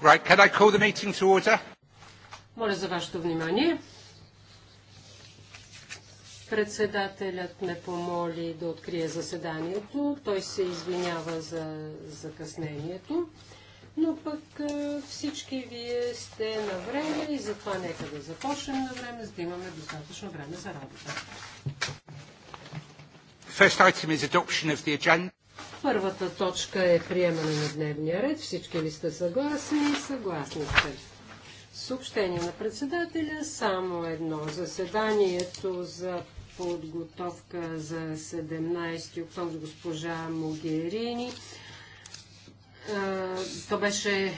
Right, can I call the meeting to order? Моля за вашето внимание. Председателят ме помоли да открие заседанието. Той се извинява за закъснението, но пък всички вие сте на време и затова нека да започнем на време, за да имаме достатъчно време за работа. First item is adoption of the agenda. Първата точка е приемане на дневния ред. Всички ли сте съгласни? Съгласни сте. Съобщение на председателя. Само едно. Заседанието за подготовка за 17 октомври госпожа Могерини. То беше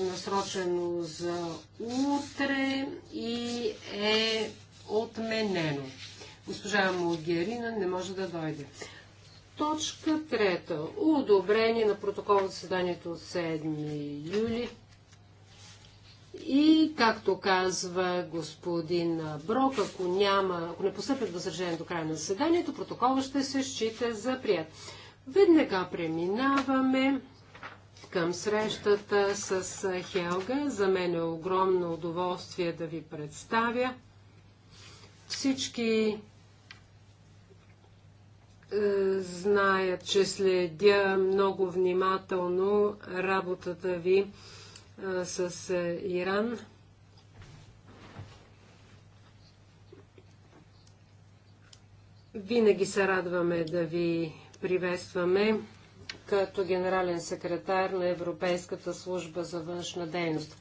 насрочено за утре и е отменено. Госпожа Могерина не може да дойде. Точка трета. Одобрение на протокол за заседанието от 7 юли. И, както казва господин Брок, ако, няма, ако не постъпят възражения до края на заседанието, протокола ще се счита за прият. Веднага преминаваме към срещата с Хелга. За мен е огромно удоволствие да ви представя всички е, зная, че следя много внимателно работата ви е, с е, Иран. Винаги се радваме да ви приветстваме като генерален секретар на Европейската служба за външна дейност.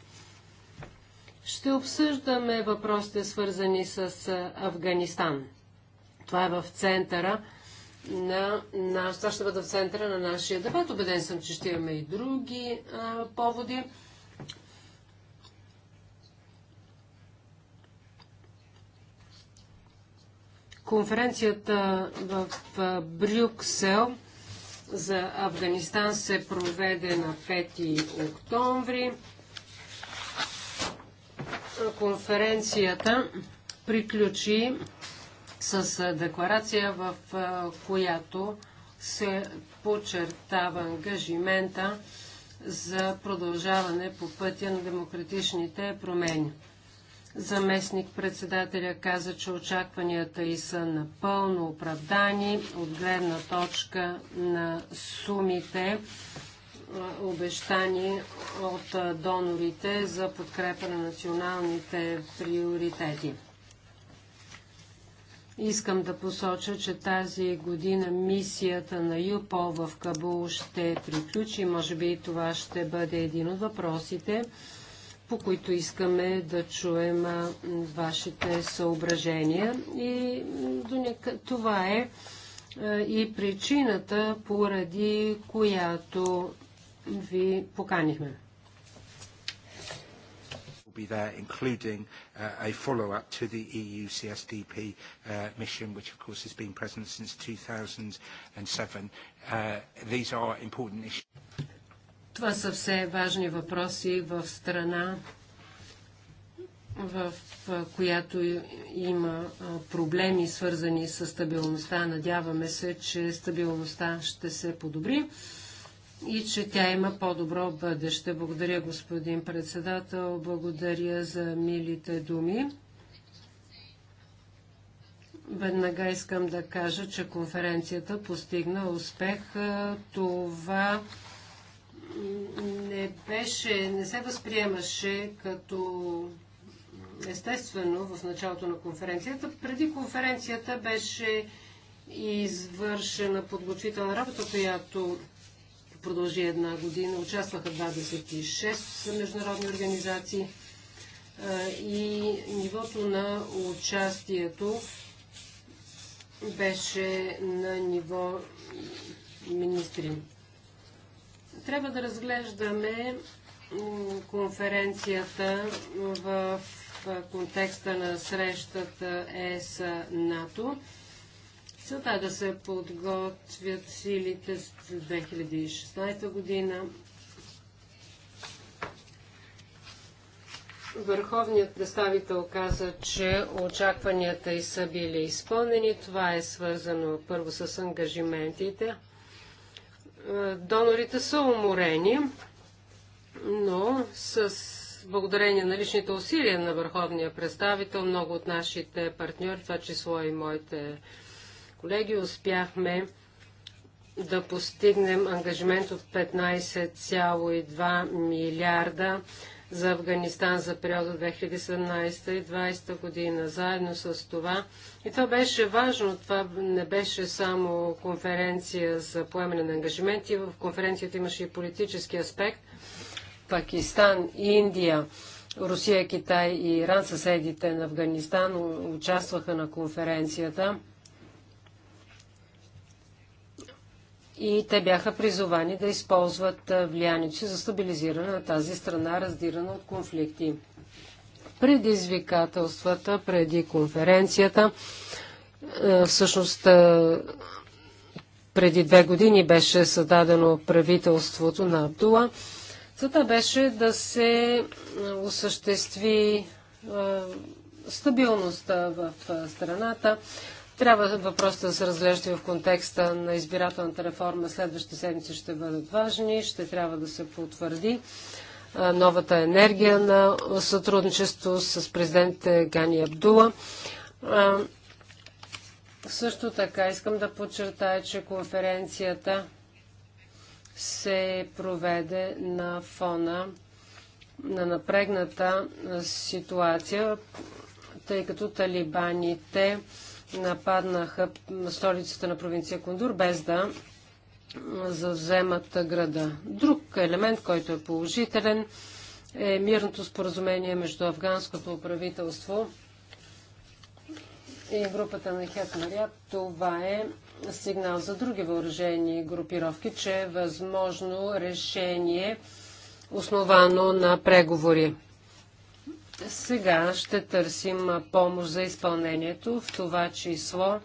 Ще обсъждаме въпросите свързани с Афганистан. Това е в центъра на наш... Това ще бъде в центъра на нашия дебат. Обеден съм, че ще имаме и други а, поводи. Конференцията в Брюксел за Афганистан се проведе на 5 октомври. Конференцията приключи с декларация, в която се подчертава ангажимента за продължаване по пътя на демократичните промени. Заместник председателя каза, че очакванията и са напълно оправдани от гледна точка на сумите, обещани от донорите за подкрепа на националните приоритети. Искам да посоча, че тази година мисията на ЮПО в Кабул ще приключи. Може би това ще бъде един от въпросите, по които искаме да чуем вашите съображения. И това е и причината, поради която ви поканихме be there, including uh, a follow-up to the EU CSDP uh, mission, which of course has been present since 2007. Uh, these are important issues. Това са все важни въпроси в страна, в която има проблеми, свързани с стабилността. Надяваме се, че стабилността ще се подобри и че тя има по-добро бъдеще. Благодаря, господин председател. Благодаря за милите думи. Веднага искам да кажа, че конференцията постигна успех. Това не беше, не се възприемаше като естествено в началото на конференцията. Преди конференцията беше извършена подготвителна работа, която продължи една година. Участваха 26 международни организации и нивото на участието беше на ниво министри. Трябва да разглеждаме конференцията в контекста на срещата ЕС-НАТО. Целта е да се подготвят силите с 2016 година. Върховният представител каза, че очакванията и са били изпълнени. Това е свързано първо с ангажиментите. Донорите са уморени, но с благодарение на личните усилия на върховния представител, много от нашите партньори, това число и моите колеги, успяхме да постигнем ангажимент от 15,2 милиарда за Афганистан за периода 2017 и 2020 година. Заедно с това. И това беше важно. Това не беше само конференция за поемане на ангажименти. В конференцията имаше и политически аспект. Пакистан, Индия, Русия, Китай и Иран, съседите на Афганистан, участваха на конференцията. и те бяха призовани да използват влиянието си за стабилизиране на тази страна, раздирана от конфликти. Предизвикателствата преди конференцията, всъщност преди две години беше създадено правителството на Абдула. Целта беше да се осъществи стабилността в страната, трябва въпросът да се разглежда в контекста на избирателната реформа. Следващите седмици ще бъдат важни, ще трябва да се потвърди новата енергия на сътрудничество с президент Гани Абдула. Също така искам да подчертая, че конференцията се проведе на фона на напрегната ситуация, тъй като талибаните нападнаха столицата на провинция Кондур, без да завземат града. Друг елемент, който е положителен, е мирното споразумение между афганското правителство и групата на Хетмарят. Това е сигнал за други въоръжени групировки, че е възможно решение основано на преговори. Сега ще търсим помощ за изпълнението, в това число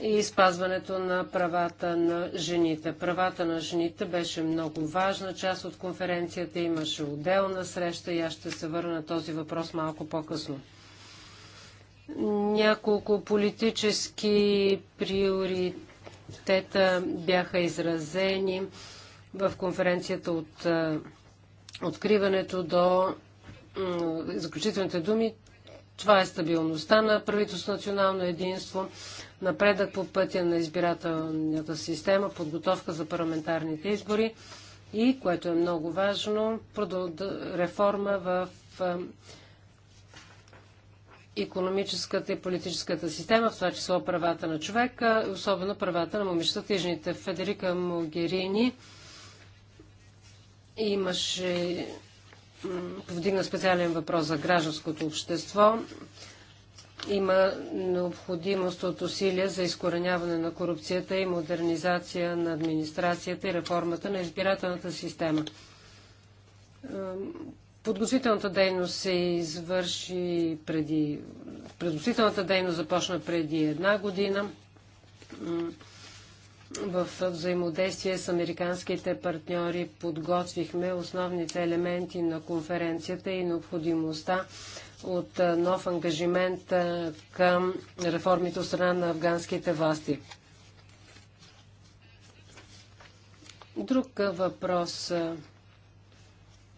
и спазването на правата на жените. Правата на жените беше много важна част от конференцията, имаше отделна среща и аз ще се върна на този въпрос малко по-късно. Няколко политически приоритета бяха изразени в конференцията от откриването до заключителните думи, това е стабилността на правителство национално единство, напредък по пътя на избирателната система, подготовка за парламентарните избори и, което е много важно, реформа в економическата и политическата система, в това число правата на човека, особено правата на момичетата и жените. Федерика Могерини имаше повдигна специален въпрос за гражданското общество. Има необходимост от усилия за изкореняване на корупцията и модернизация на администрацията и реформата на избирателната система. Подготвителната дейност се извърши преди... Предготвителната дейност започна преди една година в взаимодействие с американските партньори подготвихме основните елементи на конференцията и необходимостта от нов ангажимент към реформите от страна на афганските власти. Друг въпрос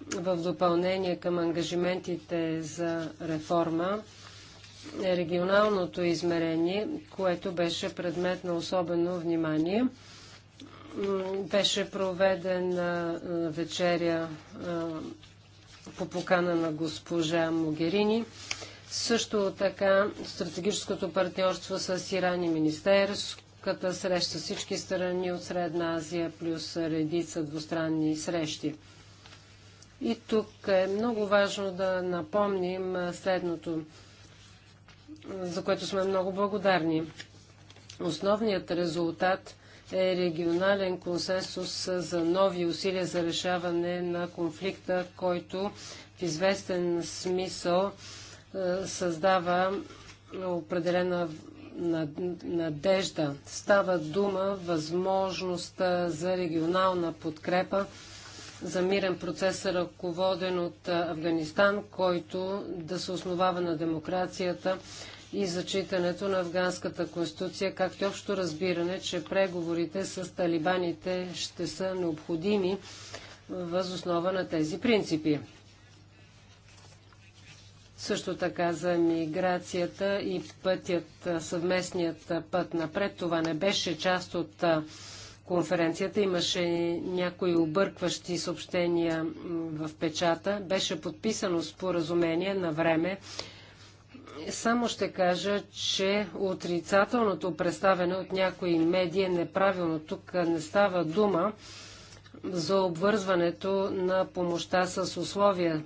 в допълнение към ангажиментите за реформа регионалното измерение, което беше предмет на особено внимание. Беше проведен вечеря по покана на госпожа Могерини. Също така стратегическото партньорство с Иран и министерската среща всички страни от Средна Азия плюс редица двустранни срещи. И тук е много важно да напомним следното за което сме много благодарни. Основният резултат е регионален консенсус за нови усилия за решаване на конфликта, който в известен смисъл е, създава определена надежда. Става дума възможността за регионална подкрепа за мирен процес, ръководен от Афганистан, който да се основава на демокрацията и зачитането на афганската конституция, както и общо разбиране, че преговорите с талибаните ще са необходими възоснова на тези принципи. Също така за миграцията и пътят, съвместният път напред. Това не беше част от конференцията. Имаше някои объркващи съобщения в печата. Беше подписано споразумение на време. Само ще кажа, че отрицателното представяне от някои медии е неправилно. Тук не става дума за обвързването на помощта с условия.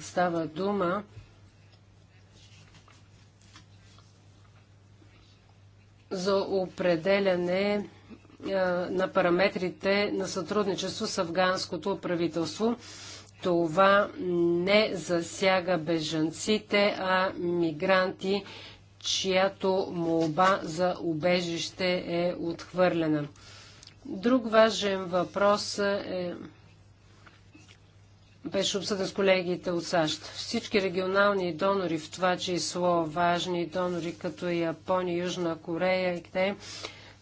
Става дума за определяне е, на параметрите на сътрудничество с афганското правителство. Това не засяга бежанците, а мигранти, чиято молба за убежище е отхвърлена. Друг важен въпрос е, беше обсъден с колегите от САЩ. Всички регионални донори, в това число важни донори като Япония, Южна Корея и къде,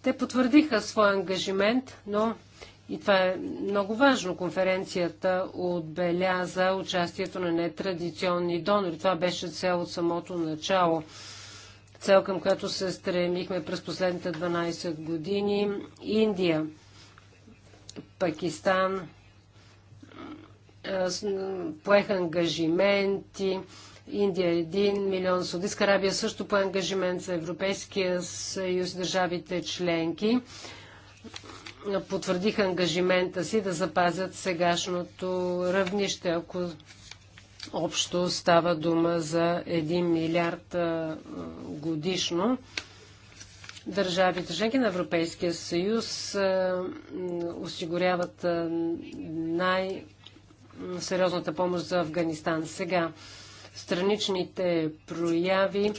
те потвърдиха своя ангажимент, но и това е много важно. Конференцията отбеляза участието на нетрадиционни донори. Това беше цел от самото начало. Цел към която се стремихме през последните 12 години. Индия, Пакистан, поеха ангажименти Индия 1 милион, Саудитска Арабия също по ангажимент за Европейския съюз, държавите членки потвърдиха ангажимента си да запазят сегашното равнище, ако общо става дума за 1 милиард годишно. Държавите членки на Европейския съюз осигуряват най- сериозната помощ за Афганистан. Сега страничните прояви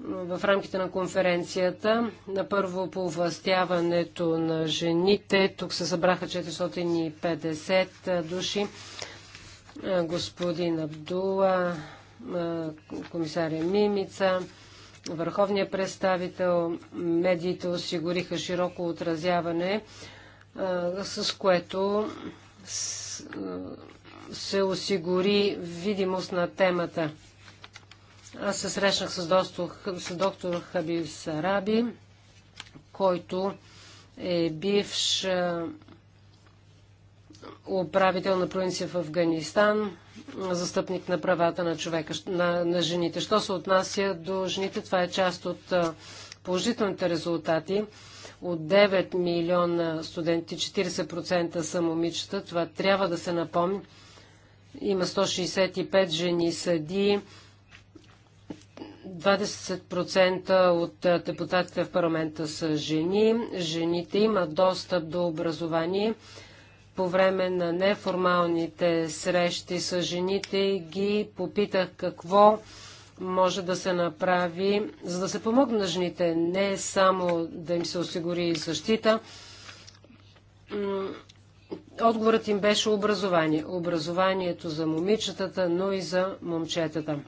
в рамките на конференцията. На първо по властяването на жените. Тук се събраха 450 души. Господин Абдула, комисаря Мимица, върховният представител, медиите осигуриха широко отразяване, с което се осигури видимост на темата. Аз се срещнах с доктор, с доктор Хабиб Сараби, който е бивш управител на провинция в Афганистан, застъпник на правата на човека, на, на жените. Що се отнася до жените, това е част от положителните резултати. От 9 милиона студенти, 40% са момичета. Това трябва да се напомни. Има 165 жени съди. 20% от депутатите в парламента са жени. Жените имат достъп до образование. По време на неформалните срещи с жените ги попитах какво може да се направи, за да се помогне на жените, не само да им се осигури защита, Отговорът им беше образование. Образованието за момичетата, но и за момчетата.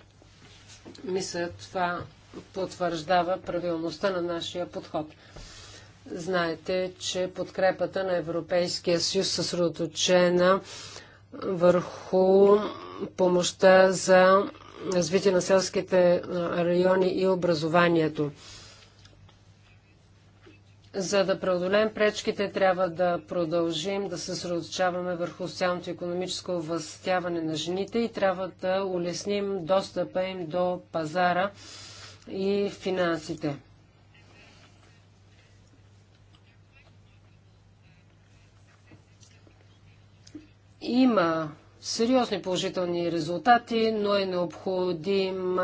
Мисля, това потвърждава правилността на нашия подход. Знаете, че подкрепата на Европейския съюз съсредоточена върху помощта за развитие на селските райони и образованието. За да преодолеем пречките, трябва да продължим да се съсредоточаваме върху социалното и економическо възстяване на жените и трябва да улесним достъпа им до пазара и финансите. Има сериозни положителни резултати, но е необходим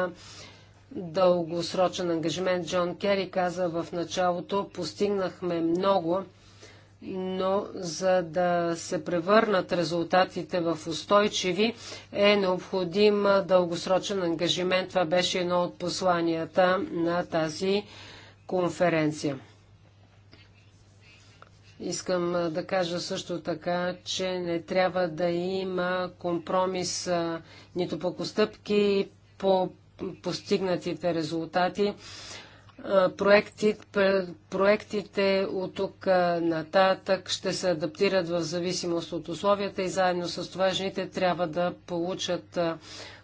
дългосрочен ангажимент. Джон Кери каза в началото, постигнахме много, но за да се превърнат резултатите в устойчиви, е необходим дългосрочен ангажимент. Това беше едно от посланията на тази конференция. Искам да кажа също така, че не трябва да има компромис нито по постъпки, по постигнатите резултати. Проекти, проектите от тук нататък ще се адаптират в зависимост от условията и заедно с това жените трябва да получат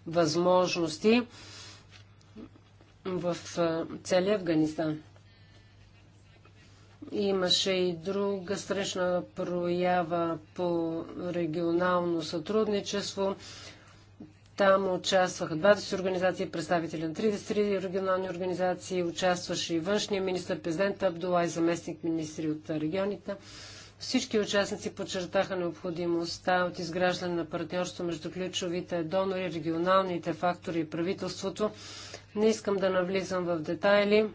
възможности в целия Афганистан. Имаше и друга срещна проява по регионално сътрудничество. Там участваха 20 организации, представители на 33 регионални организации, участваше и външния министр, президент Абдула и заместник министри от регионите. Всички участници подчертаха необходимостта от изграждане на партньорство между ключовите донори, регионалните фактори и правителството. Не искам да навлизам в детайли,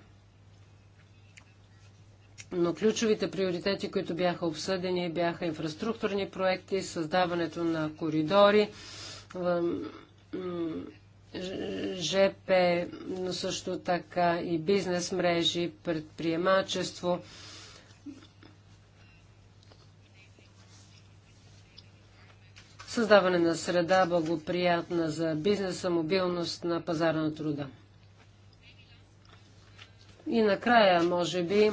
но ключовите приоритети, които бяха обсъдени, бяха инфраструктурни проекти, създаването на коридори, ЖП, но също така и бизнес мрежи, предприемачество. Създаване на среда благоприятна за бизнеса, мобилност на пазара на труда. И накрая, може би,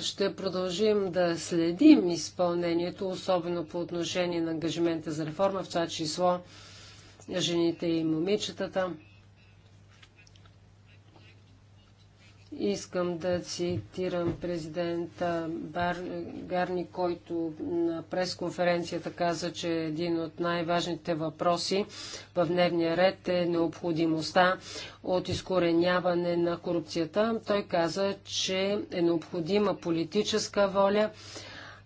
ще продължим да следим изпълнението, особено по отношение на ангажимента за реформа, в това число жените и момичетата. Искам да цитирам президента Бар... Гарни, който на пресконференцията каза, че един от най-важните въпроси в дневния ред е необходимостта от изкореняване на корупцията. Той каза, че е необходима политическа воля.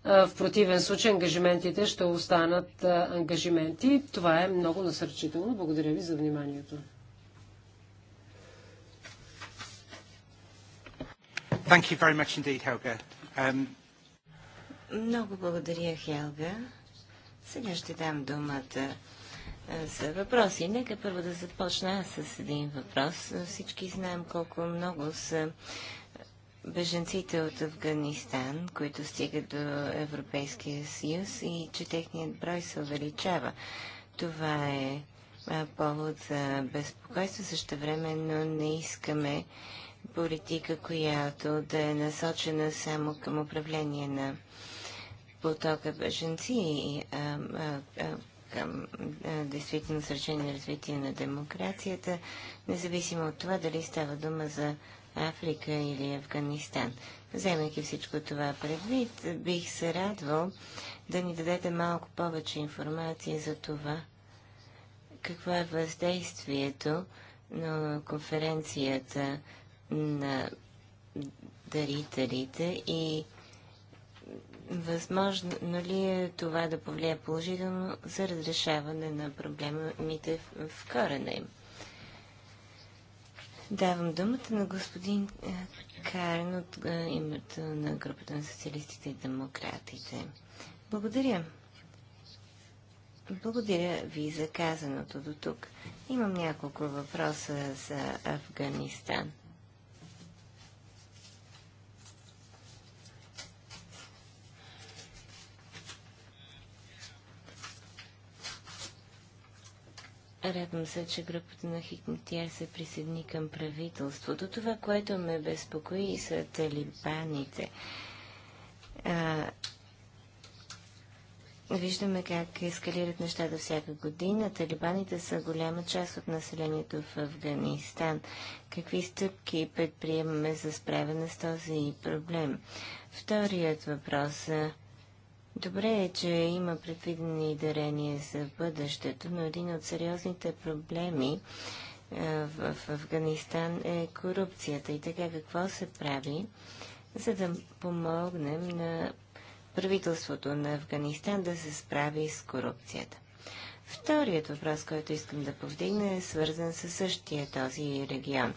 В противен случай ангажиментите ще останат ангажименти. Това е много насърчително. Благодаря ви за вниманието. Thank you very much indeed, Helga. Um... Много благодаря, Хелга. Сега ще дам думата за въпроси. Нека първо да започна аз с един въпрос. Всички знаем колко много са беженците от Афганистан, които стигат до Европейския съюз и че техният брой се увеличава. Това е повод за безпокойство. Също време, но не искаме политика, която да е насочена само към управление на потока беженци и към действително на развитие на демокрацията, независимо от това дали става дума за Африка или Афганистан. Вземайки всичко това предвид, бих се радвал да ни дадете малко повече информация за това, какво е въздействието на конференцията на дарителите и възможно ли е това да повлияе положително за разрешаване на проблемите в, в корена им? Давам думата на господин е, Карен от е, името на групата на социалистите и демократите. Благодаря. Благодаря ви за казаното до тук. Имам няколко въпроса за Афганистан. Радвам се, че групата на Хикмотия се присъедини към правителството. Това, което ме безпокои, са талибаните. А, виждаме как ескалират нещата всяка година. Талибаните са голяма част от населението в Афганистан. Какви стъпки предприемаме за справяне с този проблем? Вторият въпрос е, – Добре е, че има предвидени дарения за бъдещето, но един от сериозните проблеми в, в Афганистан е корупцията. И така какво се прави, за да помогнем на правителството на Афганистан да се справи с корупцията? Вторият въпрос, който искам да повдигна, е свързан със същия този регион.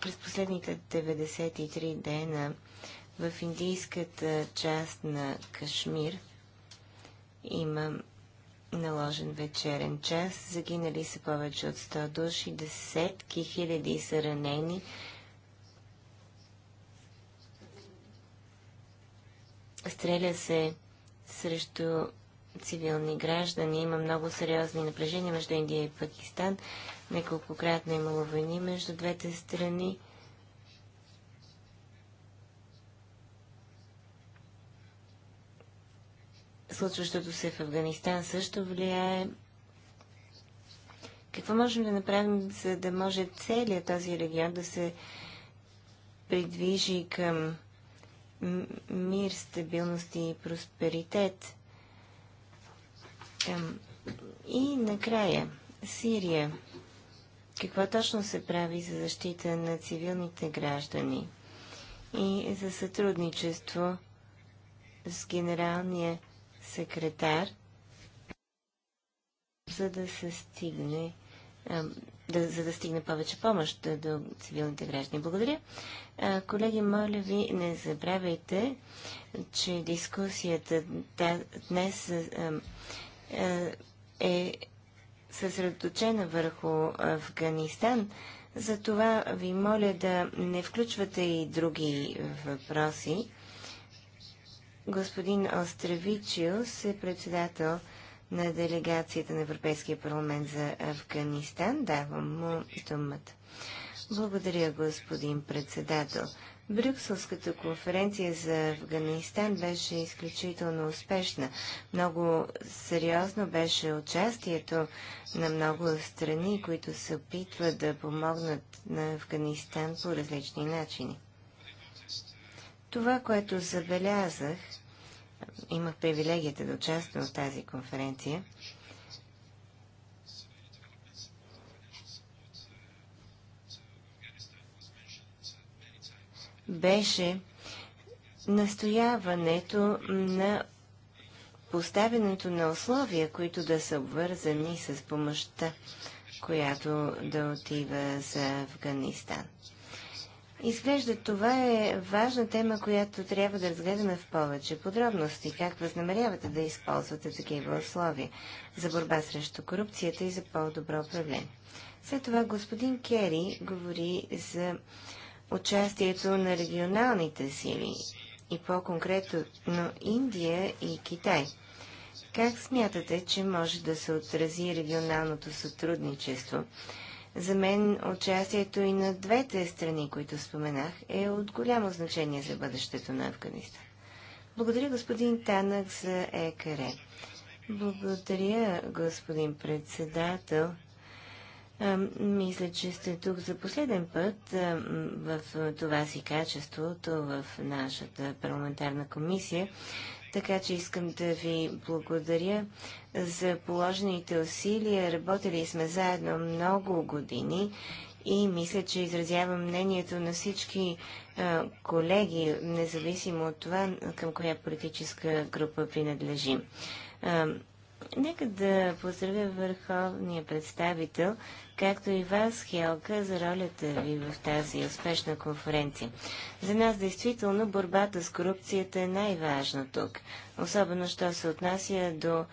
През последните 93 дена в индийската част на Кашмир има наложен вечерен час. Загинали са повече от 100 души, десетки хиляди са ранени. Стреля се срещу цивилни граждани. Има много сериозни напрежения между Индия и Пакистан. Неколкократно е имало войни между двете страни. случващото се в Афганистан също влияе. Какво можем да направим, за да може целият този регион да се придвижи към мир, стабилност и просперитет? И накрая, Сирия. Какво точно се прави за защита на цивилните граждани и за сътрудничество с генералния секретар, за да се стигне да, за да стигне повече помощ до цивилните граждани. Благодаря. Колеги, моля ви, не забравяйте, че дискусията днес е съсредоточена върху Афганистан. Затова ви моля да не включвате и други въпроси. Господин Остравичиус е председател на делегацията на Европейския парламент за Афганистан. Давам му думата. Благодаря, господин председател. Брюкселската конференция за Афганистан беше изключително успешна. Много сериозно беше участието на много страни, които се опитват да помогнат на Афганистан по различни начини. Това, което забелязах, имах привилегията да участвам в тази конференция. Беше настояването на поставянето на условия, които да са обвързани с помощта, която да отива за Афганистан. Изглежда това е важна тема, която трябва да разгледаме в повече подробности. Как възнамерявате да използвате такива условия за борба срещу корупцията и за по-добро управление? След това господин Кери говори за участието на регионалните сили и по-конкретно Индия и Китай. Как смятате, че може да се отрази регионалното сътрудничество за мен участието и на двете страни, които споменах, е от голямо значение за бъдещето на Афганистан. Благодаря господин Танък за ЕКР. Благодаря, господин председател. А, мисля, че сте тук за последен път а, в това си качество, то в нашата парламентарна комисия. Така че искам да ви благодаря за положените усилия. Работили сме заедно много години и мисля, че изразявам мнението на всички а, колеги, независимо от това към коя политическа група принадлежим. А, Нека да поздравя върховния представител, както и вас, Хелка, за ролята ви в тази успешна конференция. За нас действително борбата с корупцията е най-важна тук, особено що се отнася до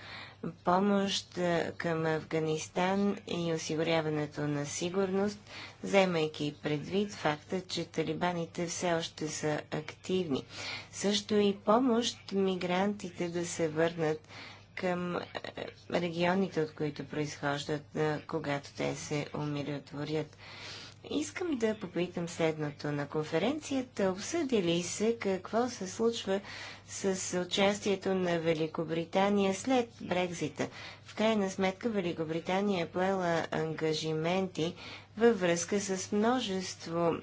помощ към Афганистан и осигуряването на сигурност, вземайки предвид факта, че талибаните все още са активни. Също и помощ мигрантите да се върнат към е, регионите, от които произхождат, е, когато те се умиротворят. Искам да попитам следното. На конференцията обсъди ли се какво се случва с участието на Великобритания след Брекзита? В крайна сметка Великобритания е поела ангажименти във връзка с множество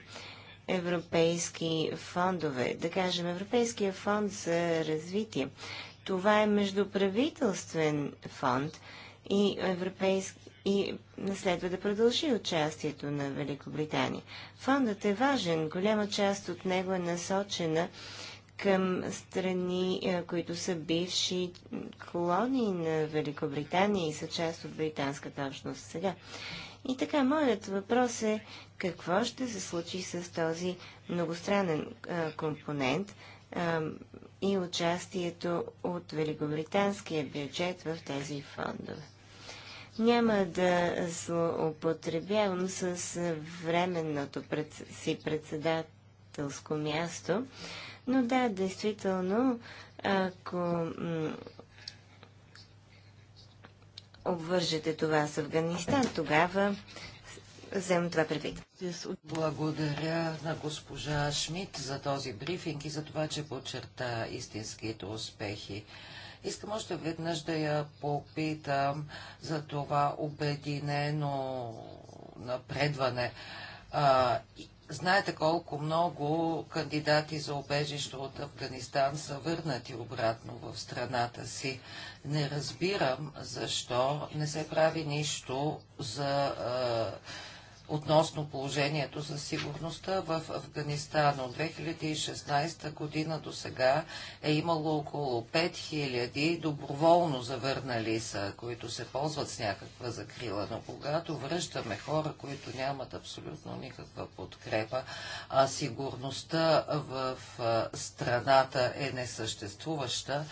европейски фондове, да кажем Европейския фонд за развитие. Това е междуправителствен фонд и, европейск... и следва да продължи участието на Великобритания. Фондът е важен. Голяма част от него е насочена към страни, е, които са бивши колонии на Великобритания и са част от британската общност сега. И така, моят въпрос е какво ще се случи с този многостранен е, компонент, и участието от великобританския бюджет в тези фондове. Няма да злоупотребявам с временното пред... си председателско място, но да, действително, ако обвържете това с Афганистан, тогава вземем това предвид. Благодаря на госпожа Шмидт за този брифинг и за това, че подчерта истинските успехи. Искам още веднъж да я попитам за това обединено напредване. А, знаете колко много кандидати за обежище от Афганистан са върнати обратно в страната си. Не разбирам защо не се прави нищо за а, относно положението за сигурността в Афганистан. От 2016 година до сега е имало около 5000 доброволно завърнали са, които се ползват с някаква закрила. Но когато връщаме хора, които нямат абсолютно никаква подкрепа, а сигурността в страната е несъществуваща,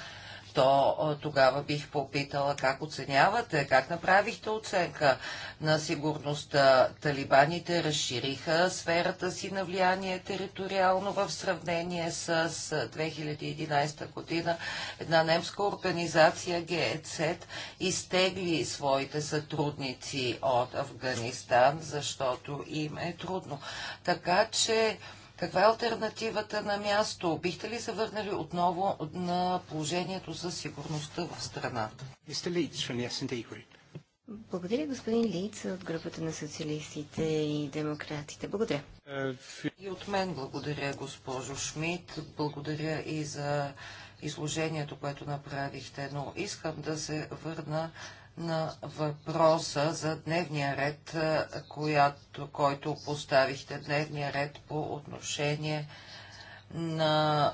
то тогава бих попитала как оценявате, как направихте оценка на сигурността. Талибаните разшириха сферата си на влияние териториално в сравнение с 2011 година. Една немска организация ГЕЦ изтегли своите сътрудници от Афганистан, защото им е трудно. Така че каква е альтернативата на място? Бихте ли се върнали отново на положението за сигурността в страната? Благодаря, господин Лиц, от групата на социалистите и демократите. Благодаря. И от мен благодаря, госпожо Шмидт. Благодаря и за изложението, което направихте, но искам да се върна на въпроса за дневния ред, която, който поставихте, дневния ред по отношение на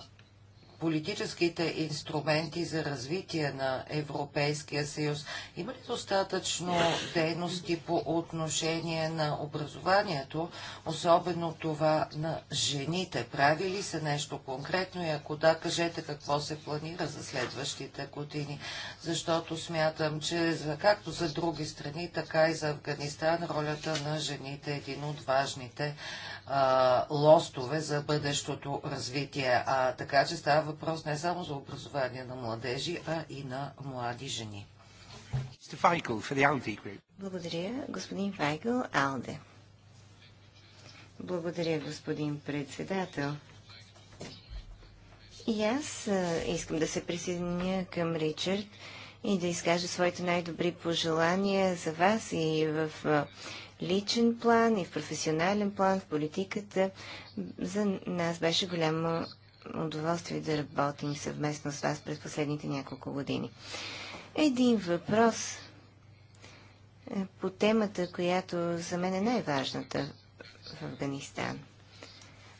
политическите инструменти за развитие на Европейския съюз. Има ли достатъчно дейности по отношение на образованието, особено това на жените? Прави ли се нещо конкретно и ако да, кажете какво се планира за следващите години? Защото смятам, че за, както за други страни, така и за Афганистан ролята на жените е един от важните а, лостове за бъдещото развитие. А така че става въпрос не само за образование на младежи, а и на млади жени. Благодаря, господин Файкъл Алде. Благодаря, господин председател. И аз искам да се присъединя към Ричард и да изкажа своите най-добри пожелания за вас и в личен план, и в професионален план, в политиката. За нас беше голямо удоволствие да работим съвместно с вас през последните няколко години. Един въпрос е, по темата, която за мен е най-важната в Афганистан.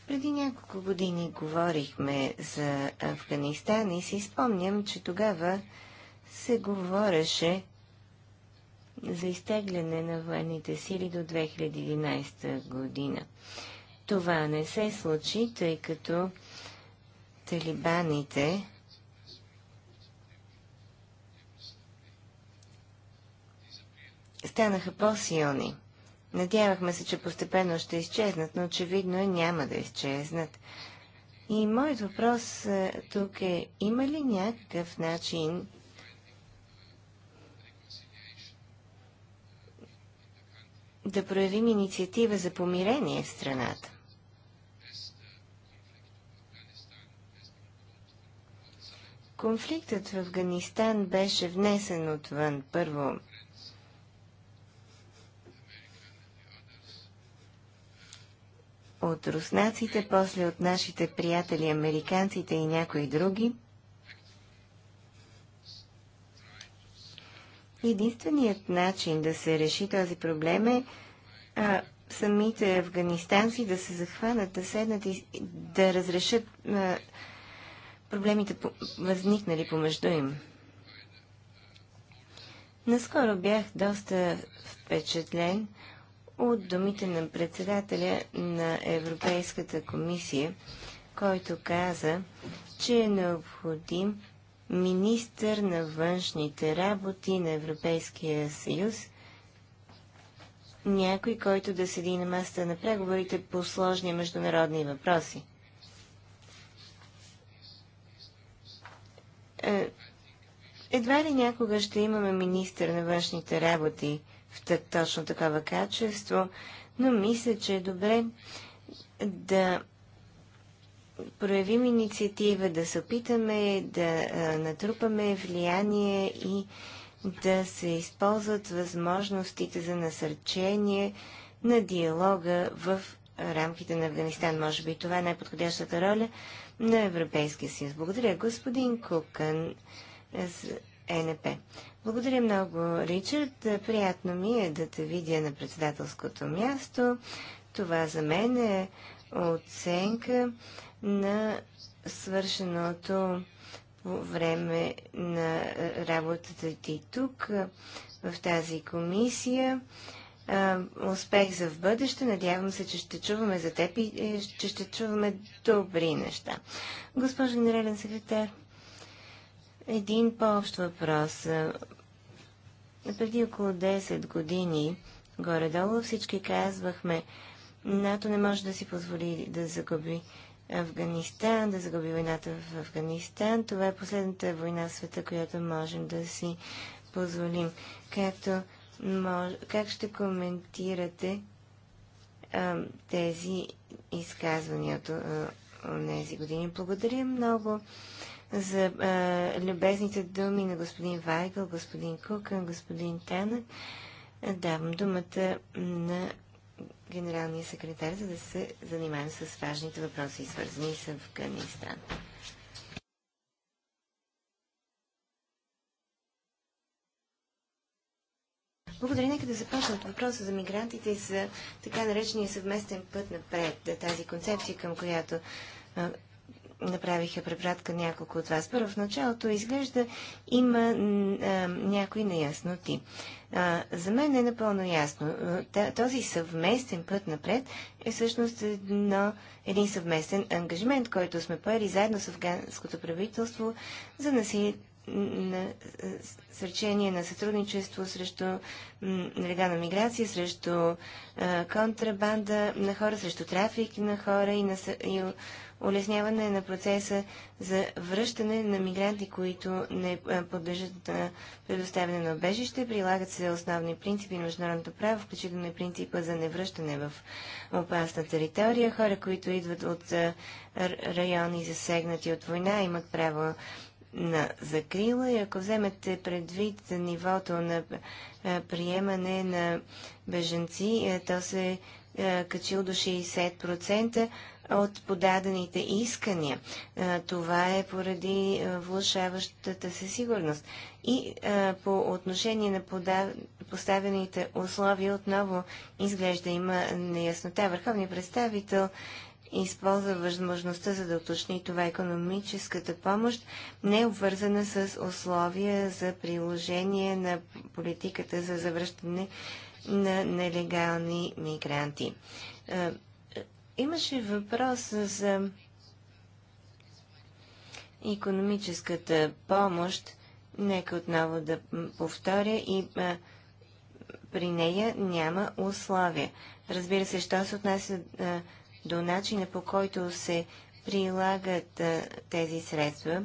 Преди няколко години говорихме за Афганистан и си спомням, че тогава се говореше за изтегляне на военните сили до 2011 година. Това не се случи, тъй като талибаните станаха по-силни. Надявахме се, че постепенно ще изчезнат, но очевидно е, няма да изчезнат. И моят въпрос е, тук е, има ли някакъв начин да проявим инициатива за помирение в страната? Конфликтът в Афганистан беше внесен отвън първо от руснаците, после от нашите приятели американците и някои други. Единственият начин да се реши този проблем е а, самите афганистанци да се захванат, да седнат и да разрешат а, проблемите възникнали помежду им. Наскоро бях доста впечатлен от думите на председателя на Европейската комисия, който каза, че е необходим министър на външните работи на Европейския съюз, някой, който да седи на масата на преговорите по сложни международни въпроси. Е, едва ли някога ще имаме министър на външните работи в тък, точно такова качество, но мисля, че е добре да проявим инициатива, да се опитаме да а, натрупаме влияние и да се използват възможностите за насърчение на диалога в рамките на Афганистан. Може би това е най-подходящата роля на Европейския съюз. Благодаря, господин Кукън с ЕНП. Благодаря много, Ричард. Приятно ми е да те видя на председателското място. Това за мен е оценка на свършеното по време на работата ти тук, в тази комисия успех за в бъдеще. Надявам се, че ще чуваме за теб и е, че ще чуваме добри неща. Госпожо генерален секретар, един по-общ въпрос. Преди около 10 години, горе-долу, всички казвахме, НАТО не може да си позволи да загуби Афганистан, да загуби войната в Афганистан. Това е последната война в света, която можем да си позволим. Както как ще коментирате а, тези изказвания от тези години? Благодаря много за а, любезните думи на господин Вайгъл, господин Кукън, господин Танък. Давам думата на генералния секретар, за да се занимаем с важните въпроси, свързани с Афганистан. Благодаря, нека да започна от въпроса за мигрантите и за така наречения съвместен път напред, тази концепция, към която направиха препратка няколко от вас. Първо в началото изглежда има а, някои неясноти. А, за мен е напълно ясно. Този съвместен път напред е всъщност едно, един съвместен ангажимент, който сме поели заедно с афганското правителство за насилие сречение на сътрудничество срещу нелегална миграция, срещу контрабанда на хора, срещу трафик на хора и, на, и улесняване на процеса за връщане на мигранти, които не подлежат на предоставяне на обежище. Прилагат се основни принципи на международното право, включително и принципа за невръщане в опасна територия. Хора, които идват от райони засегнати от война, имат право на закрила и ако вземете предвид нивото на е, приемане на беженци, е, то се е, качил до 60% от подадените искания. Това е поради влушаващата се сигурност. И по отношение на поставените условия отново изглежда има неяснота. Върховният представител използва възможността за да уточни това економическата помощ не е обвързана с условия за приложение на политиката за завръщане на нелегални мигранти. Е, имаше въпрос за економическата помощ. Нека отново да повторя и е, при нея няма условия. Разбира се, що се отнася е, до начина по който се прилагат тези средства,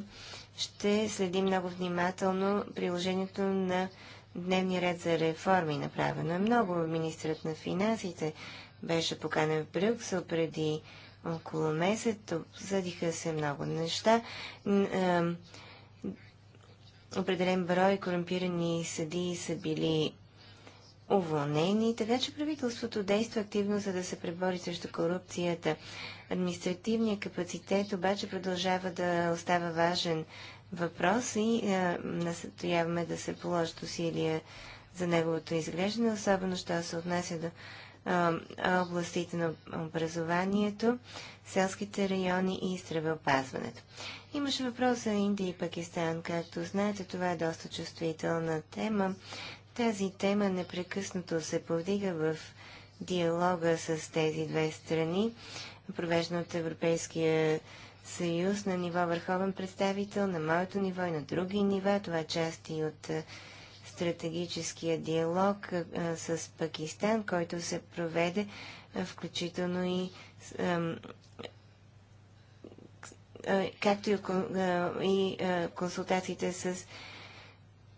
ще следим много внимателно приложението на дневния ред за реформи. Направено е много. Министрът на финансите беше поканен в Брюксел преди около месец. Обсъдиха се много неща. Определен брой корумпирани съдии са били уволнени, така че правителството действа активно, за да се пребори срещу корупцията. Административният капацитет обаче продължава да остава важен въпрос и е, настояваме да се положат усилия за неговото изглеждане, особено що се отнася до е, областите на образованието, селските райони и здравеопазването. Имаше въпрос за Индия и Пакистан. Както знаете, това е доста чувствителна тема. Тази тема непрекъснато се повдига в диалога с тези две страни, провеждан от Европейския съюз на ниво върховен представител, на моето ниво и на други нива. Това е част и от стратегическия диалог с Пакистан, който се проведе включително и както и, и консултациите с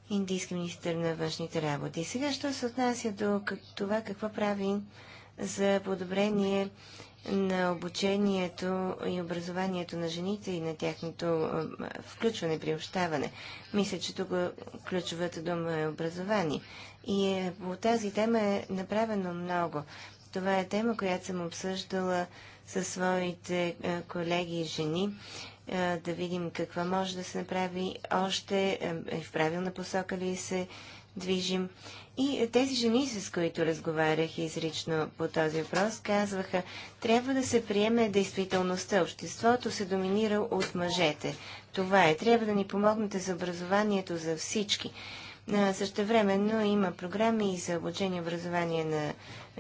индийски министр на външните работи. Сега, що се отнася до това какво прави за подобрение на обучението и образованието на жените и на тяхното включване, приобщаване. Мисля, че тук ключовата дума е образование. И е, по тази тема е направено много. Това е тема, която съм обсъждала със своите колеги и жени е, да видим какво може да се направи още, е, е, в правилна посока ли се движим. И тези жени, с които разговарях изрично по този въпрос, казваха, трябва да се приеме действителността. Обществото се доминира от мъжете. Това е. Трябва да ни помогнете за образованието за всички. Също времено има програми за обучение и образование на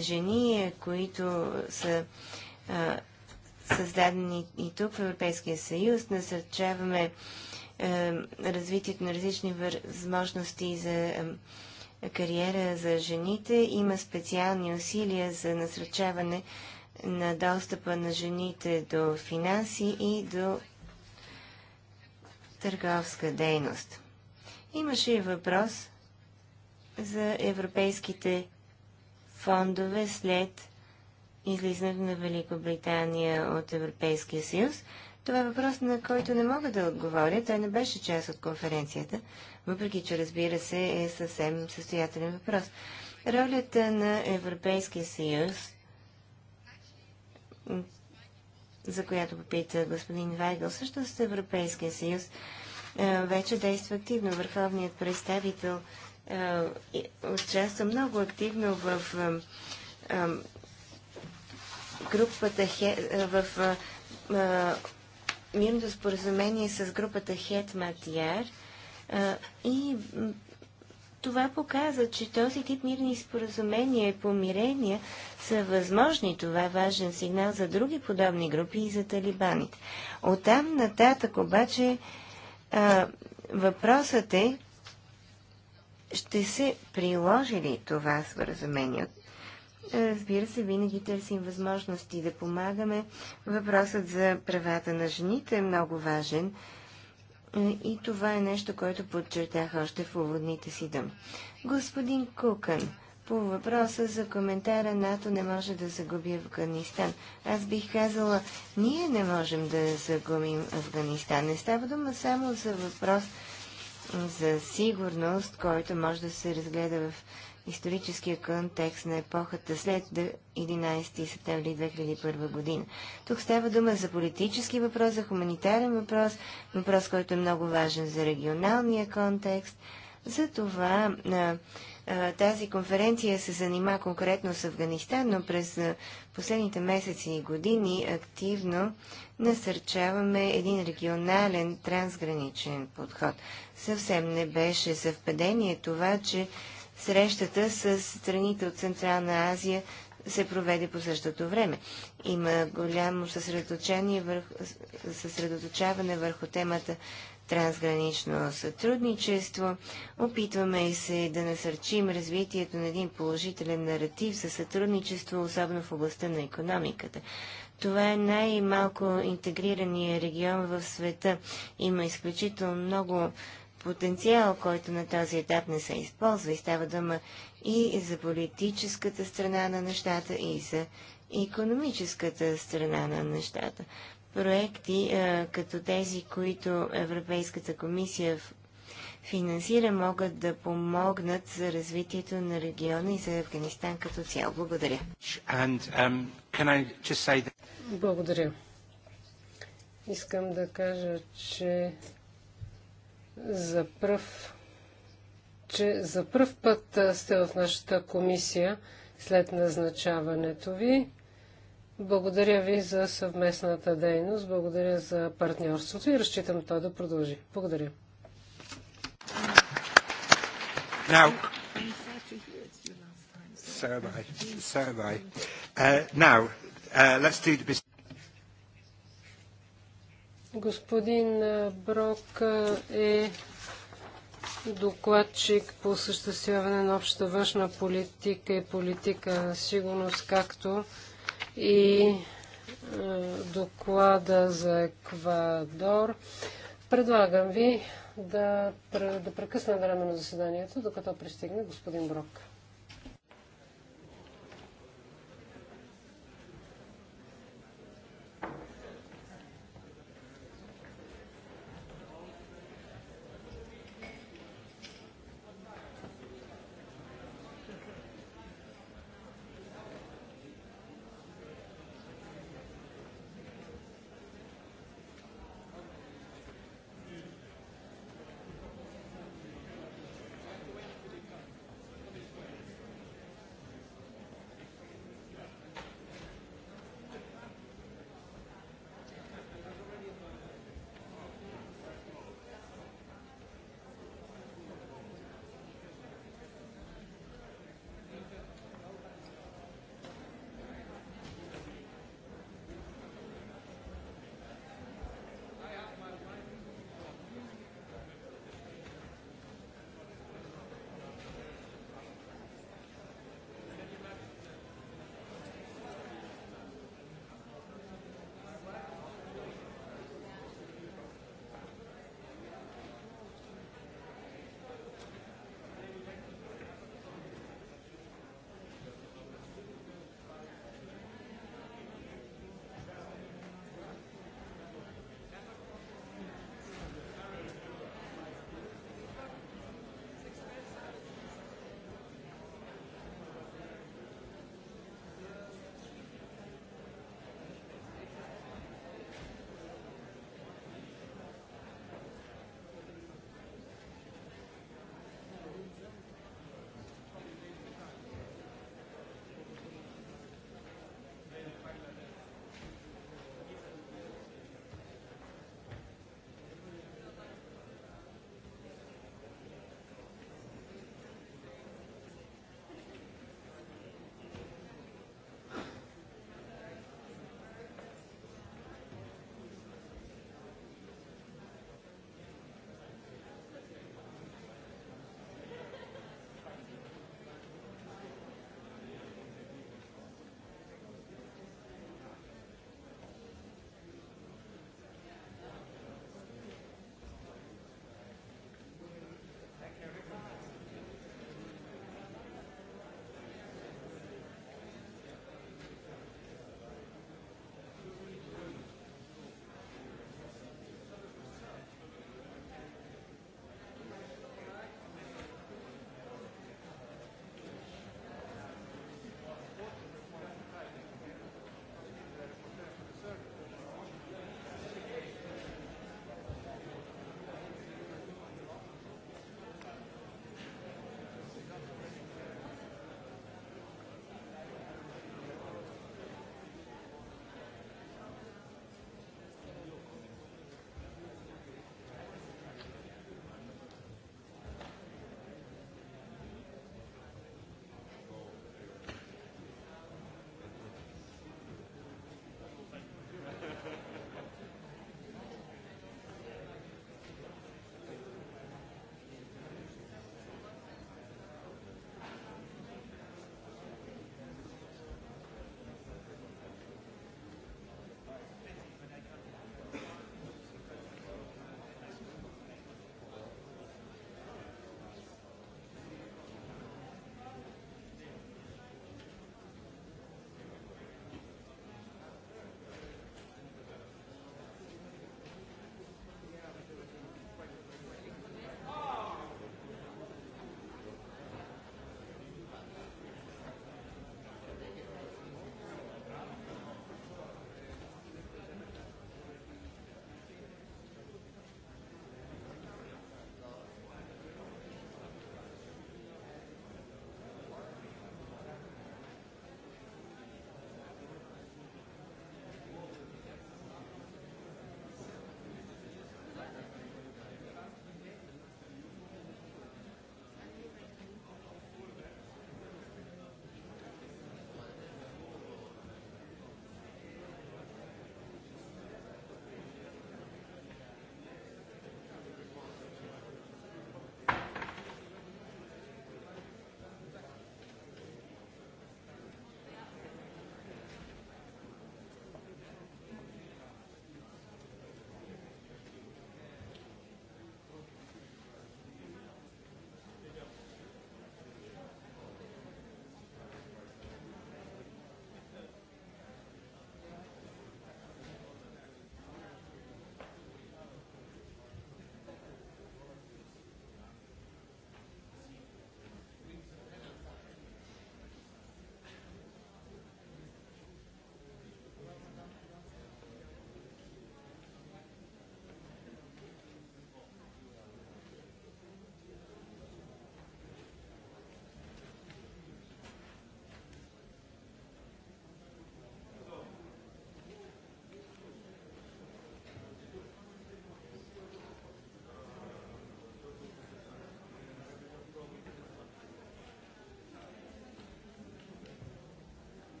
жени, които са създадени и тук в Европейския съюз. Насърчаваме е, развитието на различни възможности за е, кариера за жените. Има специални усилия за насърчаване на достъпа на жените до финанси и до търговска дейност. Имаше и въпрос за европейските фондове след излизането на Великобритания от Европейския съюз. Това е въпрос, на който не мога да отговоря. Той не беше част от конференцията, въпреки че, разбира се, е съвсем състоятелен въпрос. Ролята на Европейския съюз, за която попита господин Вайгъл, също с Европейския съюз, е, вече действа активно. Върховният представител е, участва много активно в е, групата Хе е, в е, е, мирното споразумение с групата Хет Матияр и това показва, че този тип мирни споразумения и помирения са възможни. Това е важен сигнал за други подобни групи и за талибаните. Оттам нататък обаче а, въпросът е ще се приложи ли това споразумение? Разбира се, винаги търсим възможности да помагаме. Въпросът за правата на жените е много важен. И това е нещо, което подчертах още в уводните си дъм. Господин Кукън, по въпроса за коментара НАТО не може да загуби Афганистан. Аз бих казала, ние не можем да загубим Афганистан. Не става дума само за въпрос за сигурност, който може да се разгледа в историческия контекст на епохата след 11 септември 2001 година. Тук става дума за политически въпрос, за хуманитарен въпрос, въпрос, който е много важен за регионалния контекст. Затова тази конференция се занима конкретно с Афганистан, но през последните месеци и години активно насърчаваме един регионален трансграничен подход. Съвсем не беше съвпадение това, че Срещата с страните от Централна Азия се проведе по същото време. Има голямо съсредоточение върху, съсредоточаване върху темата трансгранично сътрудничество. Опитваме и се да насърчим развитието на един положителен наратив за сътрудничество, особено в областта на економиката. Това е най-малко интегрирания регион в света. Има изключително много потенциал, който на този етап не се използва. И става дума и за политическата страна на нещата, и за економическата страна на нещата. Проекти като тези, които Европейската комисия финансира, могат да помогнат за развитието на региона и за Афганистан като цяло. Благодаря. And, um, that... Благодаря. Искам да кажа, че за пръв, че за пръв път сте в нашата комисия след назначаването ви. Благодаря ви за съвместната дейност, благодаря за партньорството и разчитам то да продължи. Благодаря. Now, so am I. So am I. Uh, now, uh, let's do the business. Господин Брок е докладчик по осъществяване на обща външна политика и политика на сигурност, както и доклада за Еквадор. Предлагам ви да, да прекъснем време на заседанието, докато пристигне господин Брок.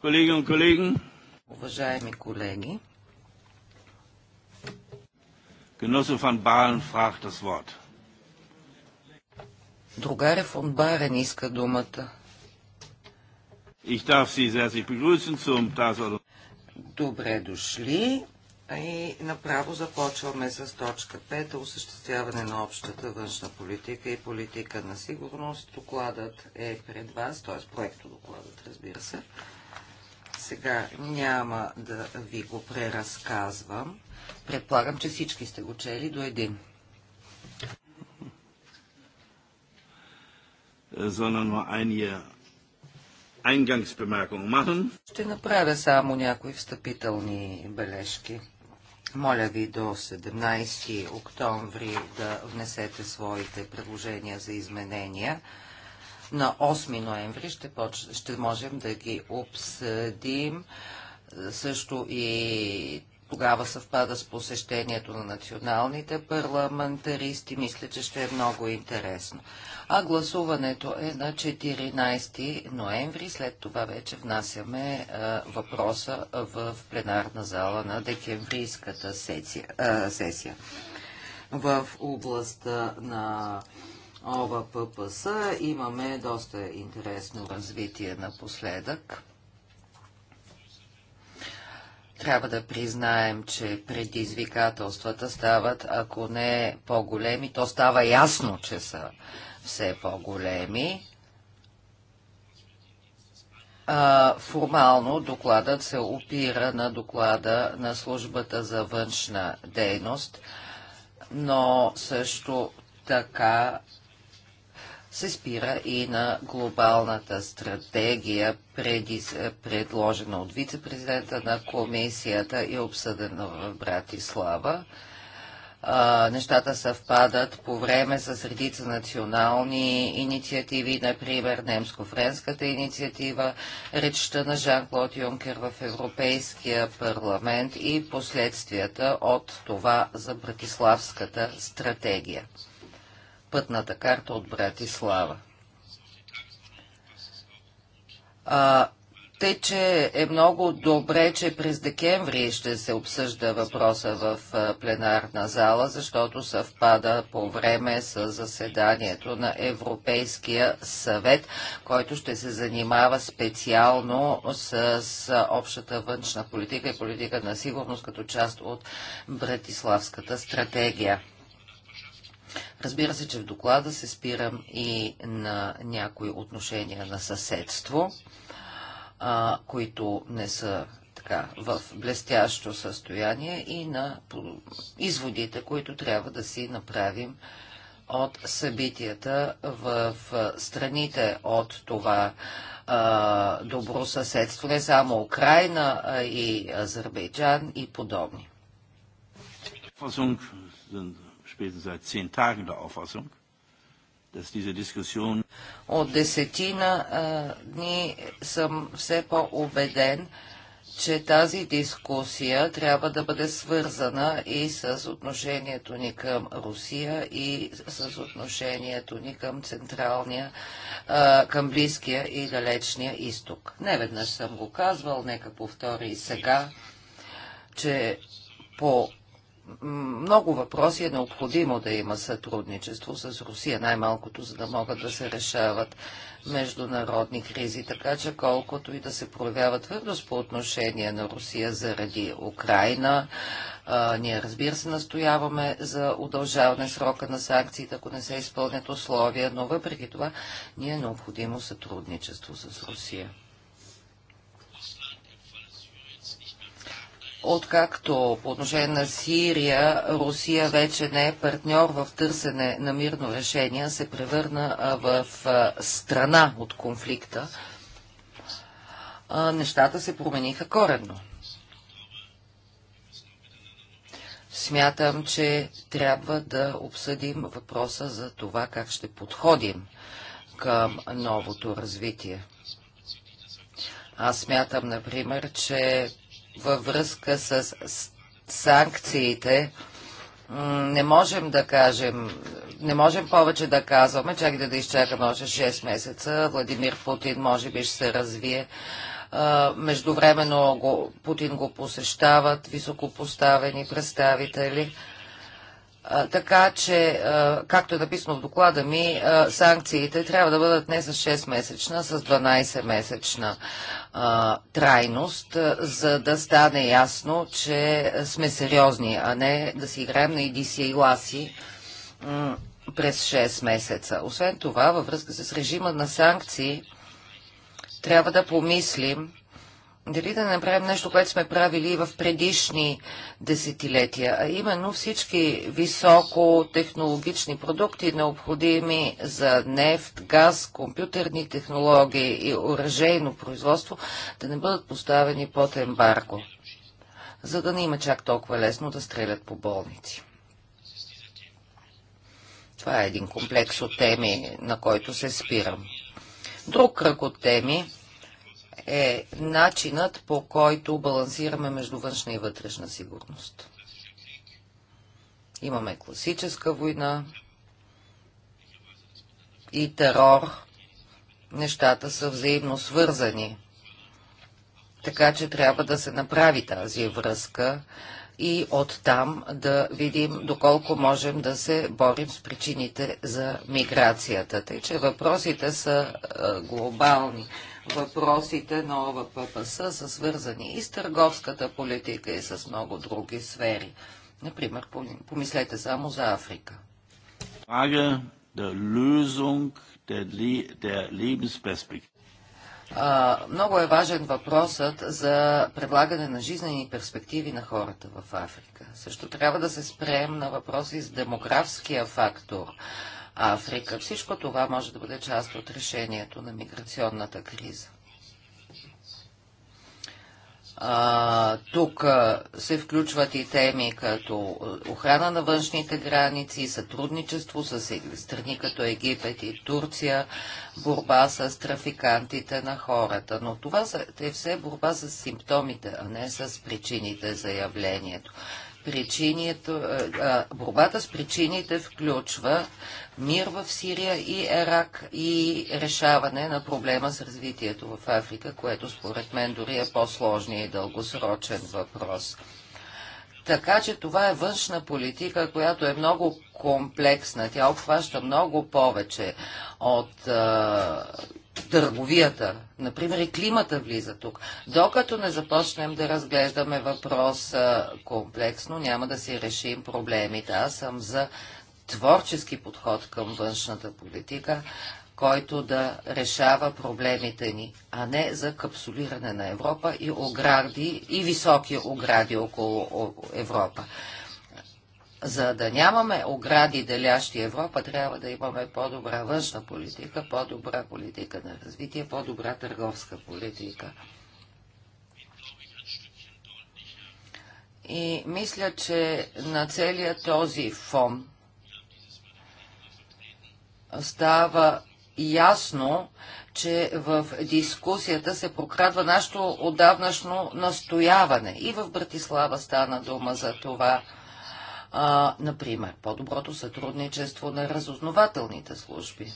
Колегиум, колеги. Уважаеми колеги. Genosse фан Барен, fragt das Wort. Другаре фон Барен иска думата. Ich darf Sie sehr herzlich begrüßen zum Tagesordnung. Добре дошли. И направо започваме с точка 5. Осъществяване на общата външна политика и политика на сигурност. Докладът е пред вас, т.е. проектодокладът, разбира се. Сега няма да ви го преразказвам. Предполагам, че всички сте го чели до един. Ще направя само някои встъпителни бележки. Моля ви до 17 октомври да внесете своите предложения за изменения на 8 ноември ще, поч... ще можем да ги обсъдим. Също и тогава съвпада с посещението на националните парламентаристи. Мисля, че ще е много интересно. А гласуването е на 14 ноември. След това вече внасяме а, е, въпроса в пленарна зала на декемврийската сесия. А, е, сесия. В областта на ОВА ППС. Имаме доста интересно развитие напоследък. Трябва да признаем, че предизвикателствата стават, ако не по-големи, то става ясно, че са все по-големи. Формално докладът се опира на доклада на службата за външна дейност, но също така се спира и на глобалната стратегия, преди, предложена от вице-президента на комисията и обсъдена в Братислава. А, нещата съвпадат по време с редица национални инициативи, например немско-френската инициатива, речта на Жан-Клод Юнкер в Европейския парламент и последствията от това за Братиславската стратегия пътната карта от Братислава. А, тъй, че е много добре, че през декември ще се обсъжда въпроса в пленарна зала, защото съвпада по време с заседанието на Европейския съвет, който ще се занимава специално с общата външна политика и политика на сигурност като част от Братиславската стратегия. Разбира се, че в доклада се спирам и на някои отношения на съседство, а, които не са така в блестящо състояние и на изводите, които трябва да си направим от събитията в страните от това а, добро съседство, не само Украина, а и Азербайджан и подобни spätestens seit zehn Tagen der Auffassung, dass diese Diskussion. От десетина а, дни съм все по-убеден, че тази дискусия трябва да бъде свързана и с отношението ни към Русия и с отношението ни към Централния, към Близкия и Далечния изток. Не веднъж съм го казвал, нека повтори и сега, че по много въпроси е необходимо да има сътрудничество с Русия, най-малкото, за да могат да се решават международни кризи. Така че колкото и да се проявява твърдост по отношение на Русия заради Украина, а, ние разбира се настояваме за удължаване срока на санкциите, ако не се изпълнят условия, но въпреки това ние е необходимо сътрудничество с Русия. Откакто по отношение на Сирия, Русия вече не е партньор в търсене на мирно решение, се превърна в страна от конфликта, нещата се промениха коренно. Смятам, че трябва да обсъдим въпроса за това как ще подходим към новото развитие. Аз смятам, например, че във връзка с санкциите, не можем да кажем, не можем повече да казваме, чакайте да, да изчакаме още 6 месеца, Владимир Путин може би ще се развие. Междувременно го, Путин го посещават високопоставени представители така че, както е написано в доклада ми, санкциите трябва да бъдат не с 6-месечна, с 12-месечна трайност, за да стане ясно, че сме сериозни, а не да си играем на идисия и ласи през 6 месеца. Освен това, във връзка с режима на санкции, трябва да помислим дали да направим нещо, което сме правили и в предишни десетилетия, а именно всички високотехнологични продукти, необходими за нефт, газ, компютърни технологии и оръжейно производство, да не бъдат поставени под ембарго, за да не има чак толкова лесно да стрелят по болници. Това е един комплекс от теми, на който се спирам. Друг кръг от теми – е начинът по който балансираме между външна и вътрешна сигурност. Имаме класическа война и терор. Нещата са взаимно свързани. Така че трябва да се направи тази връзка и оттам да видим доколко можем да се борим с причините за миграцията. Тъй, че въпросите са глобални. Въпросите на ОВППС са свързани и с търговската политика и с много други сфери. Например, помислете само за Африка. много е важен въпросът за предлагане на жизнени перспективи на хората в Африка. Също трябва да се спрем на въпроси с демографския фактор. Африка. Всичко това може да бъде част от решението на миграционната криза. А, тук а, се включват и теми като охрана на външните граници, сътрудничество с е, страни като Египет и Турция, борба с трафикантите на хората. Но това е все борба с симптомите, а не с причините за явлението. Е, борбата с причините включва мир в Сирия и Ирак и решаване на проблема с развитието в Африка, което според мен дори е по сложния и дългосрочен въпрос. Така че това е външна политика, която е много комплексна. Тя обхваща много повече от е, търговията, например и климата влиза тук. Докато не започнем да разглеждаме въпрос комплексно, няма да си решим проблемите. Аз съм за творчески подход към външната политика, който да решава проблемите ни, а не за капсулиране на Европа и огради и високи огради около Европа. За да нямаме огради, делящи Европа, трябва да имаме по-добра външна политика, по-добра политика на развитие, по-добра търговска политика. И мисля, че на целия този фон става ясно, че в дискусията се прокрадва нашето отдавнашно настояване. И в Братислава стана дума за това а, например, по-доброто сътрудничество на разузнавателните служби.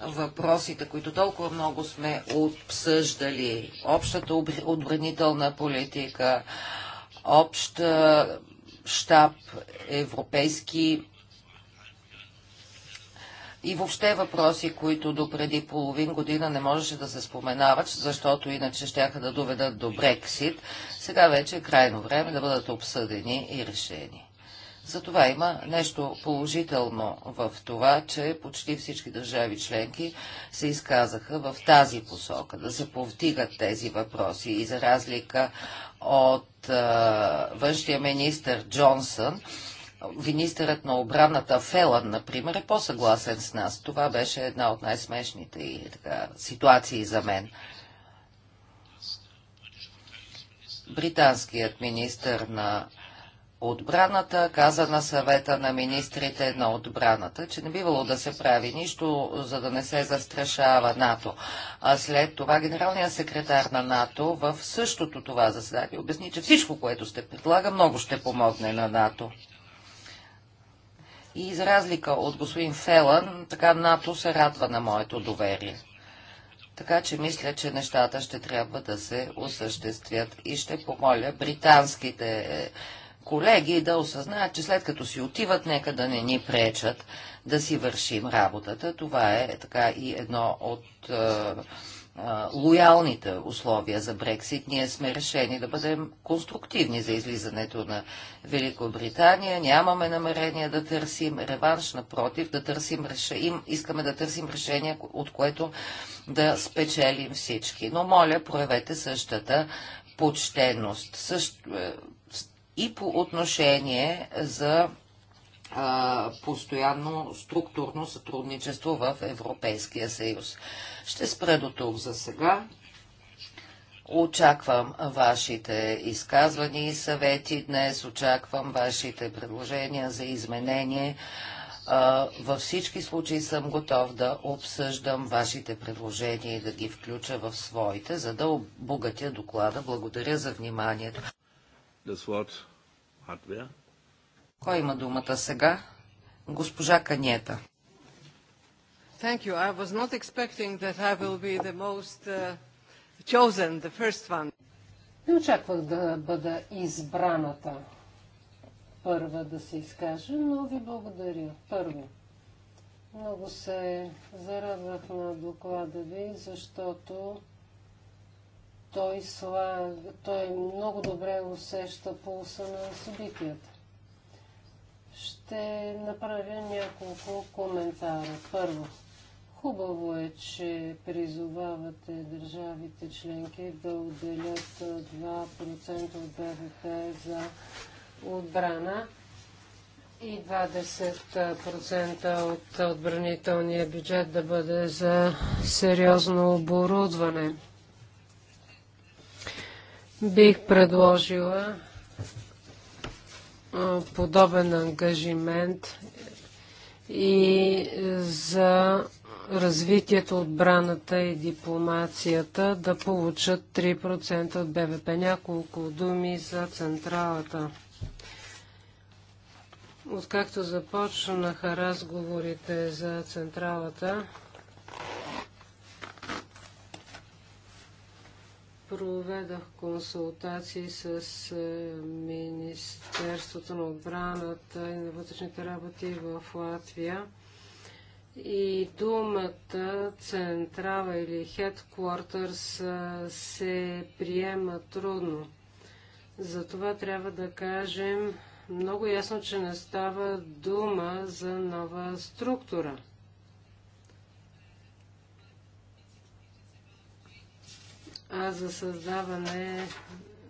Въпросите, които толкова много сме обсъждали, общата отбранителна политика, общ щаб, европейски и въобще въпроси, които до преди половин година не можеше да се споменават, защото иначе щяха да доведат до Брексит, сега вече е крайно време да бъдат обсъдени и решени. Затова има нещо положително в това, че почти всички държави членки се изказаха в тази посока, да се повдигат тези въпроси и за разлика от външния министр Джонсън, Министърът на обраната Фелан, например, е по-съгласен с нас. Това беше една от най-смешните и, така, ситуации за мен. Британският министр на отбраната каза на съвета на министрите на отбраната, че не бивало да се прави нищо, за да не се застрашава НАТО. А след това генералният секретар на НАТО в същото това заседание обясни, че всичко, което сте предлага, много ще помогне на НАТО. И за разлика от господин Фелан, така НАТО се радва на моето доверие. Така че мисля, че нещата ще трябва да се осъществят и ще помоля британските е, колеги да осъзнаят, че след като си отиват, нека да не ни пречат да си вършим работата. Това е така и едно от е, лоялните условия за Брексит. Ние сме решени да бъдем конструктивни за излизането на Великобритания. Нямаме намерение да търсим реванш, напротив, да търсим решение, искаме да търсим решение, от което да спечелим всички. Но моля, проявете същата почтеност. Същ... Е, и по отношение за постоянно структурно сътрудничество в Европейския съюз. Ще спре до тук за сега. Очаквам вашите изказвания и съвети днес, очаквам вашите предложения за изменение. Във всички случаи съм готов да обсъждам вашите предложения и да ги включа в своите, за да обогатя доклада. Благодаря за вниманието. Das Wort hat wer? Кой има думата сега? Госпожа Каниета. Thank you. I was not expecting that I will be the most uh, chosen, the first one. Не очаквах да бъда избраната първа да се изкаже, но ви благодаря. Първо, много се зарадвах на доклада ви, защото той, слаг... той много добре усеща пулса на събитията. Ще направя няколко коментара. Първо, хубаво е, че призовавате държавите членки да отделят 2% от БВП за отбрана и 20% от отбранителния бюджет да бъде за сериозно оборудване. Бих предложила подобен ангажимент и е, за развитието, отбраната и дипломацията да получат 3% от БВП. Няколко думи за централата. Откакто започнаха разговорите за централата, проведах консултации с е, Министерството на отбраната и на вътрешните работи в Латвия. И думата централа или headquarters е, се приема трудно. Затова трябва да кажем много ясно, че не става дума за нова структура – за създаване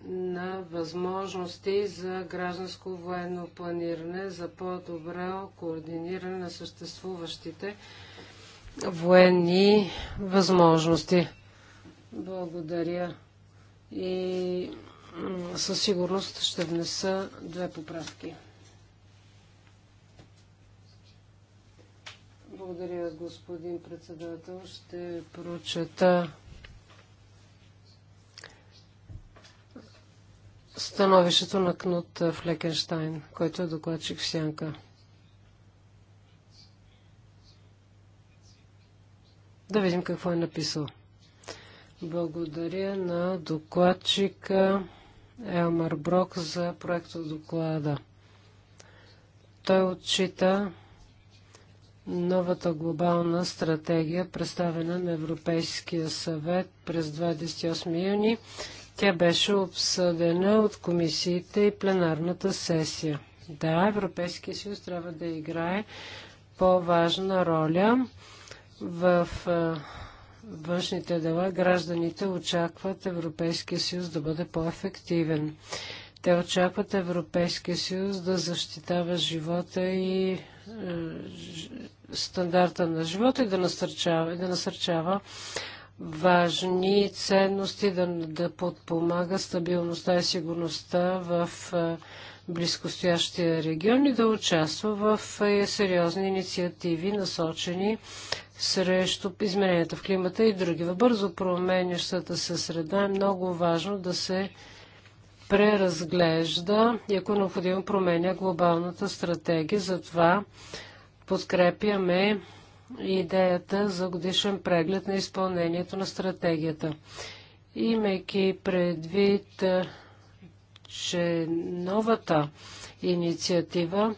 на възможности за гражданско военно планиране, за по-добро координиране на съществуващите военни възможности. Благодаря. И със сигурност ще внеса две поправки. Благодаря, господин председател. Ще прочета становището на Кнут Флекенштайн, който е докладчик в Сянка. Да видим какво е написал. Благодаря на докладчика Елмар Брок за проекта доклада. Той отчита новата глобална стратегия, представена на Европейския съвет през 28 юни тя беше обсъдена от комисиите и пленарната сесия. Да, Европейския съюз трябва да играе по-важна роля в външните дела. Гражданите очакват Европейския съюз да бъде по-ефективен. Те очакват Европейския съюз да защитава живота и е, стандарта на живота и да насърчава, и да насърчава важни ценности да, да подпомага стабилността и сигурността в близкостоящия регион и да участва в сериозни инициативи, насочени срещу измененията в климата и други. В бързо променящата се среда е много важно да се преразглежда и ако е необходимо променя глобалната стратегия. Затова подкрепяме идеята за годишен преглед на изпълнението на стратегията. Имайки предвид, че новата инициатива,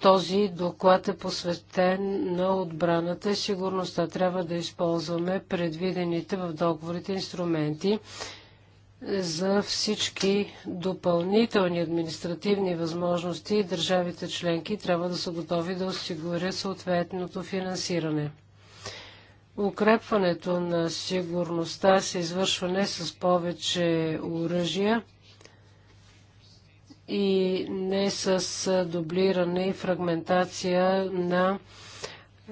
този доклад е посветен на отбраната и сигурността. Трябва да използваме предвидените в договорите инструменти за всички допълнителни административни възможности държавите членки трябва да са готови да осигурят съответното финансиране. Укрепването на сигурността се извършва не с повече оръжия и не с дублиране и фрагментация на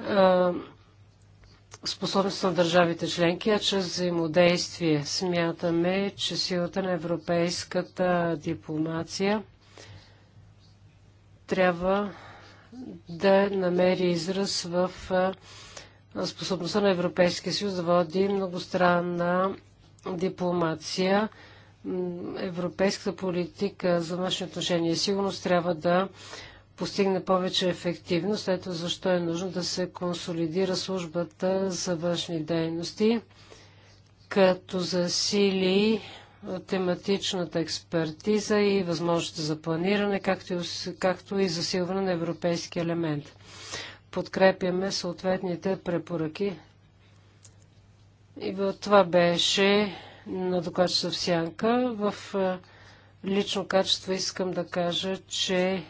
а, способност на държавите членки, а чрез взаимодействие. Смятаме, че силата на европейската дипломация трябва да намери израз в способността на Европейския съюз да води многостранна дипломация. Европейската политика за външни отношения и сигурност трябва да постигне повече ефективност. Ето защо е нужно да се консолидира службата за външни дейности, като засили тематичната експертиза и възможности за планиране, както и, както и засилване на европейски елемент. Подкрепяме съответните препоръки. И това беше на докладчица в Сянка. В лично качество искам да кажа, че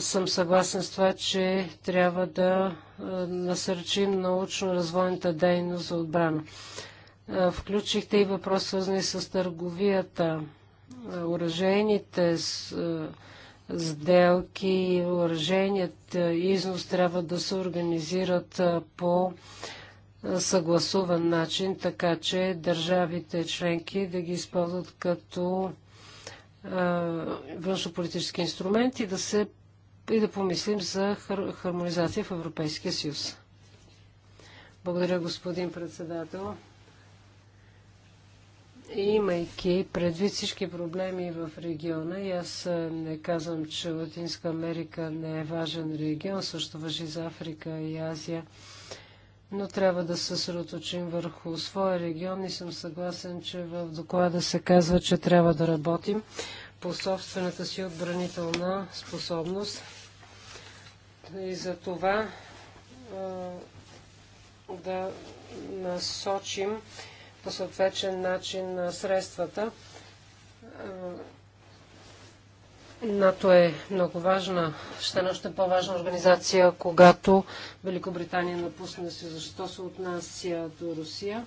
съм съгласен с това, че трябва да насърчим научно-развойната дейност за отбрана. Включихте и въпрос, свързани с търговията, оръжейните сделки, оръженият износ трябва да се организират по съгласуван начин, така че държавите членки да ги използват като външнополитически инструмент и да се и да помислим за хар хармонизация в Европейския съюз. Благодаря, господин председател. Имайки предвид всички проблеми в региона, и аз е, не казвам, че Латинска Америка не е важен регион, също въжи за Африка и Азия, но трябва да се съсредоточим върху своя регион и съм съгласен, че в доклада се казва, че трябва да работим по собствената си отбранителна способност. И за това да насочим по съответен начин на средствата. НАТО е много важна, ще е още по-важна организация, когато Великобритания напусне се, защо се отнася до Русия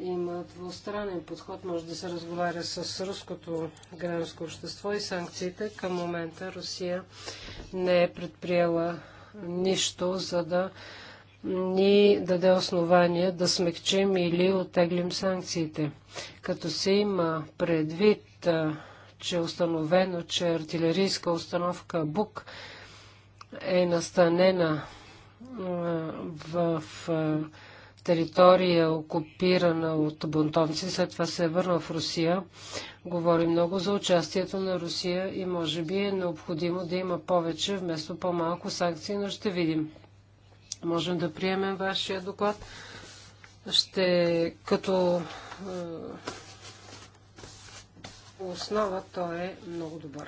има двустранен подход, може да се разговаря с руското гражданско общество и санкциите. Към момента Русия не е предприела нищо, за да ни даде основание да смекчим или оттеглим санкциите. Като се има предвид, че е установено, че артилерийска установка БУК е настанена в, в територия, окупирана от бунтовници, след това се е върнал в Русия. Говори много за участието на Русия и може би е необходимо да има повече, вместо по-малко санкции, но ще видим. Можем да приемем вашия доклад. Ще като е, основа той е много добър.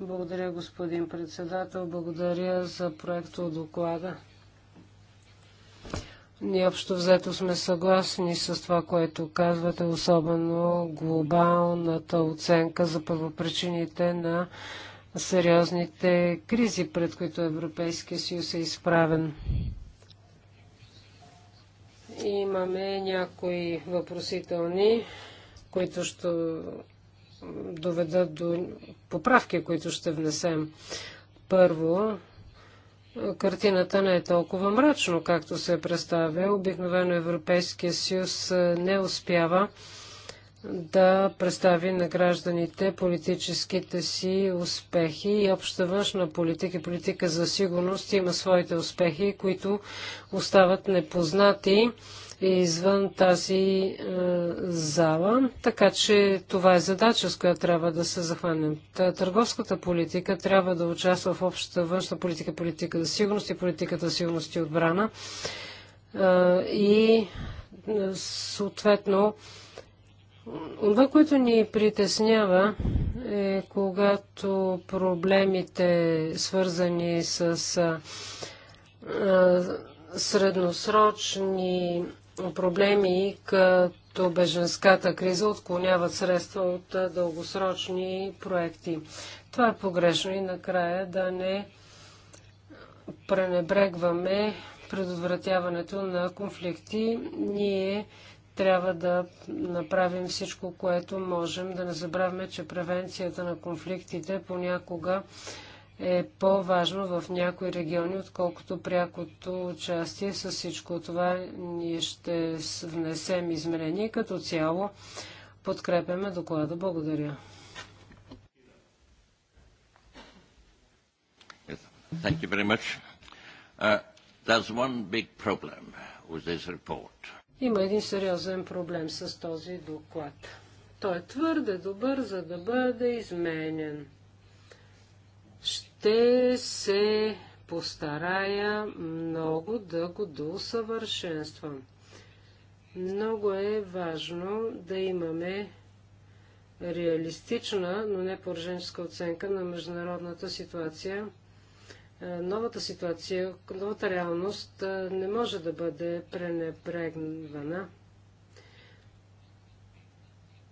Благодаря, господин председател. Благодаря за проекто доклада. Ние общо взето сме съгласни с това, което казвате, особено глобалната оценка за първопричините на сериозните кризи, пред които Европейския съюз е изправен. Имаме някои въпросителни, които ще доведат до поправки, които ще внесем. Първо, картината не е толкова мрачно, както се представя. Обикновено Европейския съюз не успява да представи на гражданите политическите си успехи и обща външна политика и политика за сигурност има своите успехи, които остават непознати извън тази е, зала, така че това е задача, с която трябва да се захванем. Търговската политика трябва да участва в общата външна политика, политика за сигурност и политиката за сигурност и отбрана. Е, и е, съответно, това, което ни притеснява е когато проблемите свързани с е, е средносрочни проблеми като беженската криза отклоняват средства от дългосрочни проекти. Това е погрешно и накрая да не пренебрегваме предотвратяването на конфликти. Ние трябва да направим всичко, което можем, да не забравяме, че превенцията на конфликтите понякога е по-важно в някои региони, отколкото прякото участие. С всичко това ние ще внесем изменения като цяло подкрепяме доклада. Благодаря. Thank you very much. Uh, there's one big problem with this report. Има един сериозен проблем с този доклад. Той е твърде добър, за да бъде изменен. Ще се постарая много да го доусъвършенствам. Много е важно да имаме реалистична, но не пораженческа оценка на международната ситуация. Е, новата ситуация, новата реалност е, не може да бъде пренебрегвана.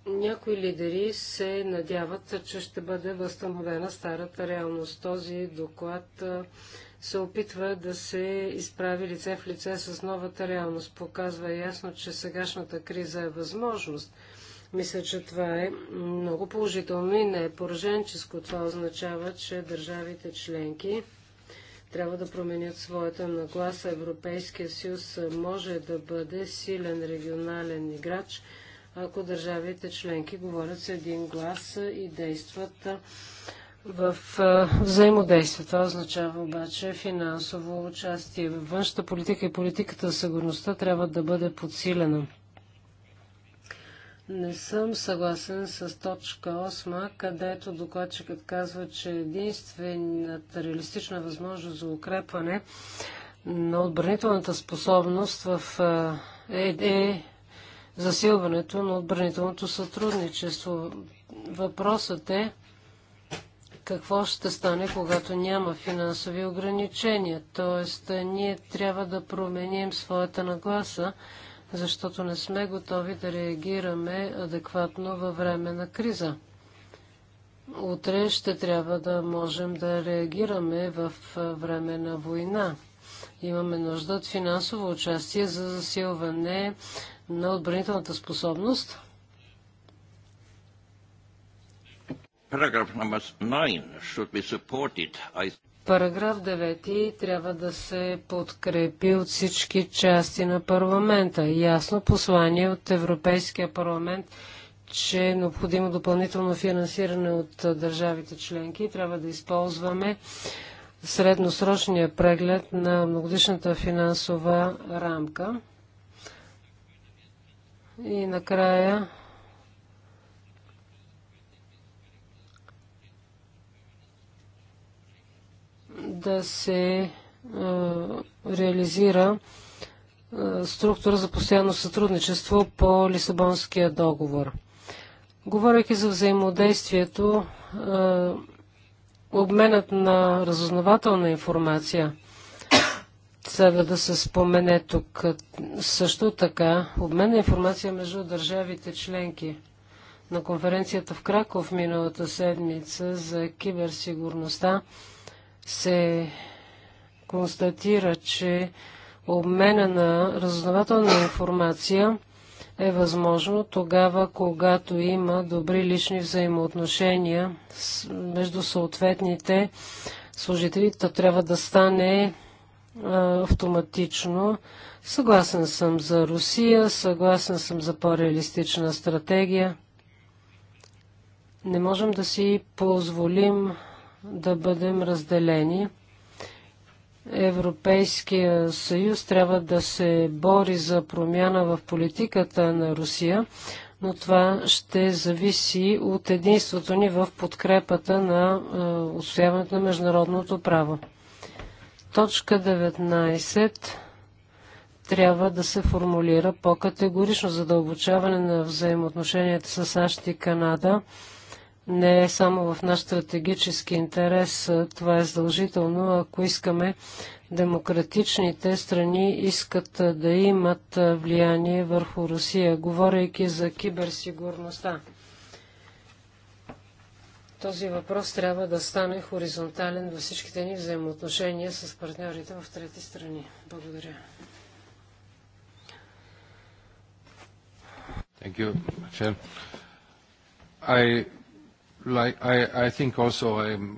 Някои лидери се надяват, че ще бъде възстановена старата реалност. Този доклад се опитва да се изправи лице в лице с новата реалност. Показва ясно, че сегашната криза е възможност. Мисля, че това е много положително и не е пораженческо. Това означава, че държавите членки трябва да променят своята нагласа. Европейския съюз може да бъде силен регионален играч – ако държавите членки говорят с един глас и действат в взаимодействие. Това означава обаче финансово участие. Външната политика и политиката за сигурността трябва да бъде подсилена. Не съм съгласен с точка 8, където докладчикът казва, че единствената реалистична възможност за укрепване на отбранителната способност в, е, е засилването на отбранителното сътрудничество. Въпросът е какво ще стане, когато няма финансови ограничения. Тоест, е, ние трябва да променим своята нагласа, защото не сме готови да реагираме адекватно във време на криза. Утре ще трябва да можем да реагираме в време на война. Имаме нужда от финансово участие за засилване на отбранителната способност. Параграф 9 трябва да се подкрепи от всички части на парламента. Ясно послание от Европейския парламент, че е необходимо допълнително финансиране от държавите членки. Трябва да използваме средносрочния преглед на многодишната финансова рамка. И накрая да се реализира структура за постоянно сътрудничество по Лисабонския договор. Говорейки за взаимодействието, обменът на разузнавателна информация – Следва да се спомене тук също така обмен на информация между държавите членки. На конференцията в Краков миналата седмица за киберсигурността се констатира, че обмена на разузнавателна информация е възможно тогава, когато има добри лични взаимоотношения между съответните служители. То трябва да стане автоматично. Съгласен съм за Русия, съгласен съм за по-реалистична стратегия. Не можем да си позволим да бъдем разделени. Европейския съюз трябва да се бори за промяна в политиката на Русия, но това ще зависи от единството ни в подкрепата на отстояването на международното право. Точка 19 трябва да се формулира по-категорично задълбочаване на взаимоотношенията с САЩ и Канада. Не е само в наш стратегически интерес, това е задължително, ако искаме демократичните страни искат да имат влияние върху Русия, говорейки за киберсигурността. Този въпрос трябва да стане хоризонтален във всичките ни взаимоотношения с партньорите в трети страни. Благодаря. Thank you, Chair. I, like, I, I think also I'm...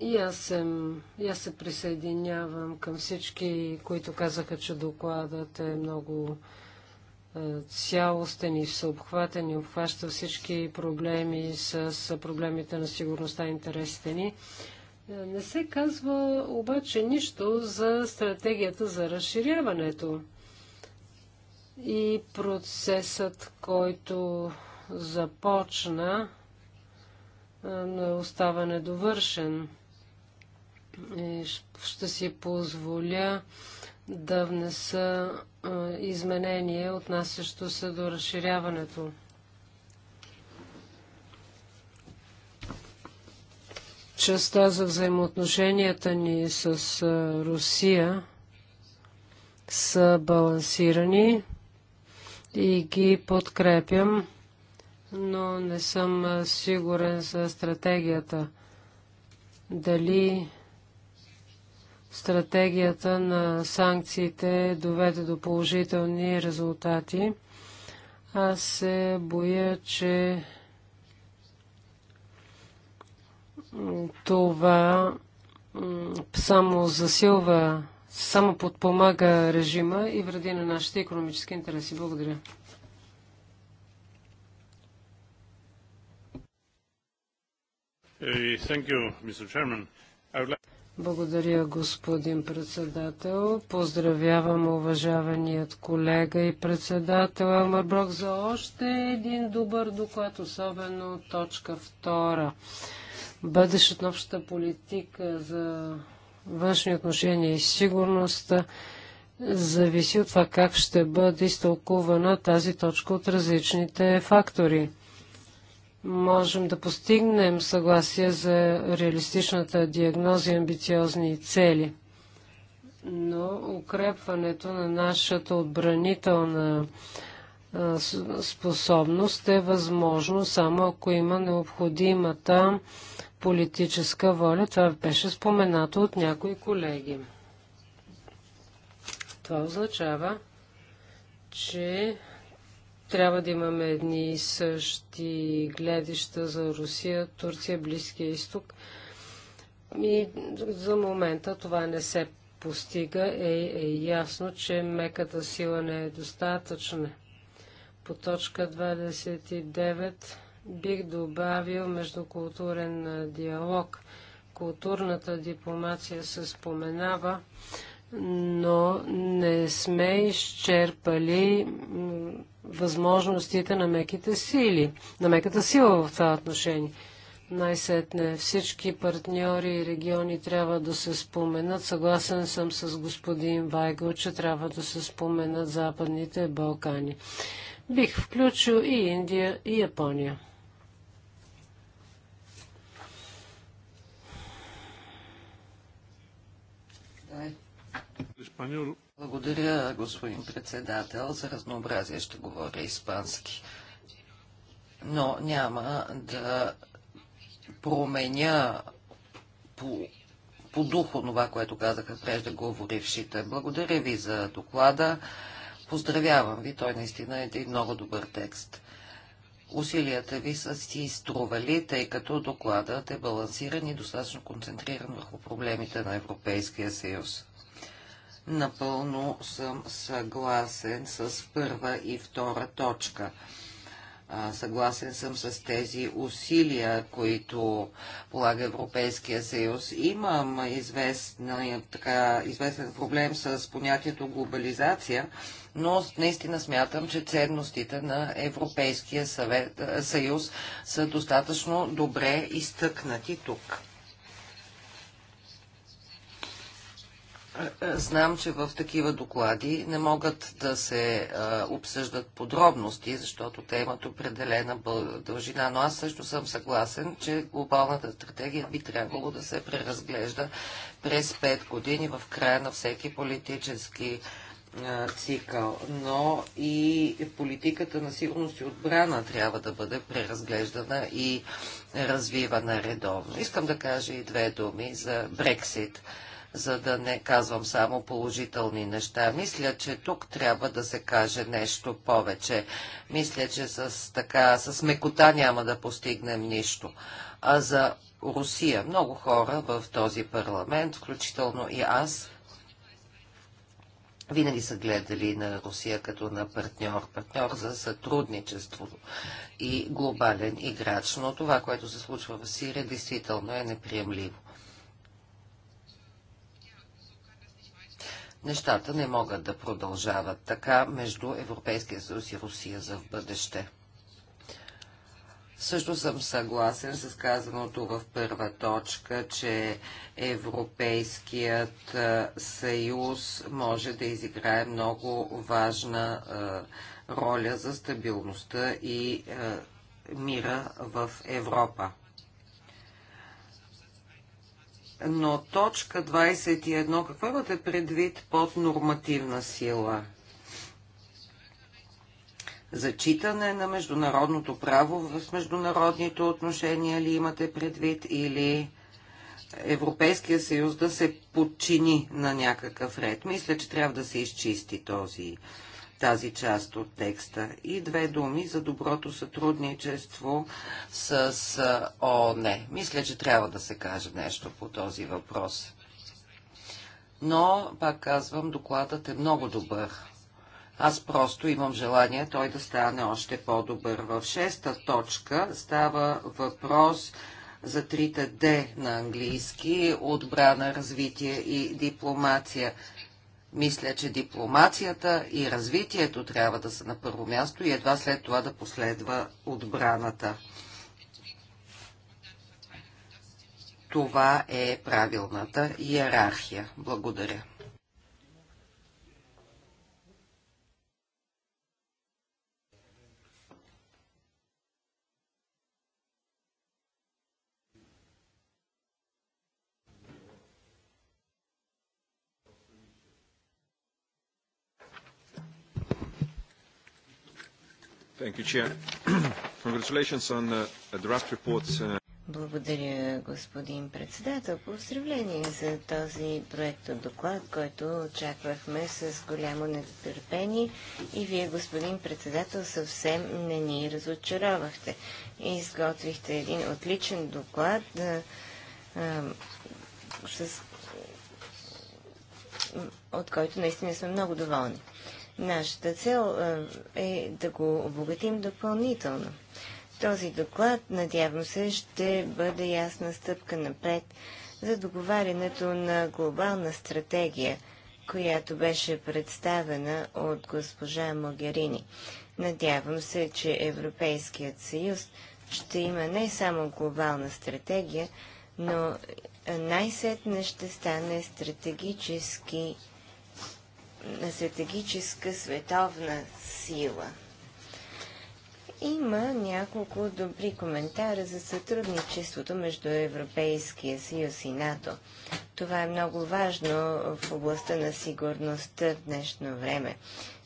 И аз, съм, и аз се присъединявам към всички, които казаха, че докладът е много е, цялостен и всеобхватен и обхваща всички проблеми с проблемите на сигурността и интересите ни. Е, не се казва обаче нищо за стратегията за разширяването и процесът, който започна, е, но остава недовършен. Ще си позволя да внеса изменение, отнасящо се до разширяването. Частта за взаимоотношенията ни с Русия са балансирани и ги подкрепям, но не съм сигурен за стратегията. Дали Стратегията на санкциите доведе до положителни резултати. Аз се боя, че това само засилва, само подпомага режима и вреди на нашите економически интереси. Благодаря. Hey, you, like... Благодаря, господин председател. Поздравявам уважаваният колега и председател Елмарброк за още един добър доклад, особено точка втора. Бъдещето на общата политика за външни отношения и сигурност зависи от това как ще бъде изтълкувана тази точка от различните фактори можем да постигнем съгласие за реалистичната диагноза и амбициозни цели. Но укрепването на нашата отбранителна способност е възможно само ако има необходимата политическа воля. Това беше споменато от някои колеги. Това означава, че трябва да имаме едни и същи гледища за Русия, Турция, Близкия изток. И за момента това не се постига. Е, е ясно, че меката сила не е достатъчна. По точка 29 бих добавил междукултурен диалог. Културната дипломация се споменава, но не сме изчерпали възможностите на меките сили, на меката сила в това отношение. Най-сетне всички партньори и региони трябва да се споменат. Съгласен съм с господин Вайгъл, че трябва да се споменат Западните Балкани. Бих включил и Индия и Япония. Español благодаря, господин председател. За разнообразие ще говоря испански. Но няма да променя по, по дух това, което казаха преждеговорившите. Благодаря ви за доклада. Поздравявам ви. Той наистина е един много добър текст. Усилията ви са си изтрували, тъй като докладът е балансиран и достатъчно концентриран върху проблемите на Европейския съюз. Напълно съм съгласен с първа и втора точка. Съгласен съм с тези усилия, които полага Европейския съюз. Имам известна, така, известен проблем с понятието глобализация, но наистина смятам, че ценностите на Европейския съвет, съюз са достатъчно добре изтъкнати тук. Е, е, знам, че в такива доклади не могат да се е, обсъждат подробности, защото те имат определена дължина, но аз също съм съгласен, че глобалната стратегия би трябвало да се преразглежда през 5 години в края на всеки политически цикъл, но и политиката на сигурност и отбрана трябва да бъде преразглеждана и развивана редовно. Искам да кажа и две думи за Брексит за да не казвам само положителни неща. Мисля, че тук трябва да се каже нещо повече. Мисля, че с, така, с мекота няма да постигнем нищо. А за Русия много хора в този парламент, включително и аз, винаги са гледали на Русия като на партньор, партньор за сътрудничество и глобален играч. Но това, което се случва в Сирия, действително е неприемливо. Нещата не могат да продължават така между Европейския съюз и Русия за в бъдеще. Също съм съгласен с казаното в първа точка, че Европейският съюз може да изиграе много важна роля за стабилността и мира в Европа. Но точка 21, какво имате предвид под нормативна сила? Зачитане на международното право в международните отношения ли имате предвид или Европейския съюз да се подчини на някакъв ред? Мисля, че трябва да се изчисти този тази част от текста. И две думи за доброто сътрудничество с ООН. Мисля, че трябва да се каже нещо по този въпрос. Но, пак казвам, докладът е много добър. Аз просто имам желание той да стане още по-добър. В шеста точка става въпрос за трите Д на английски – отбрана, развитие и дипломация. Мисля, че дипломацията и развитието трябва да са на първо място и едва след това да последва отбраната. Това е правилната иерархия. Благодаря. Thank you, Chair. Congratulations on uh, draft report. Uh, Благодаря, господин председател. Поздравление за този проект от доклад, който очаквахме с голямо нетърпение и вие, господин председател, съвсем не ни разочаровахте. Изготвихте един отличен доклад а, а, с от който наистина сме много доволни. Нашата цел е да го обогатим допълнително. Този доклад, надявам се, ще бъде ясна стъпка напред за договарянето на глобална стратегия, която беше представена от госпожа Могерини. Надявам се, че Европейският съюз ще има не само глобална стратегия, но най-сетне ще стане стратегически на стратегическа световна сила. Има няколко добри коментара за сътрудничеството между Европейския съюз и НАТО. Това е много важно в областта на сигурността в днешно време.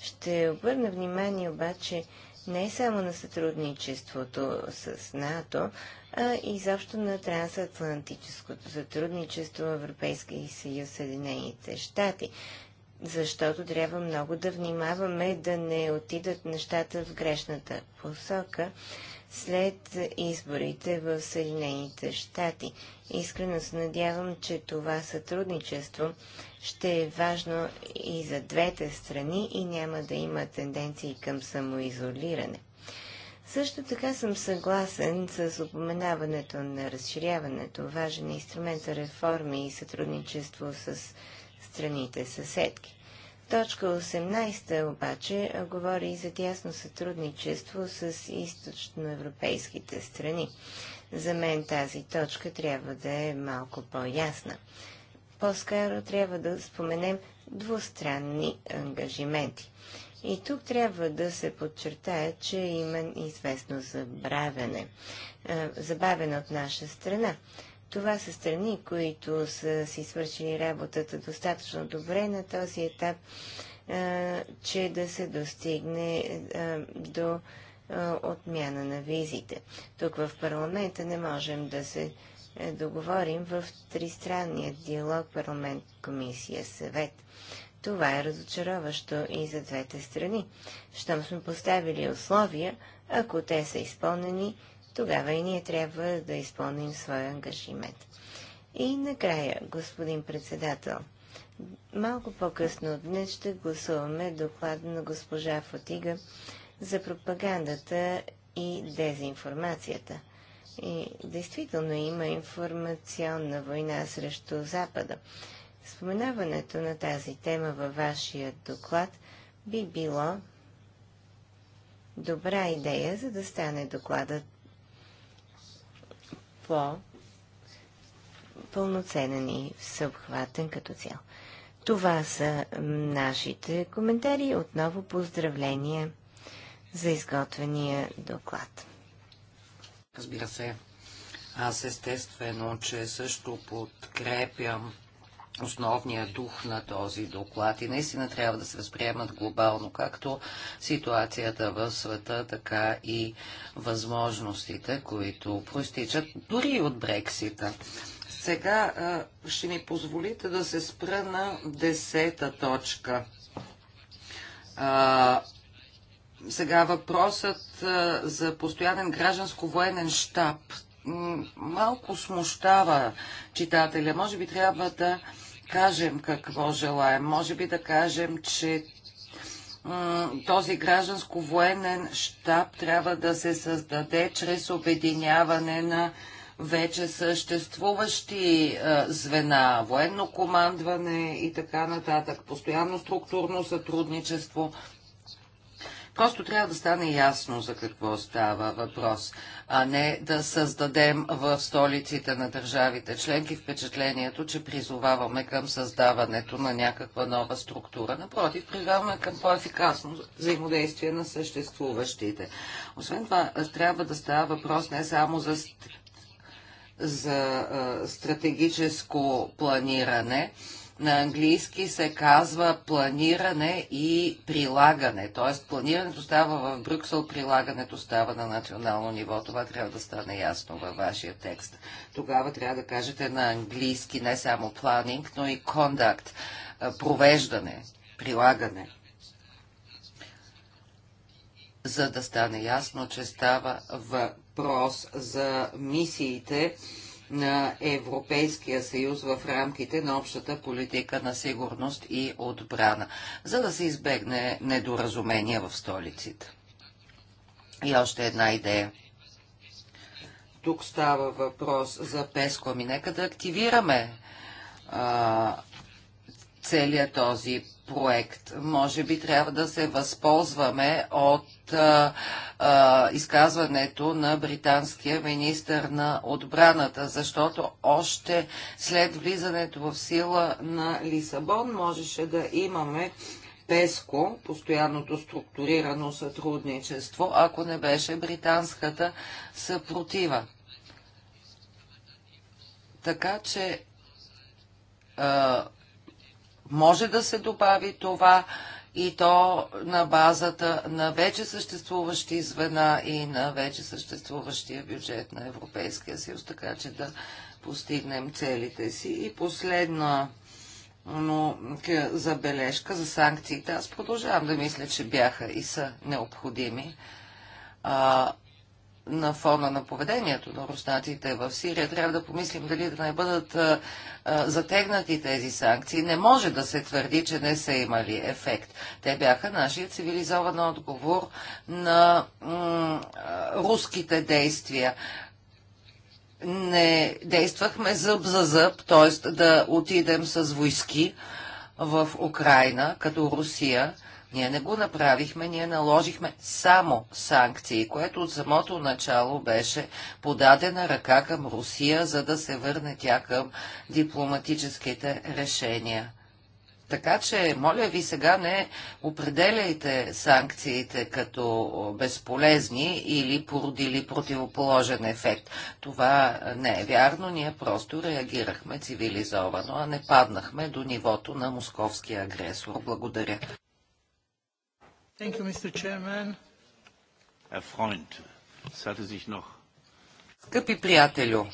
Ще обърна внимание обаче не само на сътрудничеството с НАТО, а и защо на трансатлантическото сътрудничество Европейския съюз Съединените щати защото трябва много да внимаваме да не отидат нещата в грешната посока след изборите в Съединените щати. Искрено се надявам, че това сътрудничество ще е важно и за двете страни и няма да има тенденции към самоизолиране. Също така съм съгласен с упоменаването на разширяването. Важен е инструмент за реформи и сътрудничество с страните съседки. Точка 18 обаче говори за тясно сътрудничество с източноевропейските страни. За мен тази точка трябва да е малко по-ясна. По-скоро трябва да споменем двустранни ангажименти. И тук трябва да се подчертая, че има известно забравяне. Забавене от наша страна. Това са страни, които са си свършили работата достатъчно добре на този етап, а, че да се достигне а, до а, отмяна на визите. Тук в парламента не можем да се договорим в тристранния диалог парламент-комисия-съвет. Това е разочароващо и за двете страни. Щом сме поставили условия, ако те са изпълнени, тогава и ние трябва да изпълним своя ангажимент. И накрая, господин председател, малко по-късно от днес ще гласуваме доклада на госпожа Фотига за пропагандата и дезинформацията. И действително има информационна война срещу Запада. Споменаването на тази тема във вашия доклад би било добра идея, за да стане докладът по-пълноценен и съобхватен като цял. Това са нашите коментари. Отново поздравления за изготвения доклад. Разбира се, аз естествено, че също подкрепям основния дух на този доклад и наистина трябва да се възприемат глобално както ситуацията в света, така и възможностите, които проистичат дори и от Брексита. Сега ще ми позволите да се спра на десета точка. Сега въпросът за постоянен гражданско-военен штаб малко смущава читателя. Може би трябва да кажем какво желаем. Може би да кажем, че този гражданско-военен щаб трябва да се създаде чрез обединяване на вече съществуващи звена, военно командване и така нататък, постоянно структурно сътрудничество Просто трябва да стане ясно за какво става въпрос, а не да създадем в столиците на държавите членки впечатлението, че призоваваме към създаването на някаква нова структура. Напротив, призоваваме към по-ефикасно взаимодействие на съществуващите. Освен това, трябва да става въпрос не само за за а, стратегическо планиране, на английски се казва планиране и прилагане. Т.е. планирането става в Брюксел, прилагането става на национално ниво. Това трябва да стане ясно във вашия текст. Тогава трябва да кажете на английски не само планинг, но и кондакт, провеждане, прилагане за да стане ясно, че става въпрос за мисиите на Европейския съюз в рамките на общата политика на сигурност и отбрана, за да се избегне недоразумение в столиците. И още една идея. Тук става въпрос за Песко. Ами нека да активираме а, целият този проект. Може би трябва да се възползваме от а, а, изказването на британския министр на отбраната, защото още след влизането в сила на Лисабон можеше да имаме ПЕСКО, постоянното структурирано сътрудничество, ако не беше британската съпротива. Така че а, може да се добави това и то на базата на вече съществуващи звена и на вече съществуващия бюджет на Европейския съюз, така че да постигнем целите си. И последна но забележка за санкциите. Аз продължавам да мисля, че бяха и са необходими. А, на фона на поведението на руснаците в Сирия, трябва да помислим дали да не бъдат затегнати тези санкции. Не може да се твърди, че не са имали ефект. Те бяха нашия цивилизован отговор на руските действия не действахме зъб за зъб, т.е. да отидем с войски в Украина, като Русия, ние не го направихме, ние наложихме само санкции, което от самото начало беше подадена ръка към Русия, за да се върне тя към дипломатическите решения. Така че, моля ви сега не определяйте санкциите като безполезни или породили противоположен ефект. Това не е вярно, ние просто реагирахме цивилизовано, а не паднахме до нивото на московския агресор. Благодаря. Thank you, Mr. Chairman. Herr Freund, es hatte sich noch... Скъпи приятелю,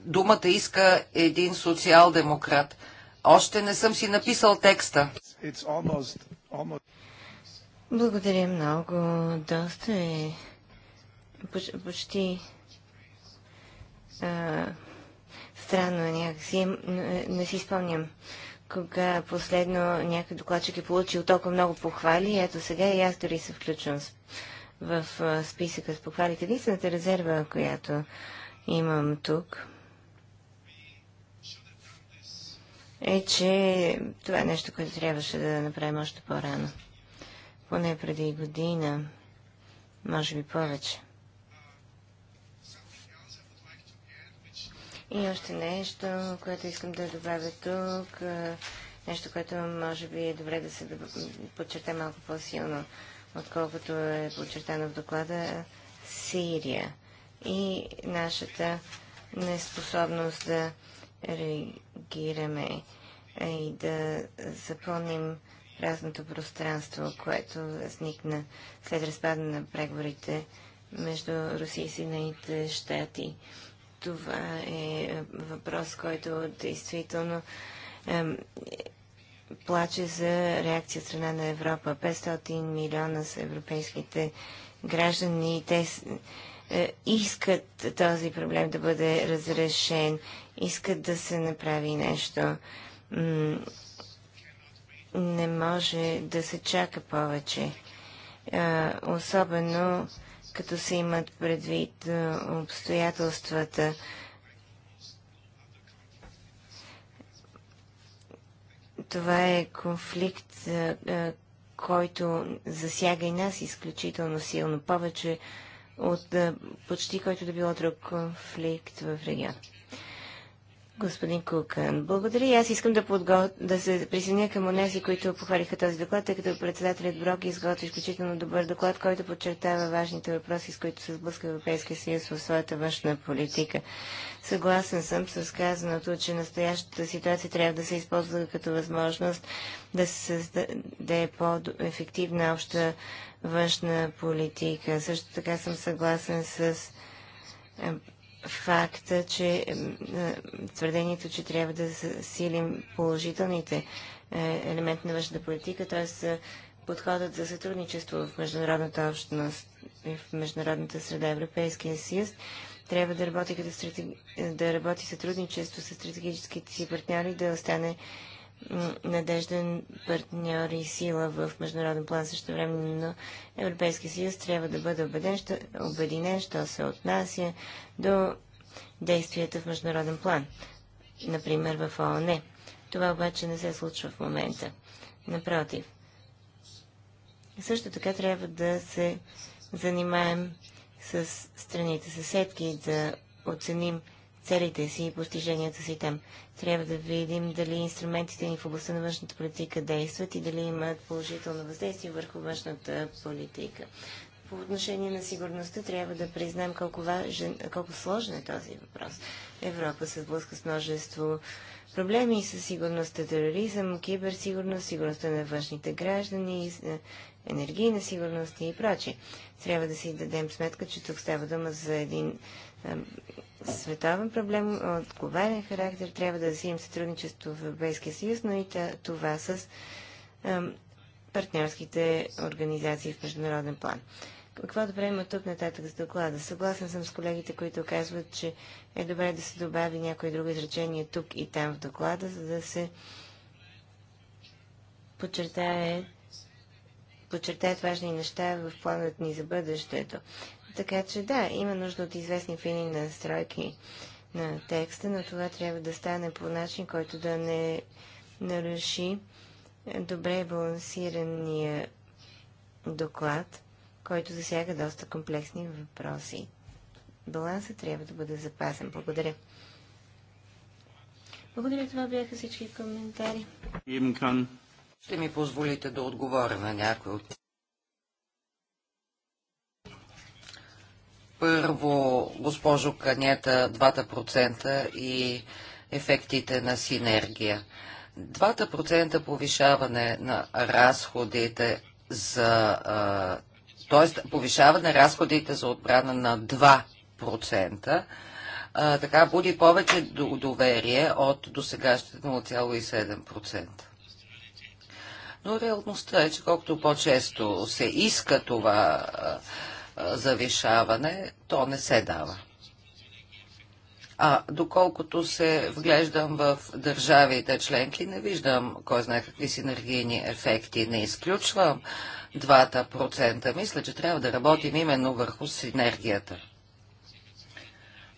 думата иска един социал-демократ. Още не съм си написал текста. Almost, almost... Благодаря много. Доста е Поч почти а, странно е някакси. Не, не си спомням кога последно някой докладчик е получил толкова много похвали. Ето сега и аз дори се включвам в списъка с похвалите. Единствената резерва, която имам тук, е, че това е нещо, което трябваше да направим още по-рано. Поне преди година, може би повече. И още нещо, което искам да добавя тук, нещо, което може би е добре да се подчерта малко по-силно, отколкото е подчертано в доклада Сирия и нашата неспособност да реагираме и да запълним разното пространство, което възникна след разпада на преговорите между Русия и Съединените щати. Това е, е въпрос, който действително е, плаче за реакция от страна на Европа. 500 милиона са европейските граждани и те е, искат този проблем да бъде разрешен, искат да се направи нещо. Не може да се чака повече. Е, особено като се имат предвид обстоятелствата. Това е конфликт, който засяга и нас изключително силно, повече от почти който да било друг конфликт в региона. Господин Кукан, благодаря. Аз искам да, подго... да се присъединя към онези, които похвалиха този доклад, тъй като председателят Брок изготви изключително добър доклад, който подчертава важните въпроси, с които се сблъска Европейския съюз в своята външна политика. Съгласен съм с казаното, че настоящата ситуация трябва да се използва като възможност да се създаде по-ефективна обща външна политика. Също така съм съгласен с е, факта, че твърдението, че трябва да засилим положителните е, елементи на външната политика, т.е. подходът за сътрудничество в международната общност и в международната среда Европейския съюз, трябва да работи, като стратег... да работи сътрудничество с стратегическите си партньори, да остане надежден партньор и сила в международен план също време, но Европейския съюз трябва да бъде убеден, що, обединен, що се отнася до действията в международен план, например в ООН. Това обаче не се случва в момента. Напротив. Също така трябва да се занимаем с страните съседки, да оценим целите си и постиженията си там. Трябва да видим дали инструментите ни в областта на външната политика действат и дали имат положително въздействие върху външната политика. По отношение на сигурността трябва да признаем колко, важен, колко сложен е този въпрос. Европа се сблъска с множество проблеми с сигурността, тероризъм, киберсигурност, сигурността на външните граждани, е, енергийна сигурност и прочие. Трябва да си дадем сметка, че тук става дума за един световен проблем от глобален характер. Трябва да засилим сътрудничество в Европейския съюз, но и това с партньорските организации в международен план. Какво добре има тук нататък с доклада? Съгласен съм с колегите, които казват, че е добре да се добави някое друго изречение тук и там в доклада, за да се подчертаят важни неща в планът ни за бъдещето. Така че да, има нужда от известни фини настройки на текста, но това трябва да стане по начин, който да не наруши добре балансирания доклад, който засяга доста комплексни въпроси. Балансът трябва да бъде запазен. Благодаря. Благодаря, това бяха всички коментари. Ще ми позволите да отговоря на някой от Първо, госпожо Канета, 2% и ефектите на синергия. Двата процента повишаване на разходите за. т.е. повишаване на разходите за отбрана на 2% процента, така буди повече доверие от досегащите 0,7%. Но реалността е, че колкото по-често се иска това завишаване, то не се дава. А доколкото се вглеждам в държавите членки, не виждам кой знае какви синергийни ефекти. Не изключвам двата процента. Мисля, че трябва да работим именно върху синергията.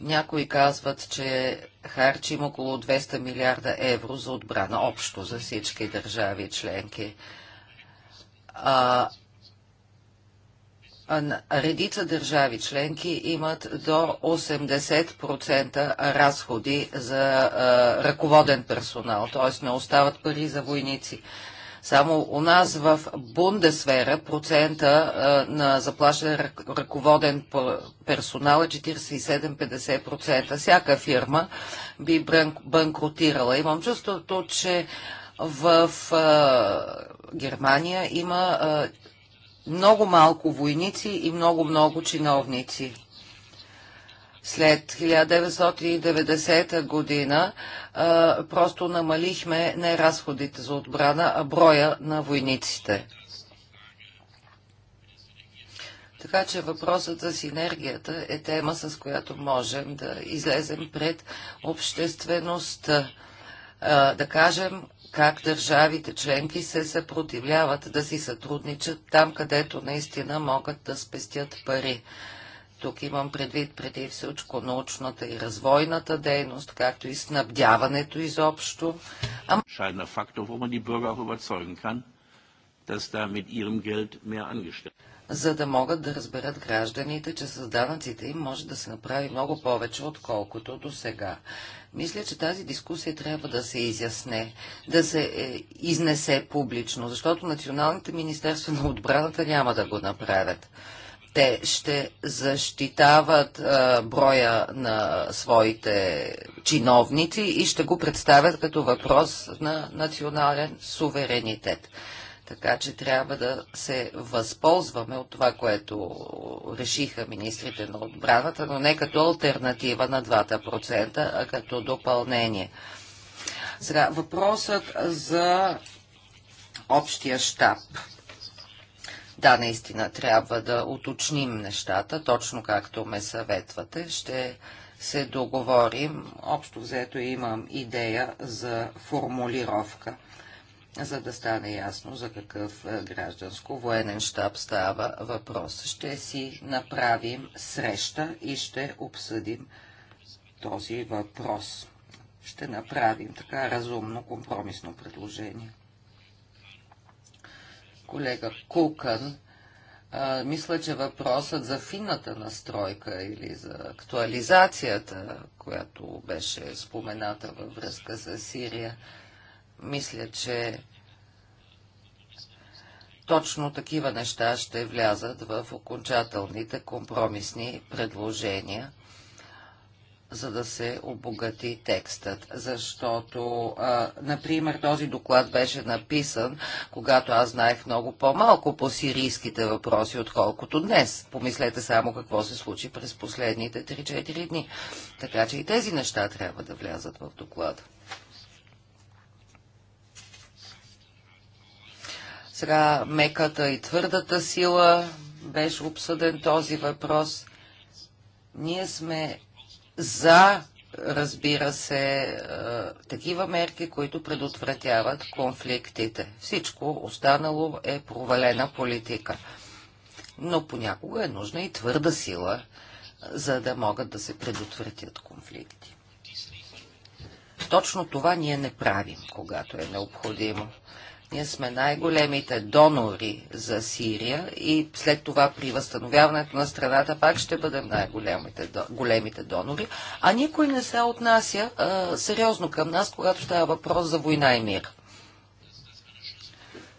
Някои казват, че харчим около 200 милиарда евро за отбрана, общо за всички държави членки. А, редица държави членки имат до 80% разходи за ръководен персонал, т.е. не остават пари за войници. Само у нас в Бундесфера процента на заплащане ръководен персонал е 47-50%. Всяка фирма би банкротирала. Имам чувството, че в Германия има много малко войници и много-много чиновници. След 1990 година а, просто намалихме не разходите за отбрана, а броя на войниците. Така че въпросът за синергията е тема, с която можем да излезем пред обществеността. Да кажем как държавите членки се съпротивляват да си сътрудничат там, където наистина могат да спестят пари. Тук имам предвид преди всичко научната и развойната дейност, както и снабдяването изобщо. А... Entscheidender Faktor, за да могат да разберат гражданите, че с данъците им може да се направи много повече, отколкото до сега. Мисля, че тази дискусия трябва да се изясне, да се е, изнесе публично, защото националните министерства на отбраната няма да го направят. Те ще защитават е, броя на своите чиновници и ще го представят като въпрос на национален суверенитет. Така че трябва да се възползваме от това, което решиха министрите на отбраната, но не като альтернатива на 2%, а като допълнение. Сега, въпросът за общия щаб. Да, наистина трябва да уточним нещата, точно както ме съветвате. Ще се договорим. Общо взето имам идея за формулировка за да стане ясно за какъв е, гражданско-военен щаб става въпрос. Ще си направим среща и ще обсъдим този въпрос. Ще направим така разумно компромисно предложение. Колега Кукън, а, мисля, че въпросът за финната настройка или за актуализацията, която беше спомената във връзка с Сирия, мисля, че точно такива неща ще влязат в окончателните компромисни предложения, за да се обогати текстът. Защото, а, например, този доклад беше написан, когато аз знаех много по-малко по сирийските въпроси, отколкото днес. Помислете само какво се случи през последните 3-4 дни. Така че и тези неща трябва да влязат в доклада. Сега меката и твърдата сила беше обсъден този въпрос. Ние сме за, разбира се, е, такива мерки, които предотвратяват конфликтите. Всичко останало е провалена политика. Но понякога е нужна и твърда сила, за да могат да се предотвратят конфликти. Точно това ние не правим, когато е необходимо. Ние сме най-големите донори за Сирия и след това при възстановяването на страната пак ще бъдем най-големите големите донори, а никой не се отнася а, сериозно към нас, когато става въпрос за война и мир.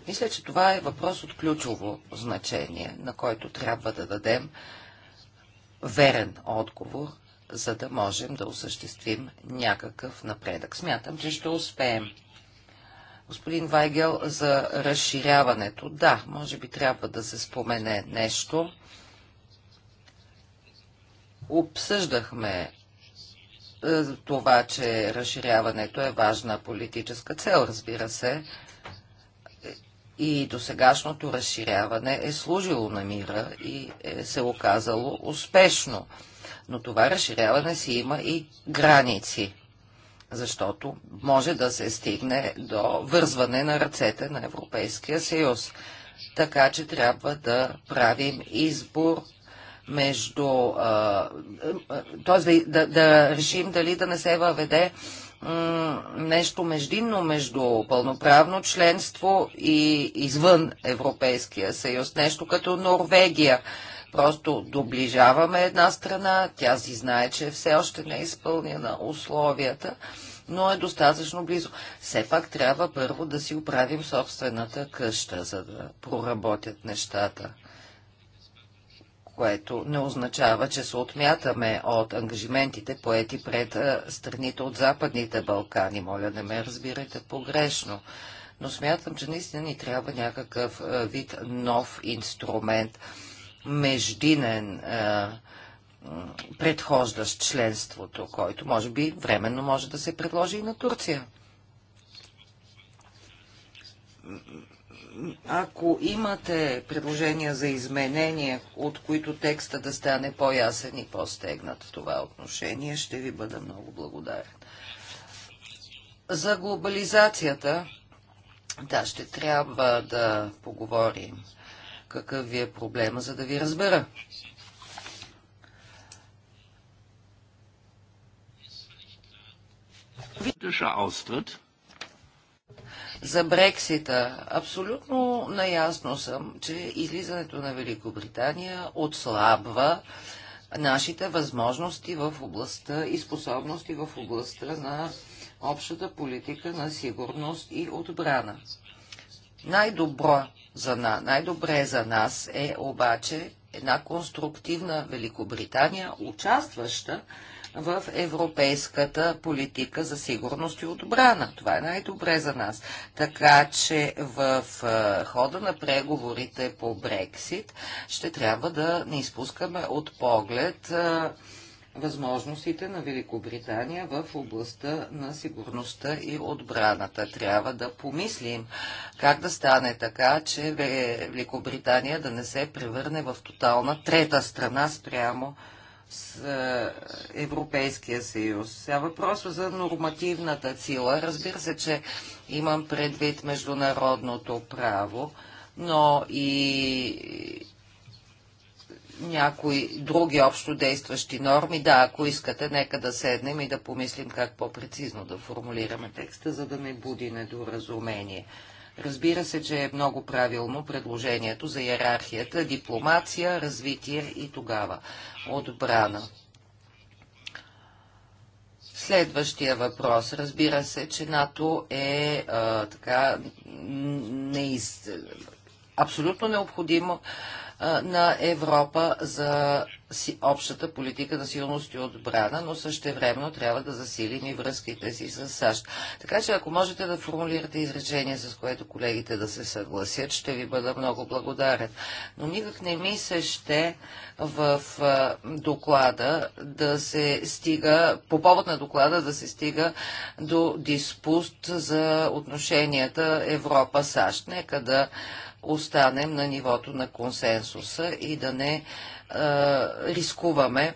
Мисля, че това е въпрос от ключово значение, на който трябва да дадем верен отговор, за да можем да осъществим някакъв напредък. Смятам, че ще успеем господин Вайгел за разширяването. Да, може би трябва да се спомене нещо. Обсъждахме е, това, че разширяването е важна политическа цел, разбира се. И досегашното разширяване е служило на мира и е се оказало успешно. Но това разширяване си има и граници защото може да се стигне до вързване на ръцете на Европейския съюз. Така че трябва да правим избор между... т.е. Да, да решим дали да не се въведе нещо междинно между пълноправно членство и извън Европейския съюз, нещо като Норвегия Просто доближаваме една страна, тя си знае, че е все още не е изпълнена условията, но е достатъчно близо. Все пак трябва първо да си оправим собствената къща, за да проработят нещата което не означава, че се отмятаме от ангажиментите, поети пред страните от Западните Балкани. Моля, не ме разбирайте погрешно. Но смятам, че наистина ни трябва някакъв вид нов инструмент – междинен предхождащ членството, който може би временно може да се предложи и на Турция. Ако имате предложения за изменения, от които текста да стане по-ясен и по-стегнат в това отношение, ще ви бъда много благодарен. За глобализацията, да, ще трябва да поговорим какъв ви е проблема, за да ви разбера. За Брексита абсолютно наясно съм, че излизането на Великобритания отслабва нашите възможности в областта и способности в областта на общата политика на сигурност и отбрана. Най-добро за на... най-добре за нас е обаче една конструктивна Великобритания, участваща в европейската политика за сигурност и отбрана. Това е най-добре за нас. Така че в хода на преговорите по Брексит ще трябва да не изпускаме от поглед възможностите на Великобритания в областта на сигурността и отбраната. Трябва да помислим как да стане така, че Великобритания да не се превърне в тотална трета страна спрямо с е, Европейския съюз. Сега въпросът за нормативната сила. Разбира се, че имам предвид международното право, но и някои други общо действащи норми. Да, ако искате, нека да седнем и да помислим как по-прецизно да формулираме текста, за да не буди недоразумение. Разбира се, че е много правилно предложението за иерархията дипломация, развитие и тогава отбрана. Следващия въпрос. Разбира се, че НАТО е а, така из... абсолютно необходимо на Европа за общата политика на сигурност и отбрана, но същевременно трябва да засилим и връзките си с САЩ. Така че ако можете да формулирате изречение, с което колегите да се съгласят, ще ви бъда много благодарен. Но никак не ми се ще в доклада да се стига, по повод на доклада да се стига до диспуст за отношенията Европа-САЩ. Нека да останем на нивото на консенсуса и да не е, рискуваме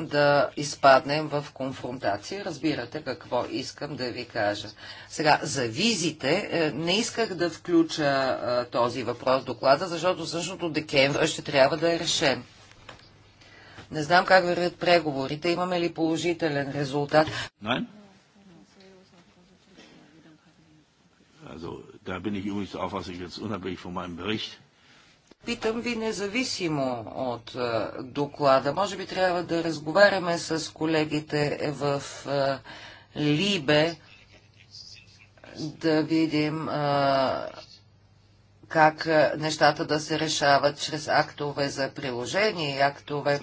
да изпаднем в конфронтация. Разбирате какво искам да ви кажа. Сега, за визите е, не исках да включа е, този въпрос в доклада, защото същото декември ще трябва да е решен. Не знам как вървят преговорите. Имаме ли положителен резултат? Nein? Also, Da bin ich übrigens der Auffassung jetzt unabhängig von meinem Bericht. Питам ви независимо от е, доклада. Може би трябва да разговаряме с колегите в е, Либе, да видим е, как нещата да се решават чрез актове за приложение и актове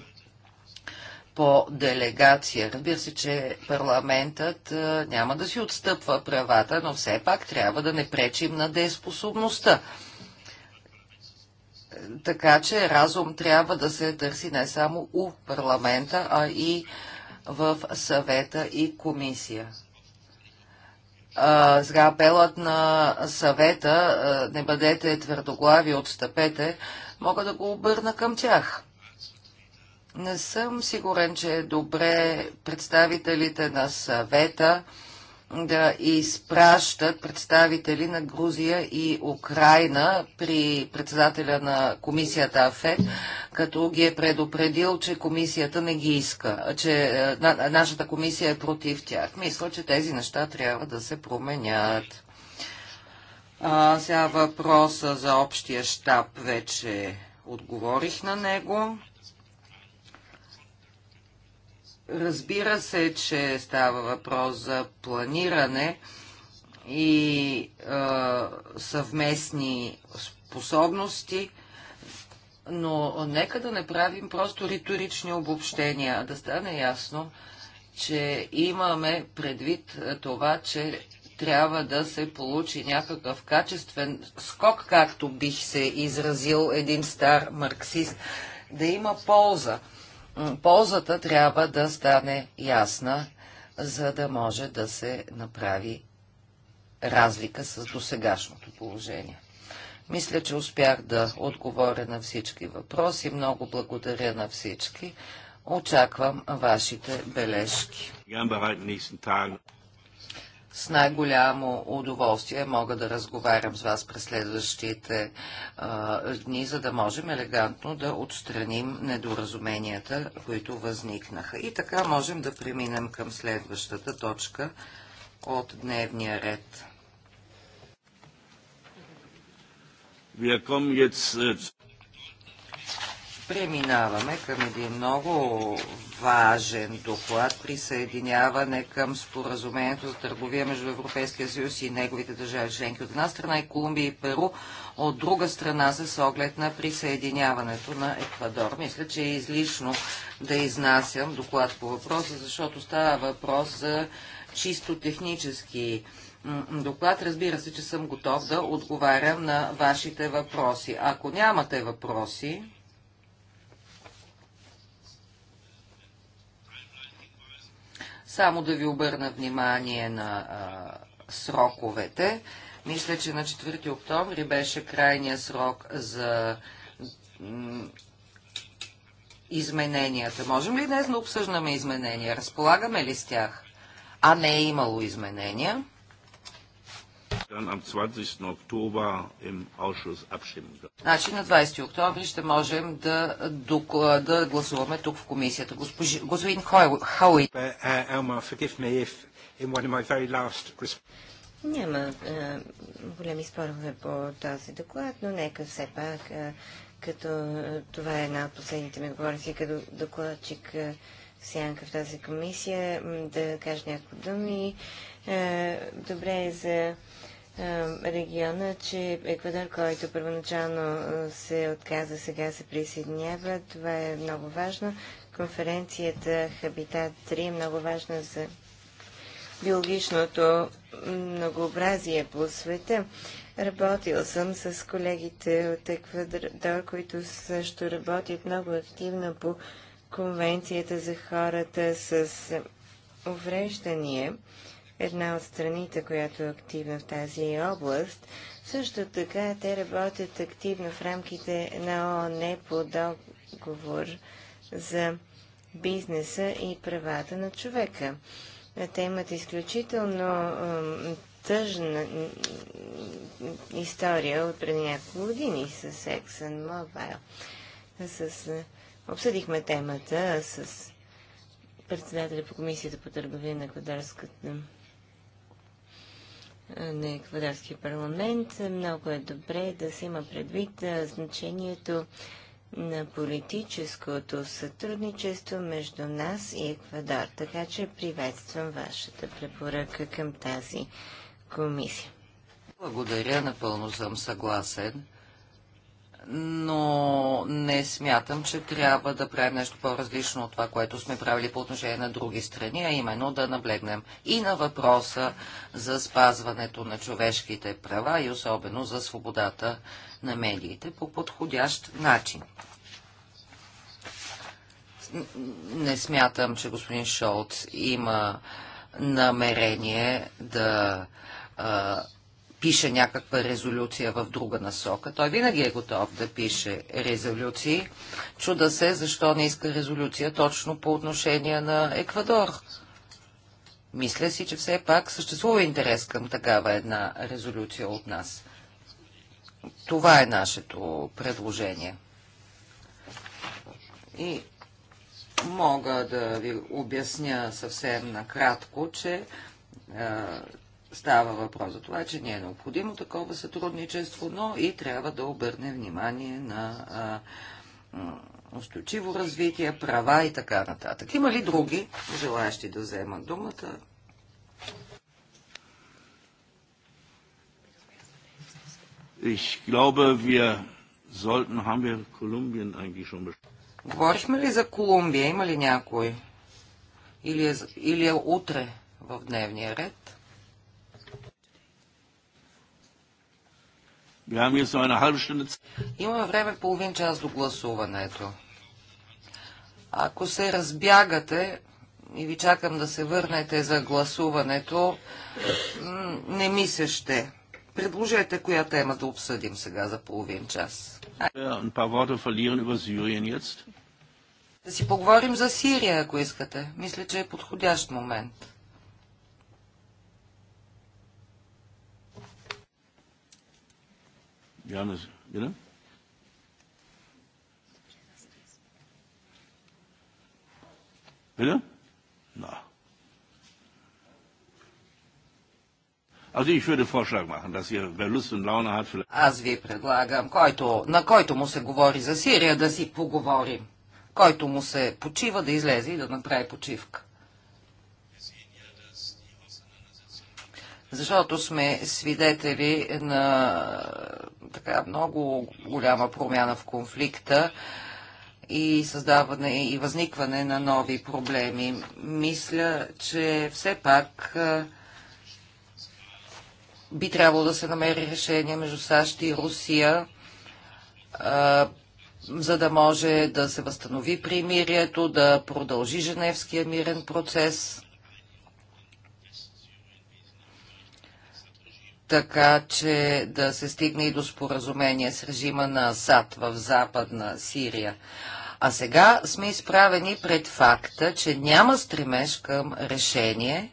по делегация. Разбира се, че парламентът няма да си отстъпва правата, но все пак трябва да не пречим на дееспособността. Така че разум трябва да се търси не само у парламента, а и в съвета и комисия. А, сега апелът на съвета, не бъдете твърдоглави, отстъпете, мога да го обърна към тях. Не съм сигурен, че е добре представителите на съвета да изпращат представители на Грузия и Украина при председателя на комисията АФЕД, като ги е предупредил, че комисията не ги иска, че е, нашата комисия е против тях. Мисля, че тези неща трябва да се променят. А, сега въпроса за общия щаб вече отговорих на него. Разбира се, че става въпрос за планиране и е, съвместни способности, но нека да не правим просто риторични обобщения, да стане ясно, че имаме предвид това, че трябва да се получи някакъв качествен скок, както бих се изразил един стар марксист, да има полза ползата трябва да стане ясна, за да може да се направи разлика с досегашното положение. Мисля, че успях да отговоря на всички въпроси. Много благодаря на всички. Очаквам вашите бележки с най-голямо удоволствие мога да разговарям с вас през следващите а, дни, за да можем елегантно да отстраним недоразуменията, които възникнаха. И така можем да преминем към следващата точка от дневния ред. Uh, Преминаваме към един много важен доклад присъединяване към споразумението за търговия между Европейския съюз и неговите държави членки. От една страна и Колумбия и Перу, от друга страна с оглед на присъединяването на Еквадор. Мисля, че е излишно да изнасям доклад по въпроса, защото става въпрос за чисто технически доклад. Разбира се, че съм готов да отговарям на вашите въпроси. Ако нямате въпроси, Само да ви обърна внимание на а, сроковете. Мисля, че на 4 октомври беше крайния срок за измененията. Можем ли днес да обсъждаме изменения? Разполагаме ли с тях? А не е имало изменения dann am 20. Oktober im Ausschuss abstimmen können. Значи на 20 октомври ще можем да, да гласуваме тук в комисията. господин Хауи. Няма е, големи спорове по този доклад, но нека все пак, е, като е, това е една от последните ми говорници, като докладчик е, сянка в тази комисия, да кажа няколко думи. Добре е за региона, че Еквадор, който първоначално е, се отказа, сега се присъединява. Това е много важно. Конференцията Хабитат 3 е много важна за биологичното многообразие по света. Работил съм с колегите от Еквадор, които също работят много активно по Конвенцията за хората с увреждания една от страните, която е активна в тази област. Също така те работят активно в рамките на ООН по договор за бизнеса и правата на човека. Те имат изключително тъжна история от преди няколко години с ексън мобайл, С, обсъдихме темата с председателя по комисията по търговия на Квадарската е, на Еквадорския парламент. Много е добре да се има предвид е, значението на политическото сътрудничество между нас и Еквадор. Така че приветствам вашата препоръка към тази комисия. Благодаря, напълно съм съгласен но не смятам, че трябва да правим нещо по-различно от това, което сме правили по отношение на други страни, а именно да наблегнем и на въпроса за спазването на човешките права и особено за свободата на медиите по подходящ начин. Не смятам, че господин Шолц има намерение да пише някаква резолюция в друга насока. Той винаги е готов да пише резолюции. Чуда се, защо не иска резолюция точно по отношение на Еквадор. Мисля си, че все пак съществува интерес към такава една резолюция от нас. Това е нашето предложение. И мога да ви обясня съвсем накратко, че Става въпрос за това, че не е необходимо такова сътрудничество, но и трябва да обърне внимание на устойчиво развитие, права и така нататък. Има ли други желаящи да вземат думата? Ich glaube, wir sollten, haben wir Kolumbien eigentlich schon besprochen. Говорихме ли за Колумбия? Има ли някой? Или е, или е утре в дневния ред? Имаме време половин час до гласуването. Ако се разбягате и ви чакам да се върнете за гласуването, не ми се ще. Предложете коя тема да обсъдим сега за половин час. Да си поговорим за Сирия, ако искате. Мисля, че е подходящ момент. Johannes, bitte? Bitte? Na. Also ich würde Vorschlag machen, dass ihr, wer Lust und Laune hat, vielleicht... Аз ви предлагам, който, на който му се говори за Сирия, да си поговорим. Който му се почива, да излезе и да направи почивка. защото сме свидетели на така много голяма промяна в конфликта и създаване и възникване на нови проблеми. Мисля, че все пак би трябвало да се намери решение между САЩ и Русия, за да може да се възстанови примирието, да продължи Женевския мирен процес. така че да се стигне и до споразумение с режима на Асад в Западна Сирия. А сега сме изправени пред факта, че няма стремеж към решение,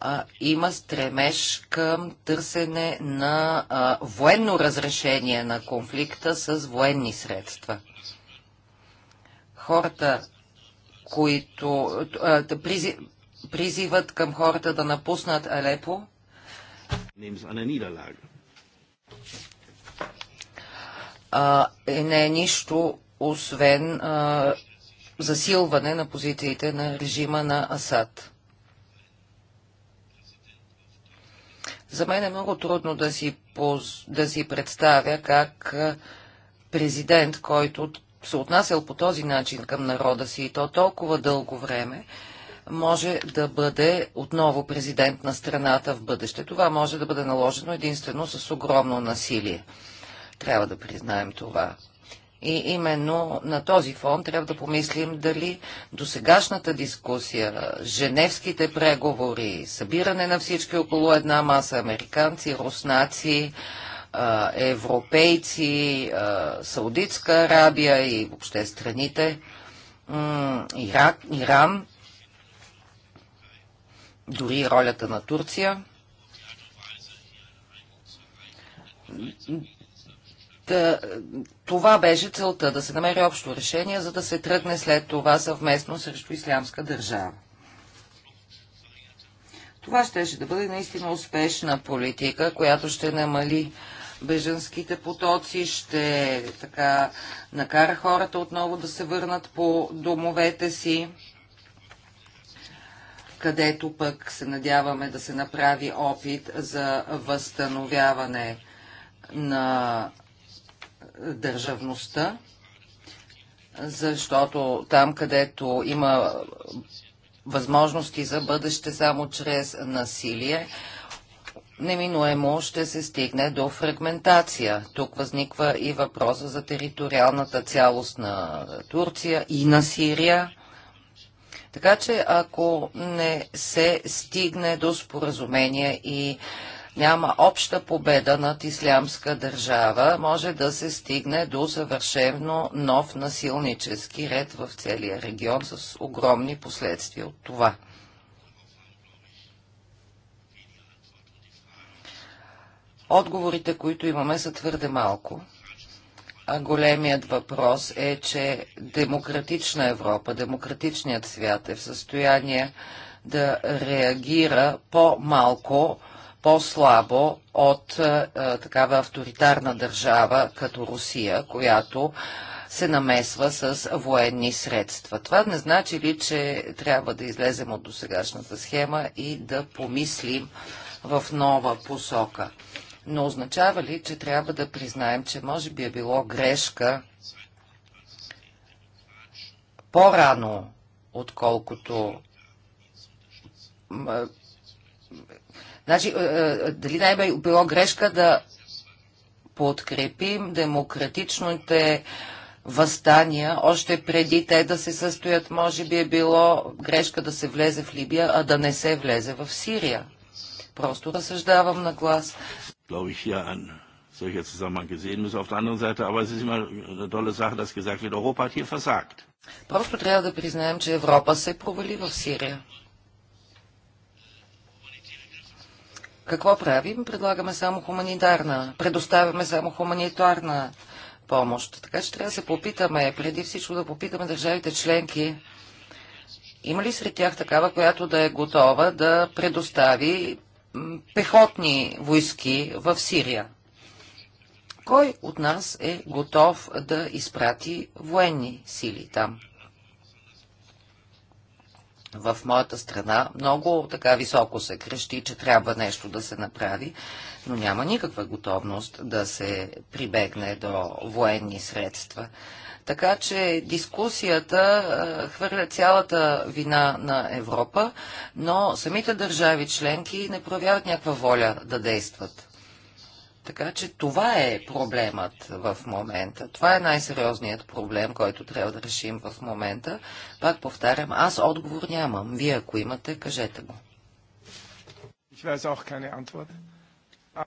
а има стремеж към търсене на а, военно разрешение на конфликта с военни средства. Хората, които а, призи, призиват към хората да напуснат Алепо, а, е, не е нищо, освен засилване на позициите на режима на Асад. За мен е много трудно да си, поз... да си представя как президент, който се отнасял по този начин към народа си и то толкова дълго време, може да бъде отново президент на страната в бъдеще. Това може да бъде наложено единствено с огромно насилие. Трябва да признаем това. И именно на този фон трябва да помислим дали досегашната дискусия, женевските преговори, събиране на всички около една маса американци, руснаци, европейци, Саудитска Арабия и въобще страните, Ирак, Иран, дори ролята на Турция. Да, това беше целта, да се намери общо решение, за да се тръгне след това съвместно срещу ислямска държава. Това щеше да бъде наистина успешна политика, която ще намали беженските потоци, ще така накара хората отново да се върнат по домовете си където пък се надяваме да се направи опит за възстановяване на е, държавността, защото там, където има възможности за бъдеще само чрез насилие, неминуемо ще се стигне до фрагментация. Тук възниква и въпроса за териториалната цялост на Турция и на Сирия. Така че ако не се стигне до споразумение и няма обща победа над ислямска държава, може да се стигне до съвършено нов насилнически ред в целия регион с огромни последствия от това. Отговорите, които имаме, са твърде малко. А големият въпрос е, че демократична Европа, демократичният свят е в състояние да реагира по-малко, по-слабо от а, е, е, такава авторитарна държава като Русия, която се намесва с военни средства. Това не значи ли, че трябва да излезем от досегашната схема и да помислим в нова посока? но означава ли, че трябва да признаем, че може би е било грешка по-рано, отколкото Значи, дали не е било грешка да подкрепим демократичните възстания, още преди те да се състоят, може би е било грешка да се влезе в Либия, а да не се влезе в Сирия. Просто разсъждавам на глас glaube ich, hier ein solcher Zusammenhang gesehen müssen. Auf der anderen Seite, aber es ist immer eine tolle Sache, dass gesagt wird, Europa hat hier versagt. Просто трябва да признаем, че Европа се провали в Сирия. Какво правим? Предлагаме само хуманитарна, предоставяме само хуманитарна помощ. Така че трябва да се попитаме, преди всичко да попитаме държавите членки, има ли сред тях такава, която да е готова да предостави пехотни войски в Сирия. Кой от нас е готов да изпрати военни сили там? в моята страна много така високо се крещи, че трябва нещо да се направи, но няма никаква готовност да се прибегне до военни средства. Така че дискусията хвърля цялата вина на Европа, но самите държави членки не проявяват някаква воля да действат. Така че това е проблемът в момента. Това е най-сериозният проблем, който трябва да решим в момента. Пак повтарям, аз отговор нямам. Вие, ако имате, кажете го.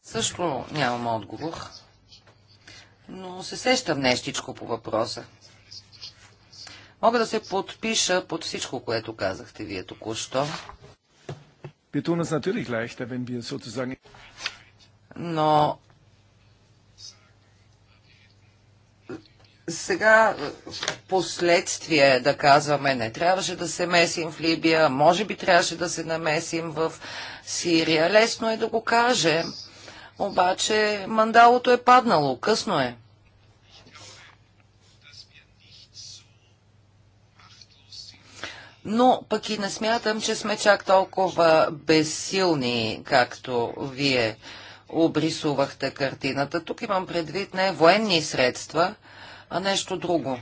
Също нямам отговор но се сещам нещичко по въпроса. Мога да се подпиша под всичко, което казахте вие току-що. Но сега последствие да казваме, не трябваше да се месим в Либия, може би трябваше да се намесим в Сирия. Лесно е да го кажем, обаче мандалото е паднало, късно е. Но пък и не смятам, че сме чак толкова безсилни, както вие обрисувахте картината. Тук имам предвид не военни средства, а нещо друго.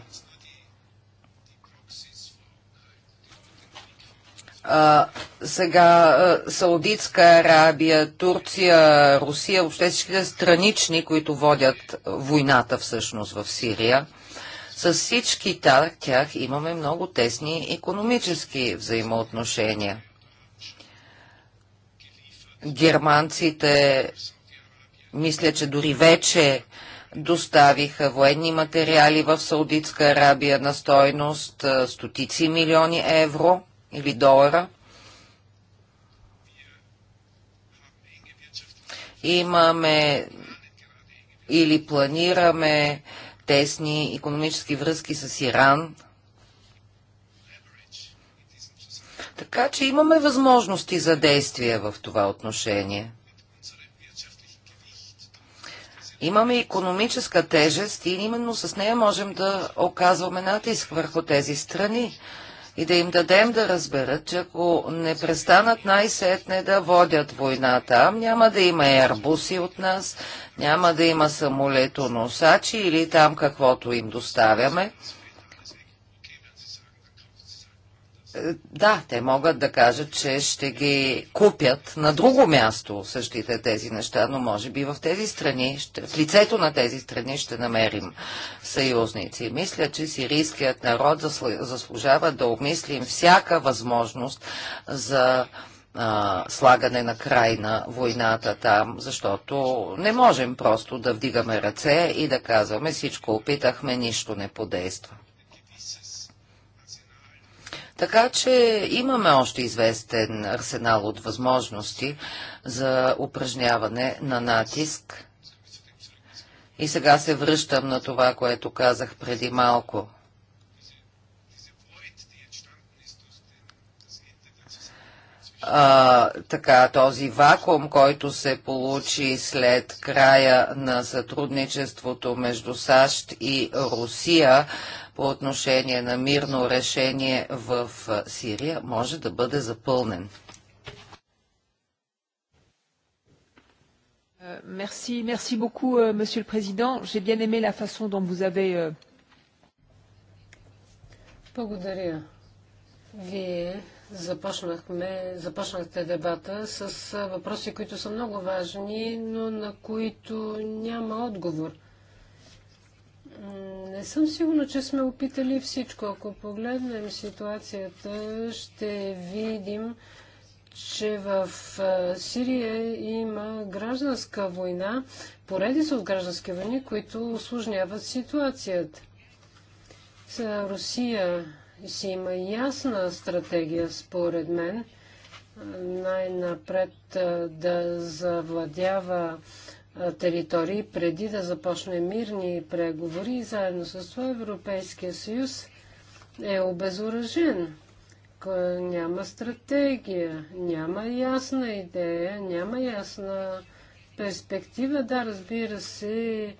А, сега е, Саудитска Арабия, Турция, Русия, въобще всичките странични, които водят войната всъщност в Сирия, с всички тях имаме много тесни економически взаимоотношения. Германците, мисля, че дори вече доставиха военни материали в Саудитска Арабия на стойност е, стотици милиони евро или долара – имаме или планираме тесни економически връзки с Иран. Така че имаме възможности за действие в това отношение. Имаме економическа тежест и именно с нея можем да оказваме натиск върху тези страни и да им дадем да разберат, че ако не престанат най-сетне да водят война там, няма да има ербуси от нас, няма да има самолетоносачи или там каквото им доставяме. Е, да, те могат да кажат, че ще ги купят на друго място същите тези неща, но може би в тези страни, ще, в лицето на тези страни ще намерим съюзници. Мисля, че сирийският народ заслужава да обмислим всяка възможност за а, слагане на край на войната там, защото не можем просто да вдигаме ръце и да казваме всичко опитахме, нищо не подейства. Така че имаме още известен арсенал от възможности за упражняване на натиск. И сега се връщам на това, което казах преди малко. а, така, този вакуум, който се получи след края на сътрудничеството между САЩ и Русия по отношение на мирно решение в Сирия, може да бъде запълнен. Е, merci, merci beaucoup, euh, Monsieur le Président. J'ai bien aimé la façon dont vous avez. Euh... Благодаря. Вие Започнахме, започнахте дебата с въпроси, които са много важни, но на които няма отговор. Не съм сигурна, че сме опитали всичко. Ако погледнем ситуацията, ще видим, че в Сирия има гражданска война, поредица от граждански войни, които осложняват ситуацията. Русия си има ясна стратегия, според мен. Най-напред да завладява територии, преди да започне мирни преговори. Заедно с това Европейския съюз е обезоръжен. Няма стратегия, няма ясна идея, няма ясна перспектива. Да, разбира се,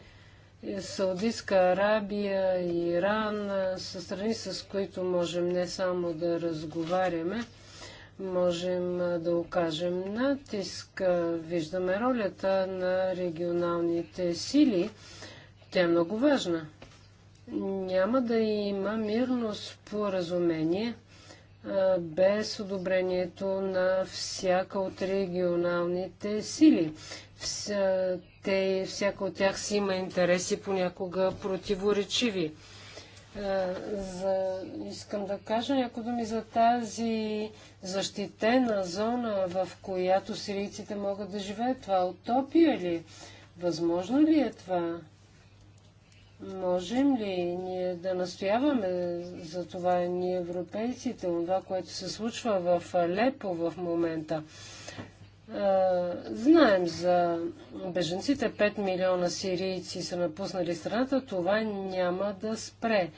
Саудитска Арабия, Иран са страни, с които можем не само да разговаряме, можем да окажем натиск. Виждаме ролята на регионалните сили. Тя е много важна. Няма да има мирно споразумение без одобрението на всяка от регионалните сили те, всяка от тях си има интереси, понякога противоречиви. Е, за, искам да кажа някои думи за тази защитена зона, в която сирийците могат да живеят. Това е утопия ли? Възможно ли е това? Можем ли ние да настояваме за това ние европейците, това, което се случва в Лепо в момента? Знаем за беженците. 5 милиона сирийци са напуснали страната. Това няма да спре.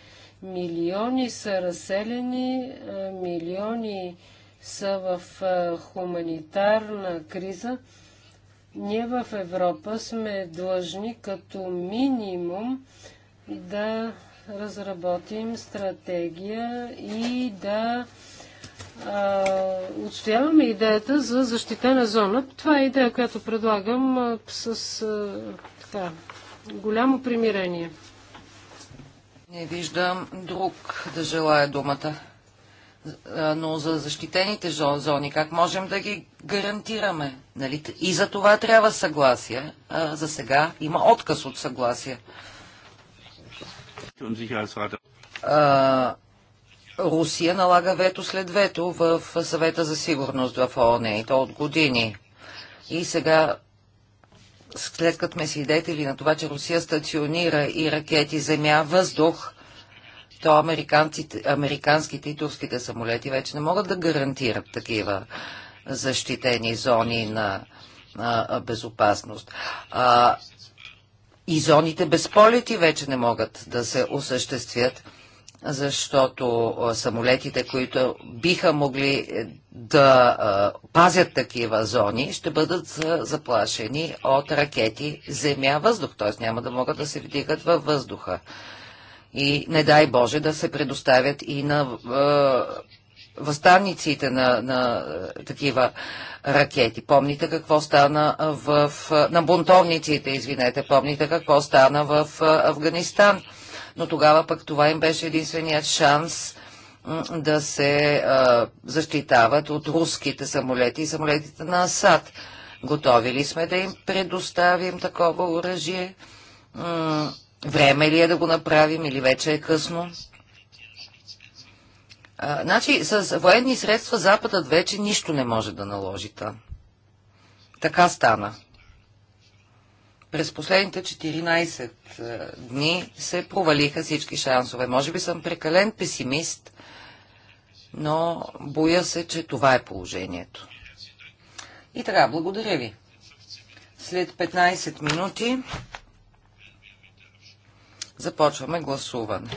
Милиони са разселени, милиони са в хуманитарна криза. Ние в Европа сме длъжни като минимум да разработим стратегия и да отстояваме идеята за защитена зона. Това е идея, която предлагам а, с а, така, голямо примирение. Не виждам друг да желая думата. Но за защитените зони, как можем да ги гарантираме? Нали? И за това трябва съгласие. А за сега има отказ от съгласие. А, Русия налага вето след вето в съвета за сигурност в ООН и то от години. И сега, след като сме свидетели на това, че Русия стационира и ракети земя-въздух, то американските и турските самолети вече не могат да гарантират такива защитени зони на на безопасност. А, и зоните без полети вече не могат да се осъществят защото самолетите, които биха могли е, да пазят такива зони, ще бъдат заплашени от ракети земя-въздух, т.е. няма да могат да се вдигат във въздуха. И не дай Боже да се предоставят и на възстанниците на, на такива ракети. Помните какво стана в... на бунтовниците, извинете, помните какво стана в Афганистан но тогава пък това им беше единственият шанс да се а, защитават от руските самолети и самолетите на Асад. Готови ли сме да им предоставим такова оръжие? Време ли е да го направим или вече е късно? А, значи, с военни средства Западът вече нищо не може да наложи там. Така стана. През последните 14 е, дни се провалиха всички шансове. Може би съм прекален песимист, но боя се, че това е положението. И така, благодаря ви. След 15 минути започваме гласуване.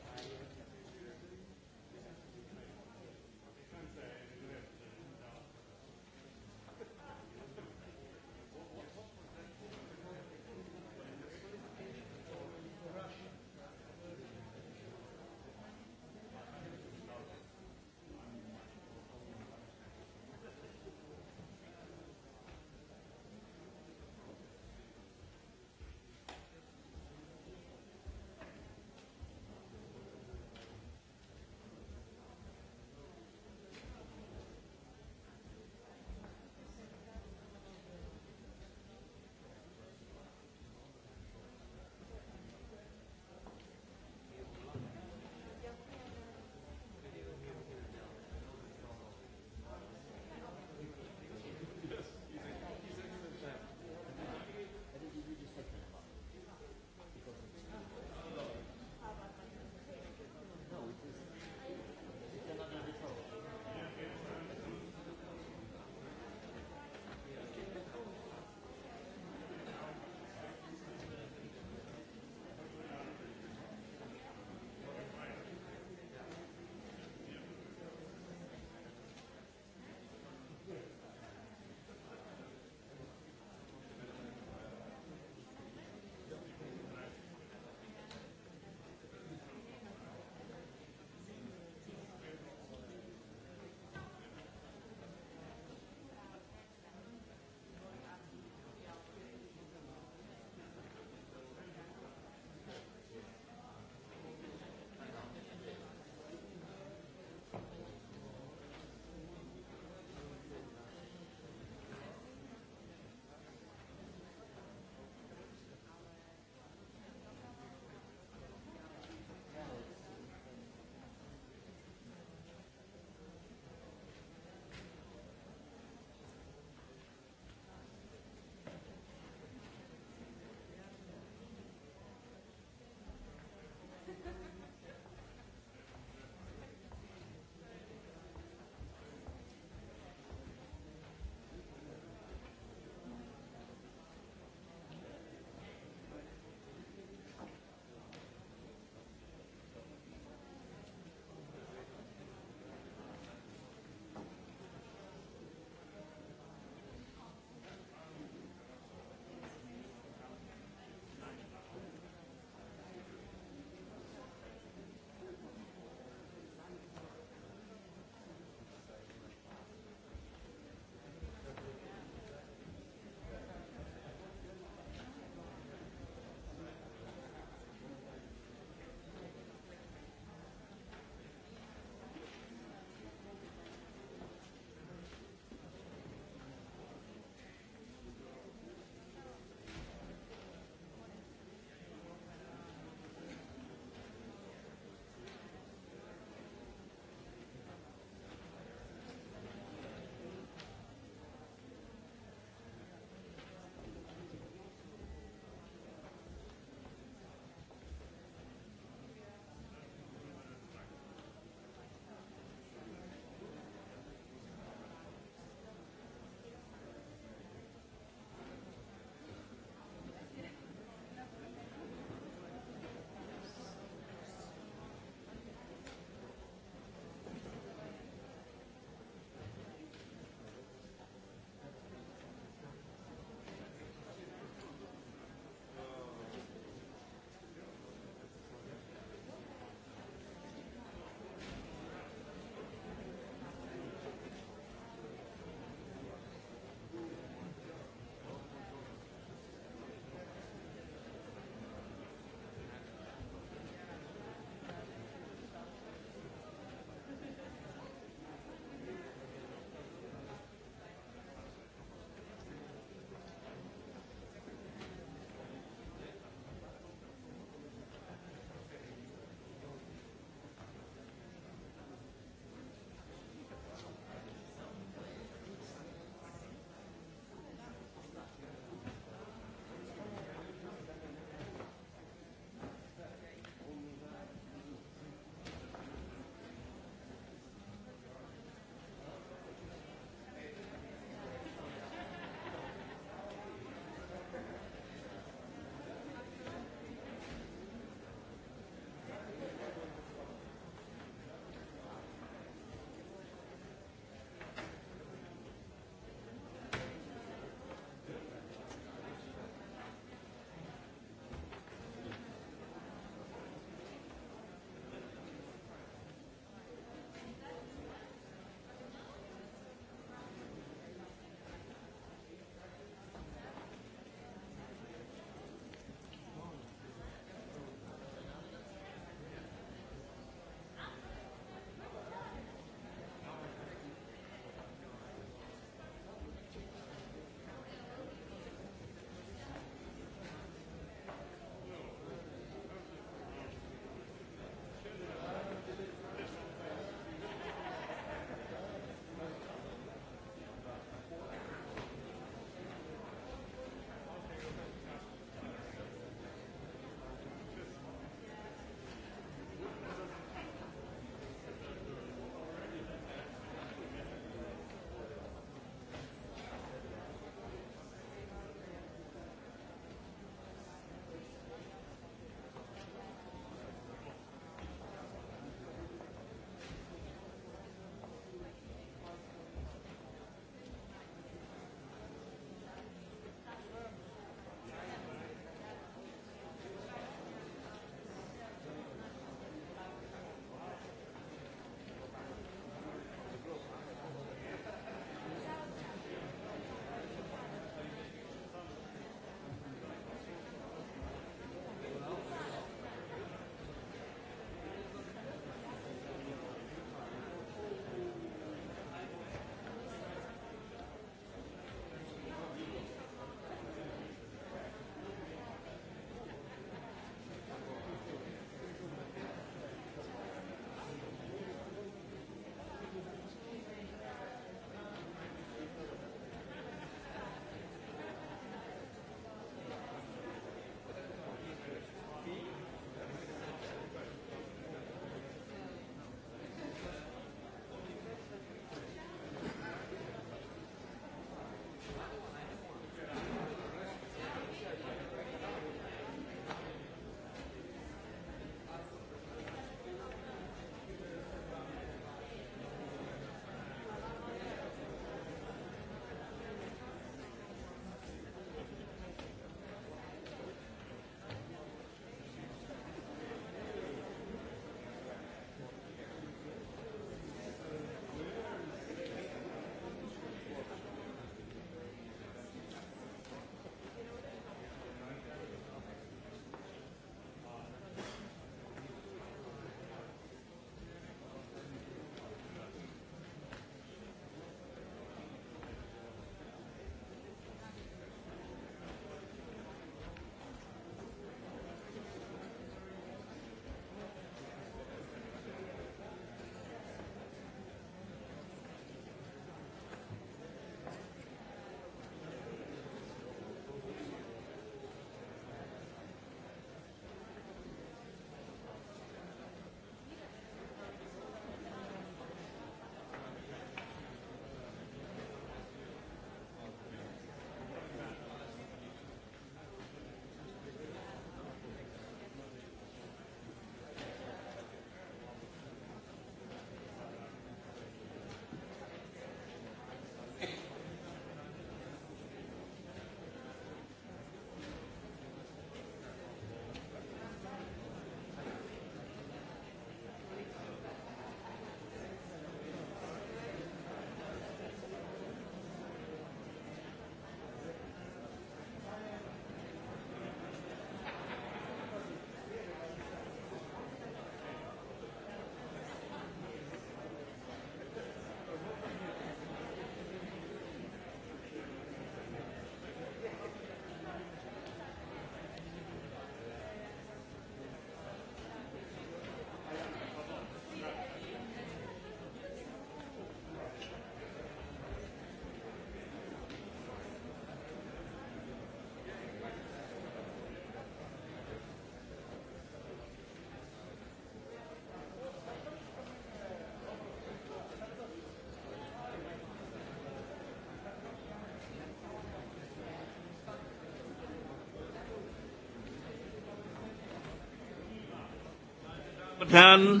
Herren,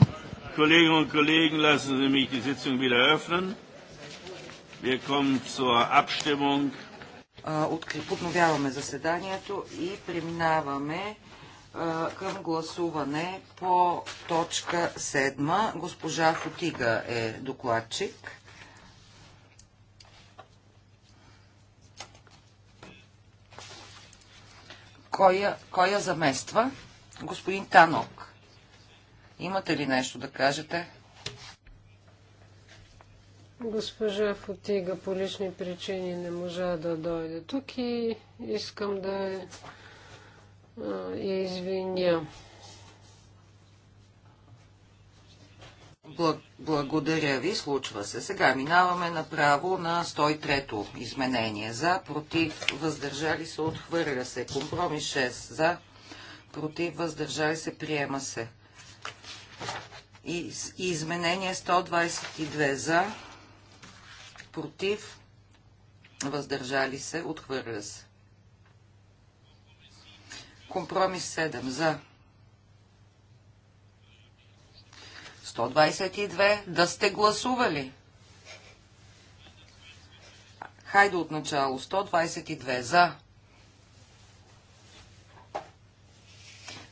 Kolleginnen und Kollegen, lassen Sie mich die Sitzung wieder eröffnen. Wir kommen zur Abstimmung. Подновяваме заседанието и преминаваме към гласуване по точка 7. Госпожа Фотига е докладчик. Кой я замества? Господин Танок. Имате ли нещо да кажете? Госпожа Фотига по лични причини не можа да дойде тук и искам да я извиня. Благодаря ви, случва се. Сега минаваме направо на 103-то изменение. За, против, въздържали се, отхвърля се. Компромис 6. За, против, въздържали се, приема се. И изменение 122 за, против, въздържали се, отхвърля се. Компромис 7 за. 122 да сте гласували. Хайде от начало. 122 за.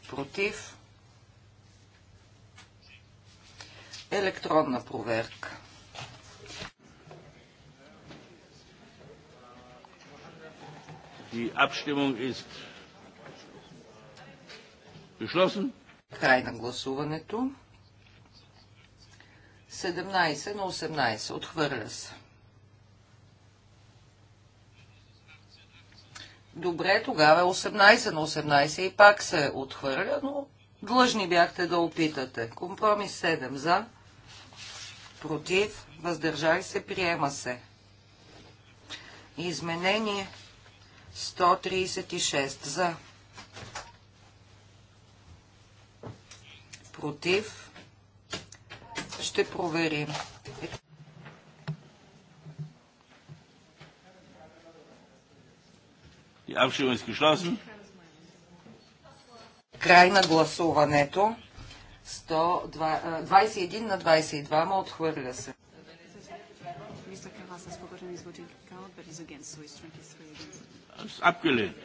Против. електронна проверка. Die Abstimmung ist Край на гласуването. 17 на 18. Отхвърля се. Добре, тогава е 18 на 18 и пак се отхвърля, но длъжни бяхте да опитате. Компромис 7 за, против, въздържали се, приема се. Изменение 136 за против. Ще проверим. Край на гласуването. 100, 21 на 22 ма отхвърля се. Abgelehnt.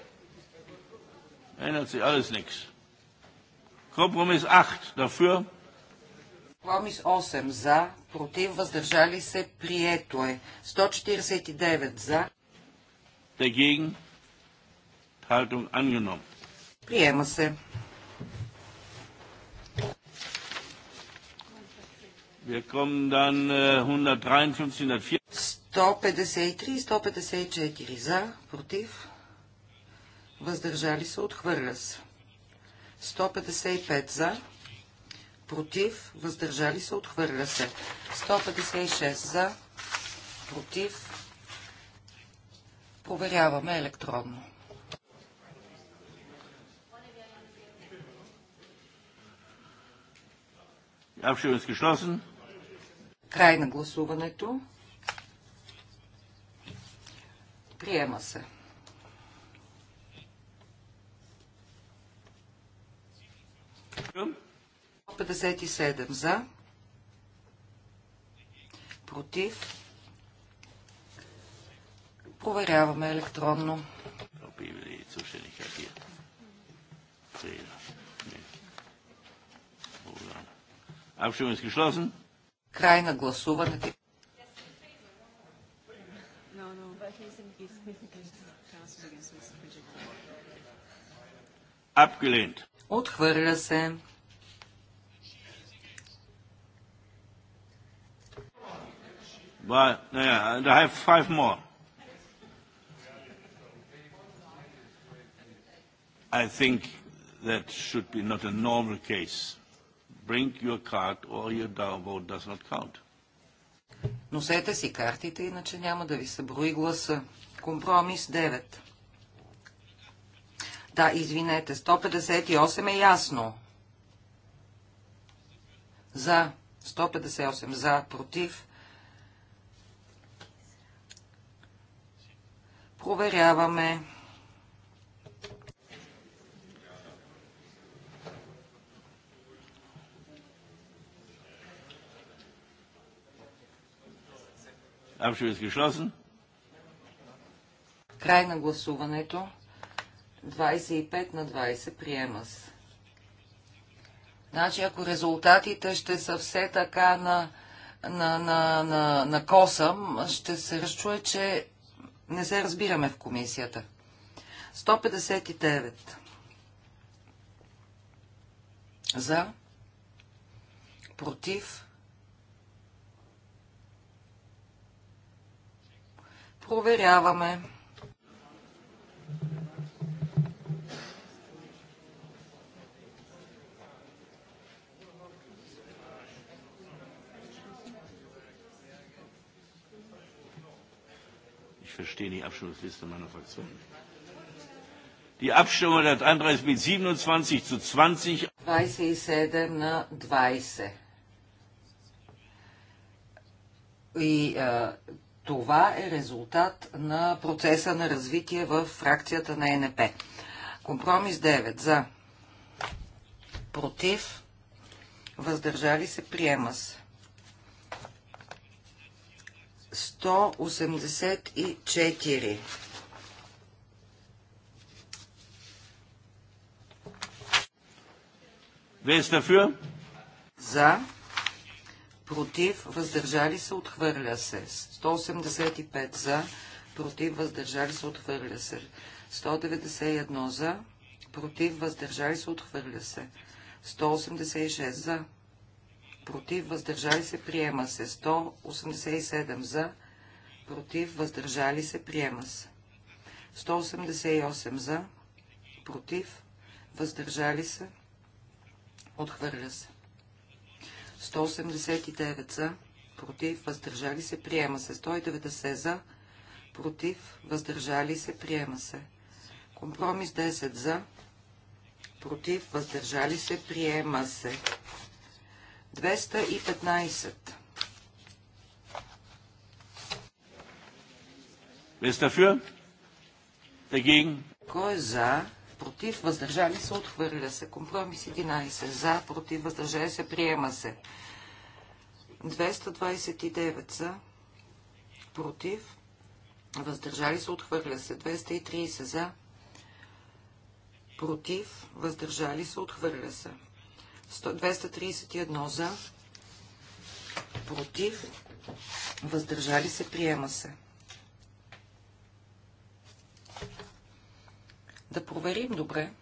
Ändert sich alles nichts. Kompromiss 8 dafür. Компромис 8 за, против, въздържали се, прието е. 149 за. Dagegen. Haltung angenommen. Приема се. 153 äh, и 154 за, против, въздържали се, отхвърля се. 155 за, против, въздържали се, отхвърля се. 156 за, против, проверяваме електронно. Abstimmung ist geschlossen. Край на гласуването. Приема се. Към? 57 за. Против. Проверяваме електронно. Abstimmung ist geschlossen. Край на гласуването. Abgelehnt. Отхвърля се. But, yeah, I have five more. I think that should be not a normal case bring your card or your download does not count. Носете си картите, иначе няма да ви се брои гласа. Компромис 9. Да, извинете, 158 е ясно. За 158 за, против. Проверяваме. Е Край на гласуването. 25 на 20 приема се. Значи, ако резултатите ще са все така на, на, на, на, на косъм, ще се разчуе, че не се разбираме в комисията. 159. За. Против. Проверяваме. verstehe die Abstimmungsliste meiner Fraktion. Die Abstimmung hat Andreas mit 27 zu 20. 27 на 20. И а, това е резултат на процеса на развитие в фракцията на ЕНП. Компромис 9 за против, въздържали се, приема се. 184 Wer За против, въздържали се, отхвърля се. 185 за, против, въздържали се, отхвърля се. 191 за, против, въздържали се, отхвърля се. 186 за, против, въздържали се, приема се. 187 за, против, въздържали се, приема се. 188 за, против, въздържали се, отхвърля се. 189 за, против, въздържали се, приема се. 190 за, против, въздържали се, приема се. Компромис 10 за, против, въздържали се, приема се. 215. Wer ist dafür? Dagegen? Кой е за? против, въздържали се, отхвърля се. Компромис 11 за, против, въздържали се, приема се. 229 са против, въздържали се, отхвърля се. 230 за, против, въздържали се, отхвърля се. 231 за, против, въздържали се, приема се. Да проверим добре.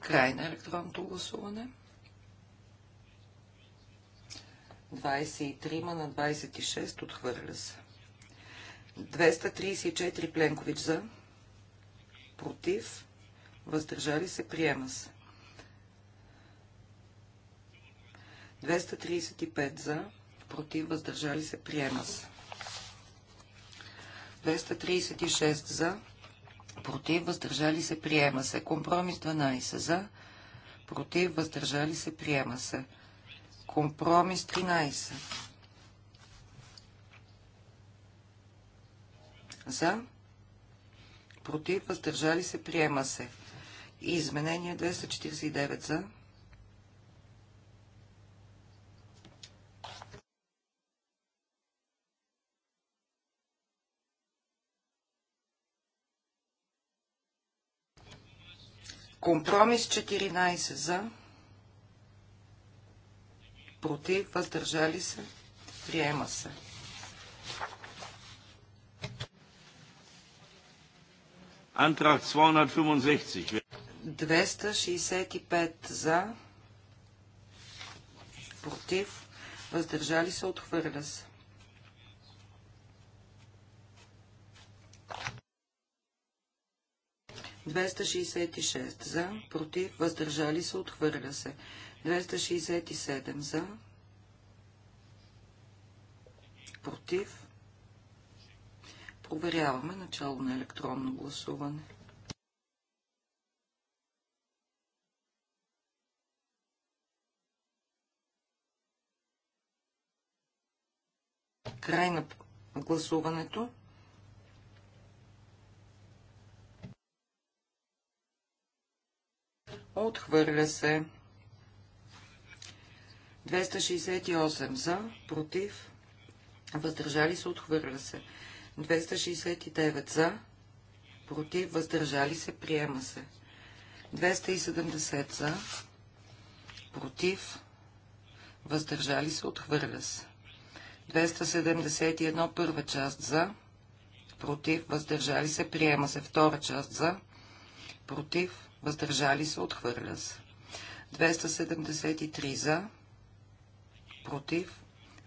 Край на електронното гласуване. 23 на 26 отхвърля се. 234 Пленкович за, против, въздържали се, приема се. 235 за, против, въздържали се, приема се. 236 за, против, въздържали се, приема се. Компромис 12 за, против, въздържали се, приема се. Компромис 13 за, против, въздържали се, приема се. Изменение 249 за, Компромис 14 за, против, въздържали се, приема се. Антрак 265. 265 за, против, въздържали се, отхвърля се. 266 за, против, въздържали се, отхвърля се. 267 за, против. Проверяваме начало на електронно гласуване. Край на гласуването. Отхвърля се. 268 за, против, въздържали се, отхвърля се. 269 за, против, въздържали се, приема се. 270 за, против, въздържали се, отхвърля се. 271 първа част за, против, въздържали се, приема се. Втора част за, против, въздържали се, отхвърля се. 273 за, против,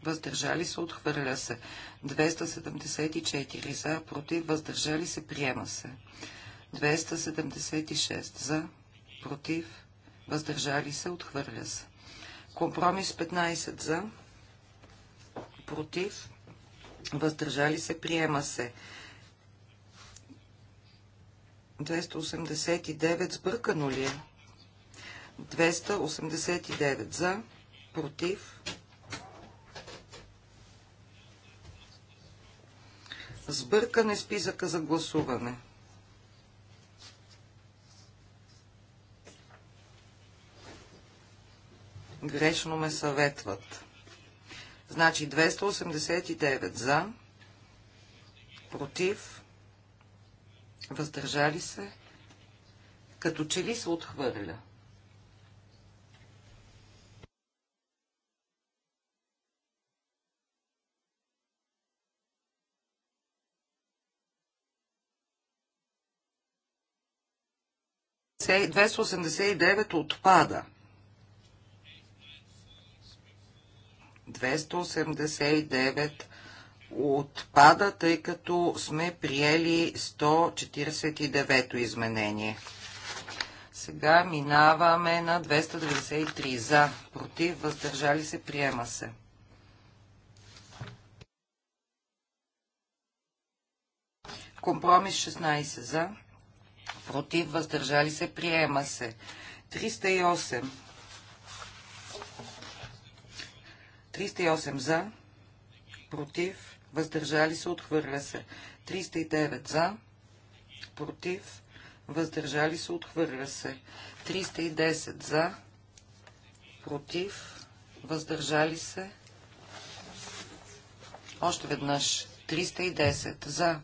въздържали се, отхвърля се. 274 за, против, въздържали се, приема се. 276 за, против, въздържали се, отхвърля се. Компромис 15 за, против, въздържали се, приема се. 289 сбъркано ли е? 289 за, против, Сбъркане списъка за гласуване. Грешно ме съветват. Значи 289 за, против, въздържали се, като че ли се отхвърля. Се 289 отпада. 289 отпада, тъй като сме приели 149-то изменение. Сега минаваме на 293 за, против, въздържали се, приема се. Компромис 16 за, против, въздържали се, приема се. 308. 308 за, против, въздържали се, отхвърля се. 309 за, против, въздържали се, отхвърля се. 310 за, против, въздържали се. Още веднъж. 310 за,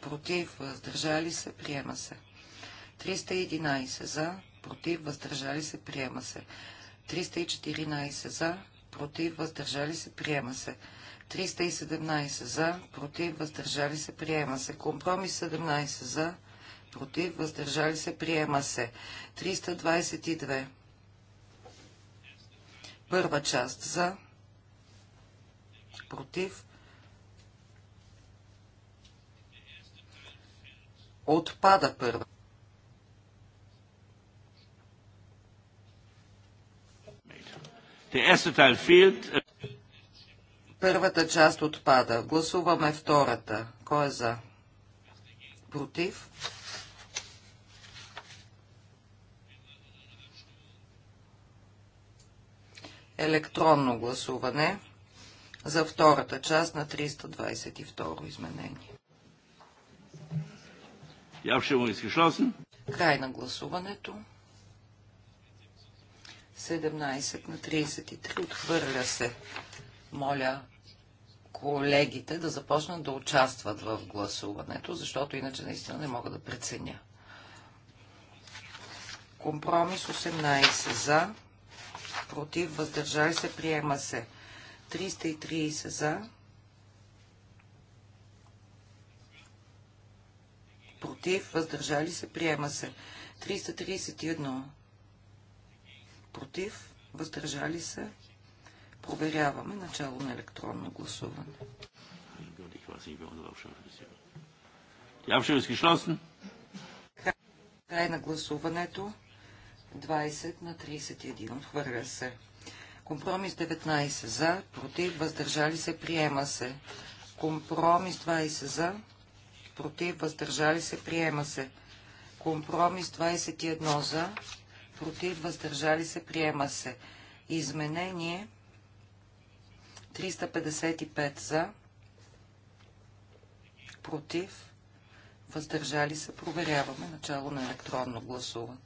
против, въздържали се, приема се. 311 за, против, въздържали се, приема се. 314 за, против, въздържали се, приема се. 317 за, против, въздържали се, приема се. Компромис 17 за, против, въздържали се, приема се. 322. Първа част за, против, отпада първа. Der erste Teil fehlt. Първата част отпада. Гласуваме втората. Кой е за? Против? Електронно гласуване за втората част на 322 изменение. му Край на гласуването. 17 на 33 отхвърля се. Моля колегите да започнат да участват в гласуването, защото иначе наистина не мога да преценя. Компромис 18 за, против, въздържай се, приема се. 330 за, против, въздържали се, приема се. 331 против, въздържали се, Проверяваме начало на електронно гласуване. Край на гласуването. 20 на 31. Отхвърля се. Компромис 19 за, против, въздържали се, приема се. Компромис 20 за, против, въздържали се, приема се. Компромис 21 за, против, въздържали се, приема се. Изменение 355 за, против, въздържали се. Проверяваме начало на електронно гласуване.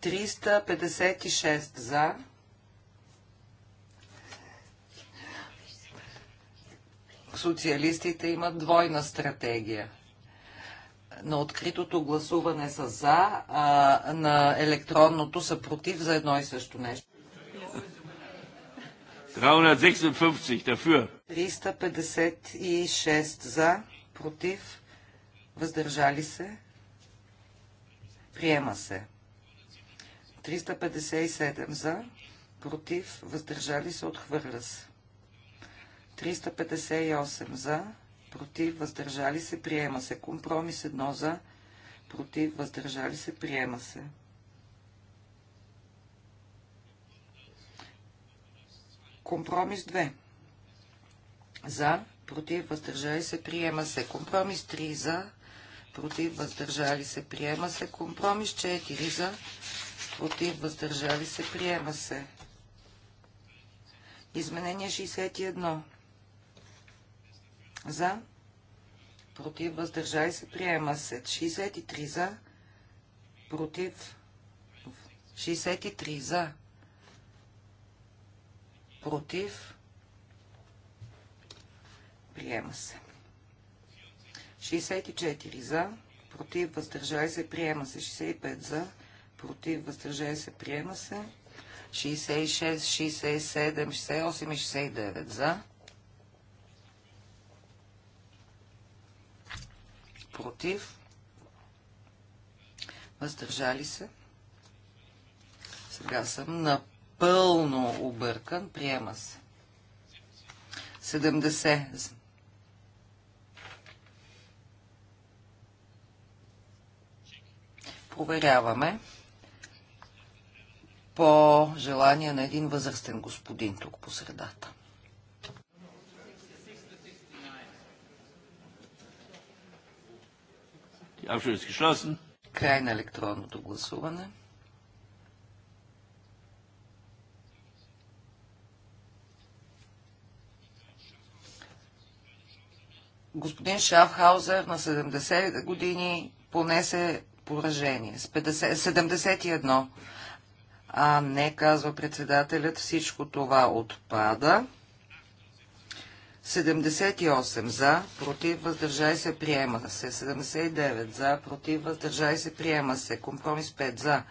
Триста пятьдесят и шесть за. социалистите имат двойна стратегия. На откритото гласуване са за, а на електронното са против за едно и също нещо. 356 dafür. 356 за, против, въздържали се, приема се. 357 за, против, въздържали се, отхвърля се. 358 за, против, въздържали се, приема се. Компромис 1 за, против, въздържали се, приема се. Компромис 2. За, против, въздържали се, приема се. Компромис 3 за, против, въздържали се, приема се. Компромис 4 за, против, въздържали се, приема се. Изменение 61 за, против, въздържай се, приема се. 63 за, против, 63 за, против, приема се. 64 за, против, въздържай се, приема се. 65 за, против, въздържай се, приема се. 66, 67, 68 и 69 за, против, въздържали се. Сега съм напълно объркан, приема се. 70. Проверяваме по желание на един възрастен господин тук по средата. Край на електронното гласуване. господин Шафхаузер на 70 години понесе поражение с 50, 71. А не, казва председателят, всичко това отпада. 78 за, против, въздържай се, приема се. 79 за, против, въздържай се, приема се. Компромис 5 за.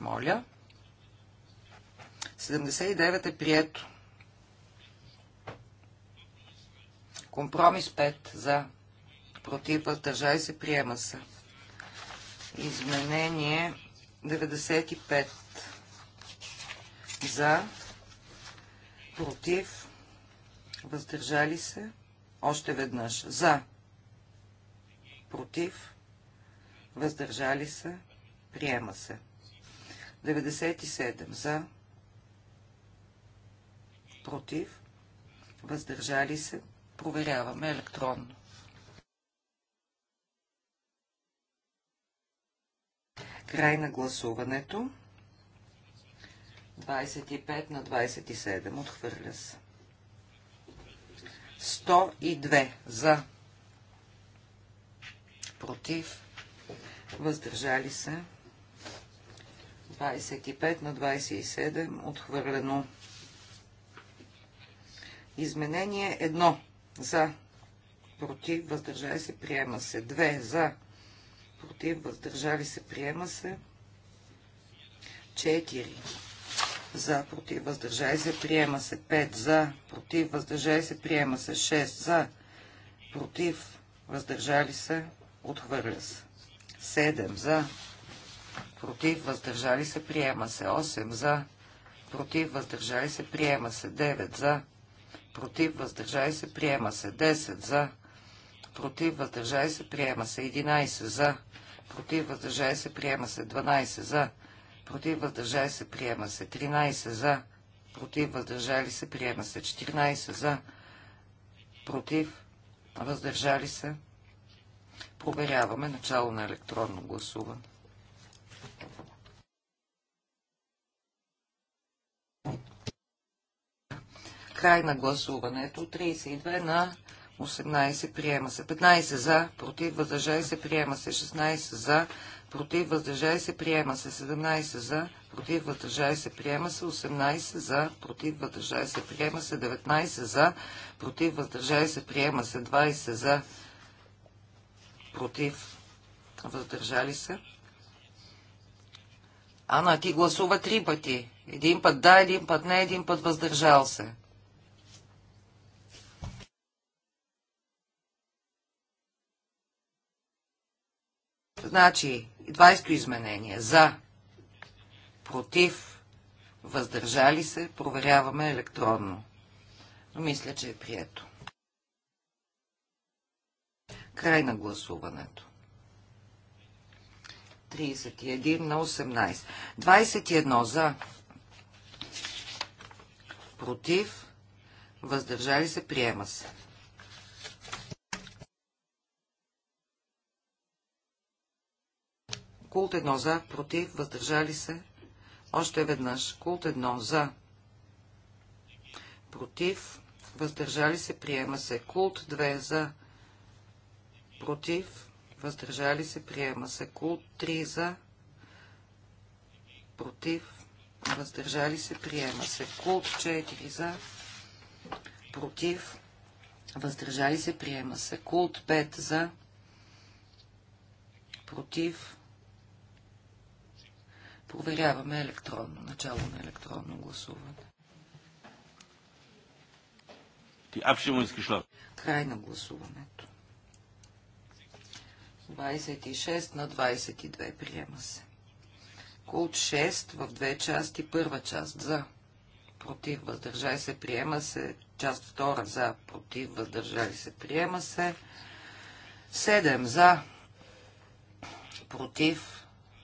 Моля. 79 е прието. Компромис 5 за, против, въздържай се, приема се. Изменение 95 за, против, въздържали се, още веднъж, за, против, въздържали се, приема се. 97 за, против, въздържали се, проверяваме електронно. Край на гласуването. 25 на 27. Отхвърля се. 102 за. Против. Въздържали се. 25 на 27. Отхвърлено. Изменение 1 за. Против. Въздържали се. Приема се. 2 за. Против. Въздържали се. Приема се. 4 за, против, въздържай се, приема се 5 за, против, въздържай се, приема се 6 за, против, въздържали се, отхвърля се. 7 за, против, въздържали се, приема се 8 за, против, въздържали се, приема се 9 за, против, въздържали се, приема се 10 за, против, въздържали се, приема се 11 за, против, въздържали се, приема се 12 за, против, въздържали се, приема се. 13 за, против, въздържали се, приема се. 14 за, против, въздържали се. Проверяваме начало на електронно гласуване. Край на гласуването. 32 на 18 приема се. 15 за, против, въздържали се, приема се. 16 за, против, въздържали се, приема се. 17 за, против, въздържали се, приема се. 18 за, против, въздържали се, приема се. 19 за, против, въздържали се, приема се. 20 за, против, въздържали се. Ана, ти гласува три пъти. Един път да, един път не, един път въздържал се. Значи, 20 изменение. За, против, въздържали се, проверяваме електронно. Но мисля, че е прието. Край на гласуването. 31 на 18. 21 за, против, въздържали се, приема се. Култ 1 за, против, въздържали се. Още веднъж. Култ 1 за, против, въздържали се, приема се. Култ 2 за, против, въздържали се, приема се. Култ 3 за, против, въздържали се, приема се. Култ 4 за, против, въздържали се, приема се. Култ 5 за, против, Проверяваме електронно, начало на електронно гласуване. Ти абсолютно Край на гласуването. 26 на 22 приема се. Култ 6 в две части. Първа част за. Против въздържай се приема се. Част втора за. Против въздържай се приема се. 7 за. Против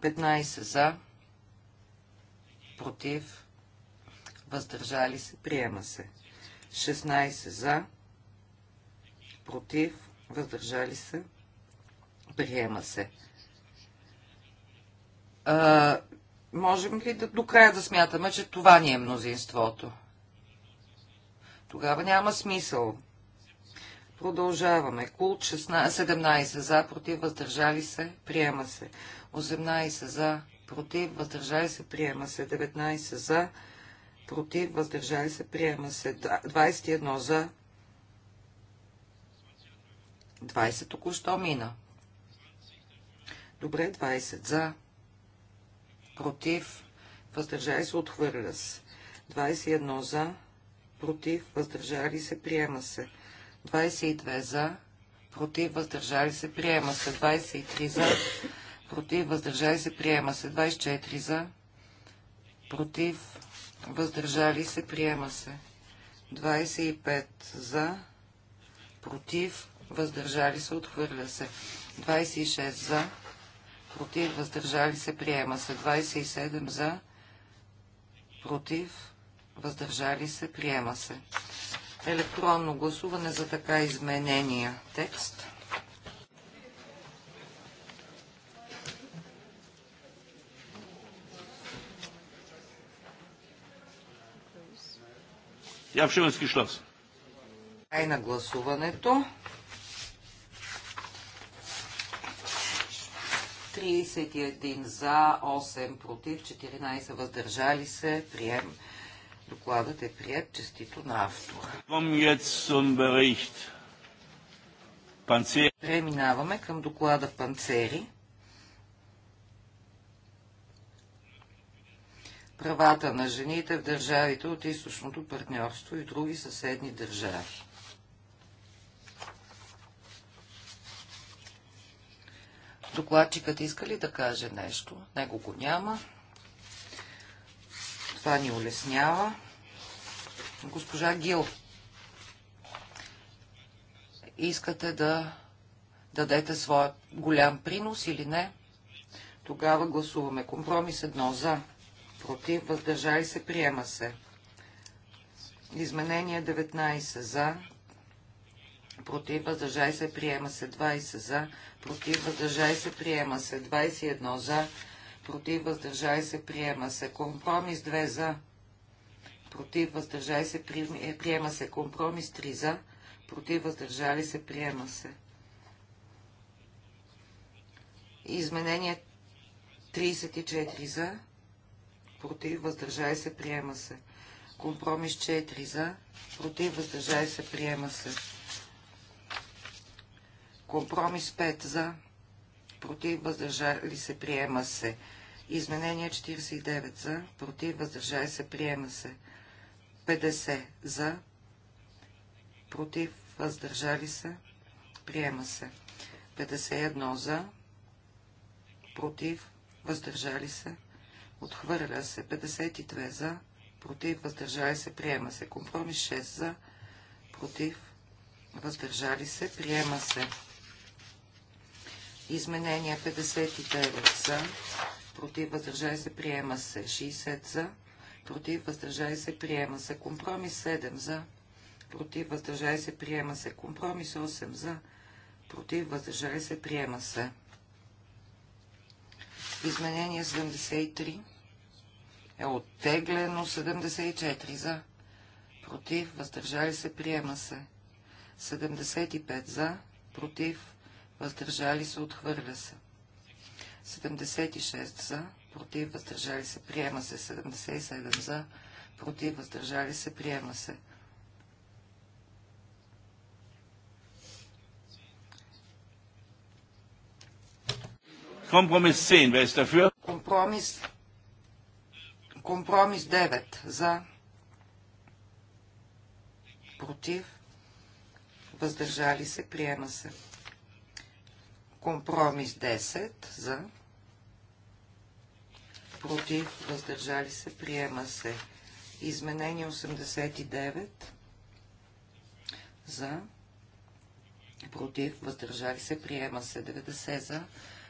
15 за, против, въздържали се, приема се. 16 за, против, въздържали се, приема се. А, можем ли да, до края да смятаме, че това ни е мнозинството? Тогава няма смисъл. Продължаваме. Култ 16, 17 за, против, въздържали се, приема се. 18 за, против, въздържали се, приема се. 19 за, против, въздържали се, приема се. 21 за, 20 току-що мина. Добре, 20 за, против, въздържали се, отхвърля се. 21 за, против, въздържали се, приема се. 22 за, против, въздържали се, приема се. 23 за, против, въздържали се, приема се. 24 за, против, въздържали се, приема се. 25 за, против, въздържали се, отхвърля се. 26 за, против, въздържали се, приема се. 27 за, против, въздържали се, приема се. Електронно гласуване за така изменения текст. Я в Шевенски geschlossen. Край на гласуването. 31 за, 8 против, 14 въздържали се. Прием. Докладът е прият. Честито на автора. Преминаваме към доклада Панцери. правата на жените в държавите от източното партньорство и други съседни държави. Докладчикът иска ли да каже нещо? Него го няма. Това ни улеснява. Госпожа Гил, искате да дадете своя голям принос или не? Тогава гласуваме компромис едно за против, въздържали се, приема се. Изменение 19 за, против, въздържали се, приема се. 20 за, против, въздържали се, приема се. 21 за, против, въздържали се, приема се. Компромис 2 за, против, въздържали се, е, приема се. Компромис 3 за, против, въздържали се, приема се. Изменение 34 за, против, въздържали се, приема се. Компромис 4 за, против, въздържали се, приема се. Компромис 5 за, против, въздържали се, приема се. Изменение 49 за, против, въздържали се, приема се. 50 за, против, въздържали се, приема се. 51 за, против, въздържали се, Отхвърля се 52 за, против, въздържали се, приема се. Компромис 6 за, против, въздържали се, приема се. Изменение 59 за, против, въздържали се, приема се. 60 за, против, въздържали се, приема се. Компромис 7 за, против, въздържали се, приема се. Компромис 8 за, против, въздържали се, приема се. Изменение 73 е оттеглено 74 за. Против, въздържали се, приема се. 75 за, против, въздържали се, отхвърля се. 76 за, против, въздържали се, приема се. 77 за, против, въздържали се, приема се. Компромис 10, wer ist dafür? Компромис компромис 9 за, против, въздържали се, приема се. Компромис 10 за, против, въздържали се, приема се. Изменение 89 за, против, въздържали се, приема се. 90 за,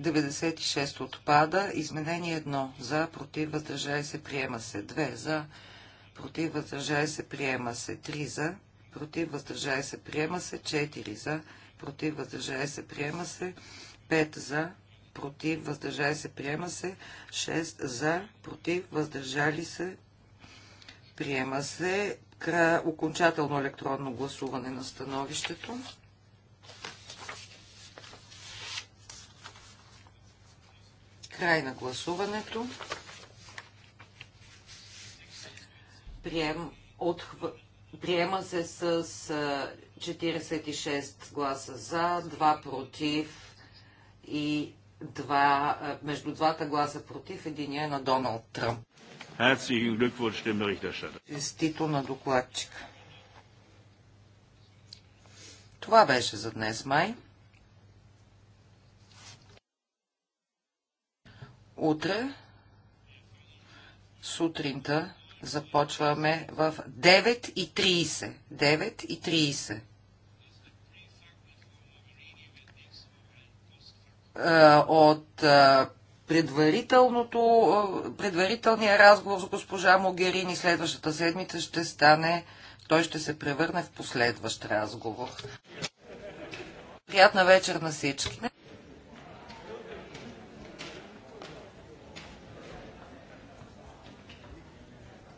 96 отпада. Изменение 1. За, против, въздържай се, приема се. 2. За, против, въздържай се, приема се. 3. За, против, въздържай се, приема се. 4. За, против, въздържай се, приема се. 5. За, против, въздържай се, приема се. 6. За, против, въздържали се, приема се. Окончателно електронно гласуване на становището. Край на гласуването. Прием, отхв... Приема се с 46 гласа за, 2 против и 2, между двата гласа против, един е на Доналд Тръмп. Herzlichen Glückwunsch dem Berichterstatter. Честито на докладчика. Това беше за днес, май. Утре сутринта започваме в 9.30. 9.30. Е, от е, предварителното, е, предварителния разговор с госпожа Могерини следващата седмица ще стане, той ще се превърне в последващ разговор. Приятна вечер на всички!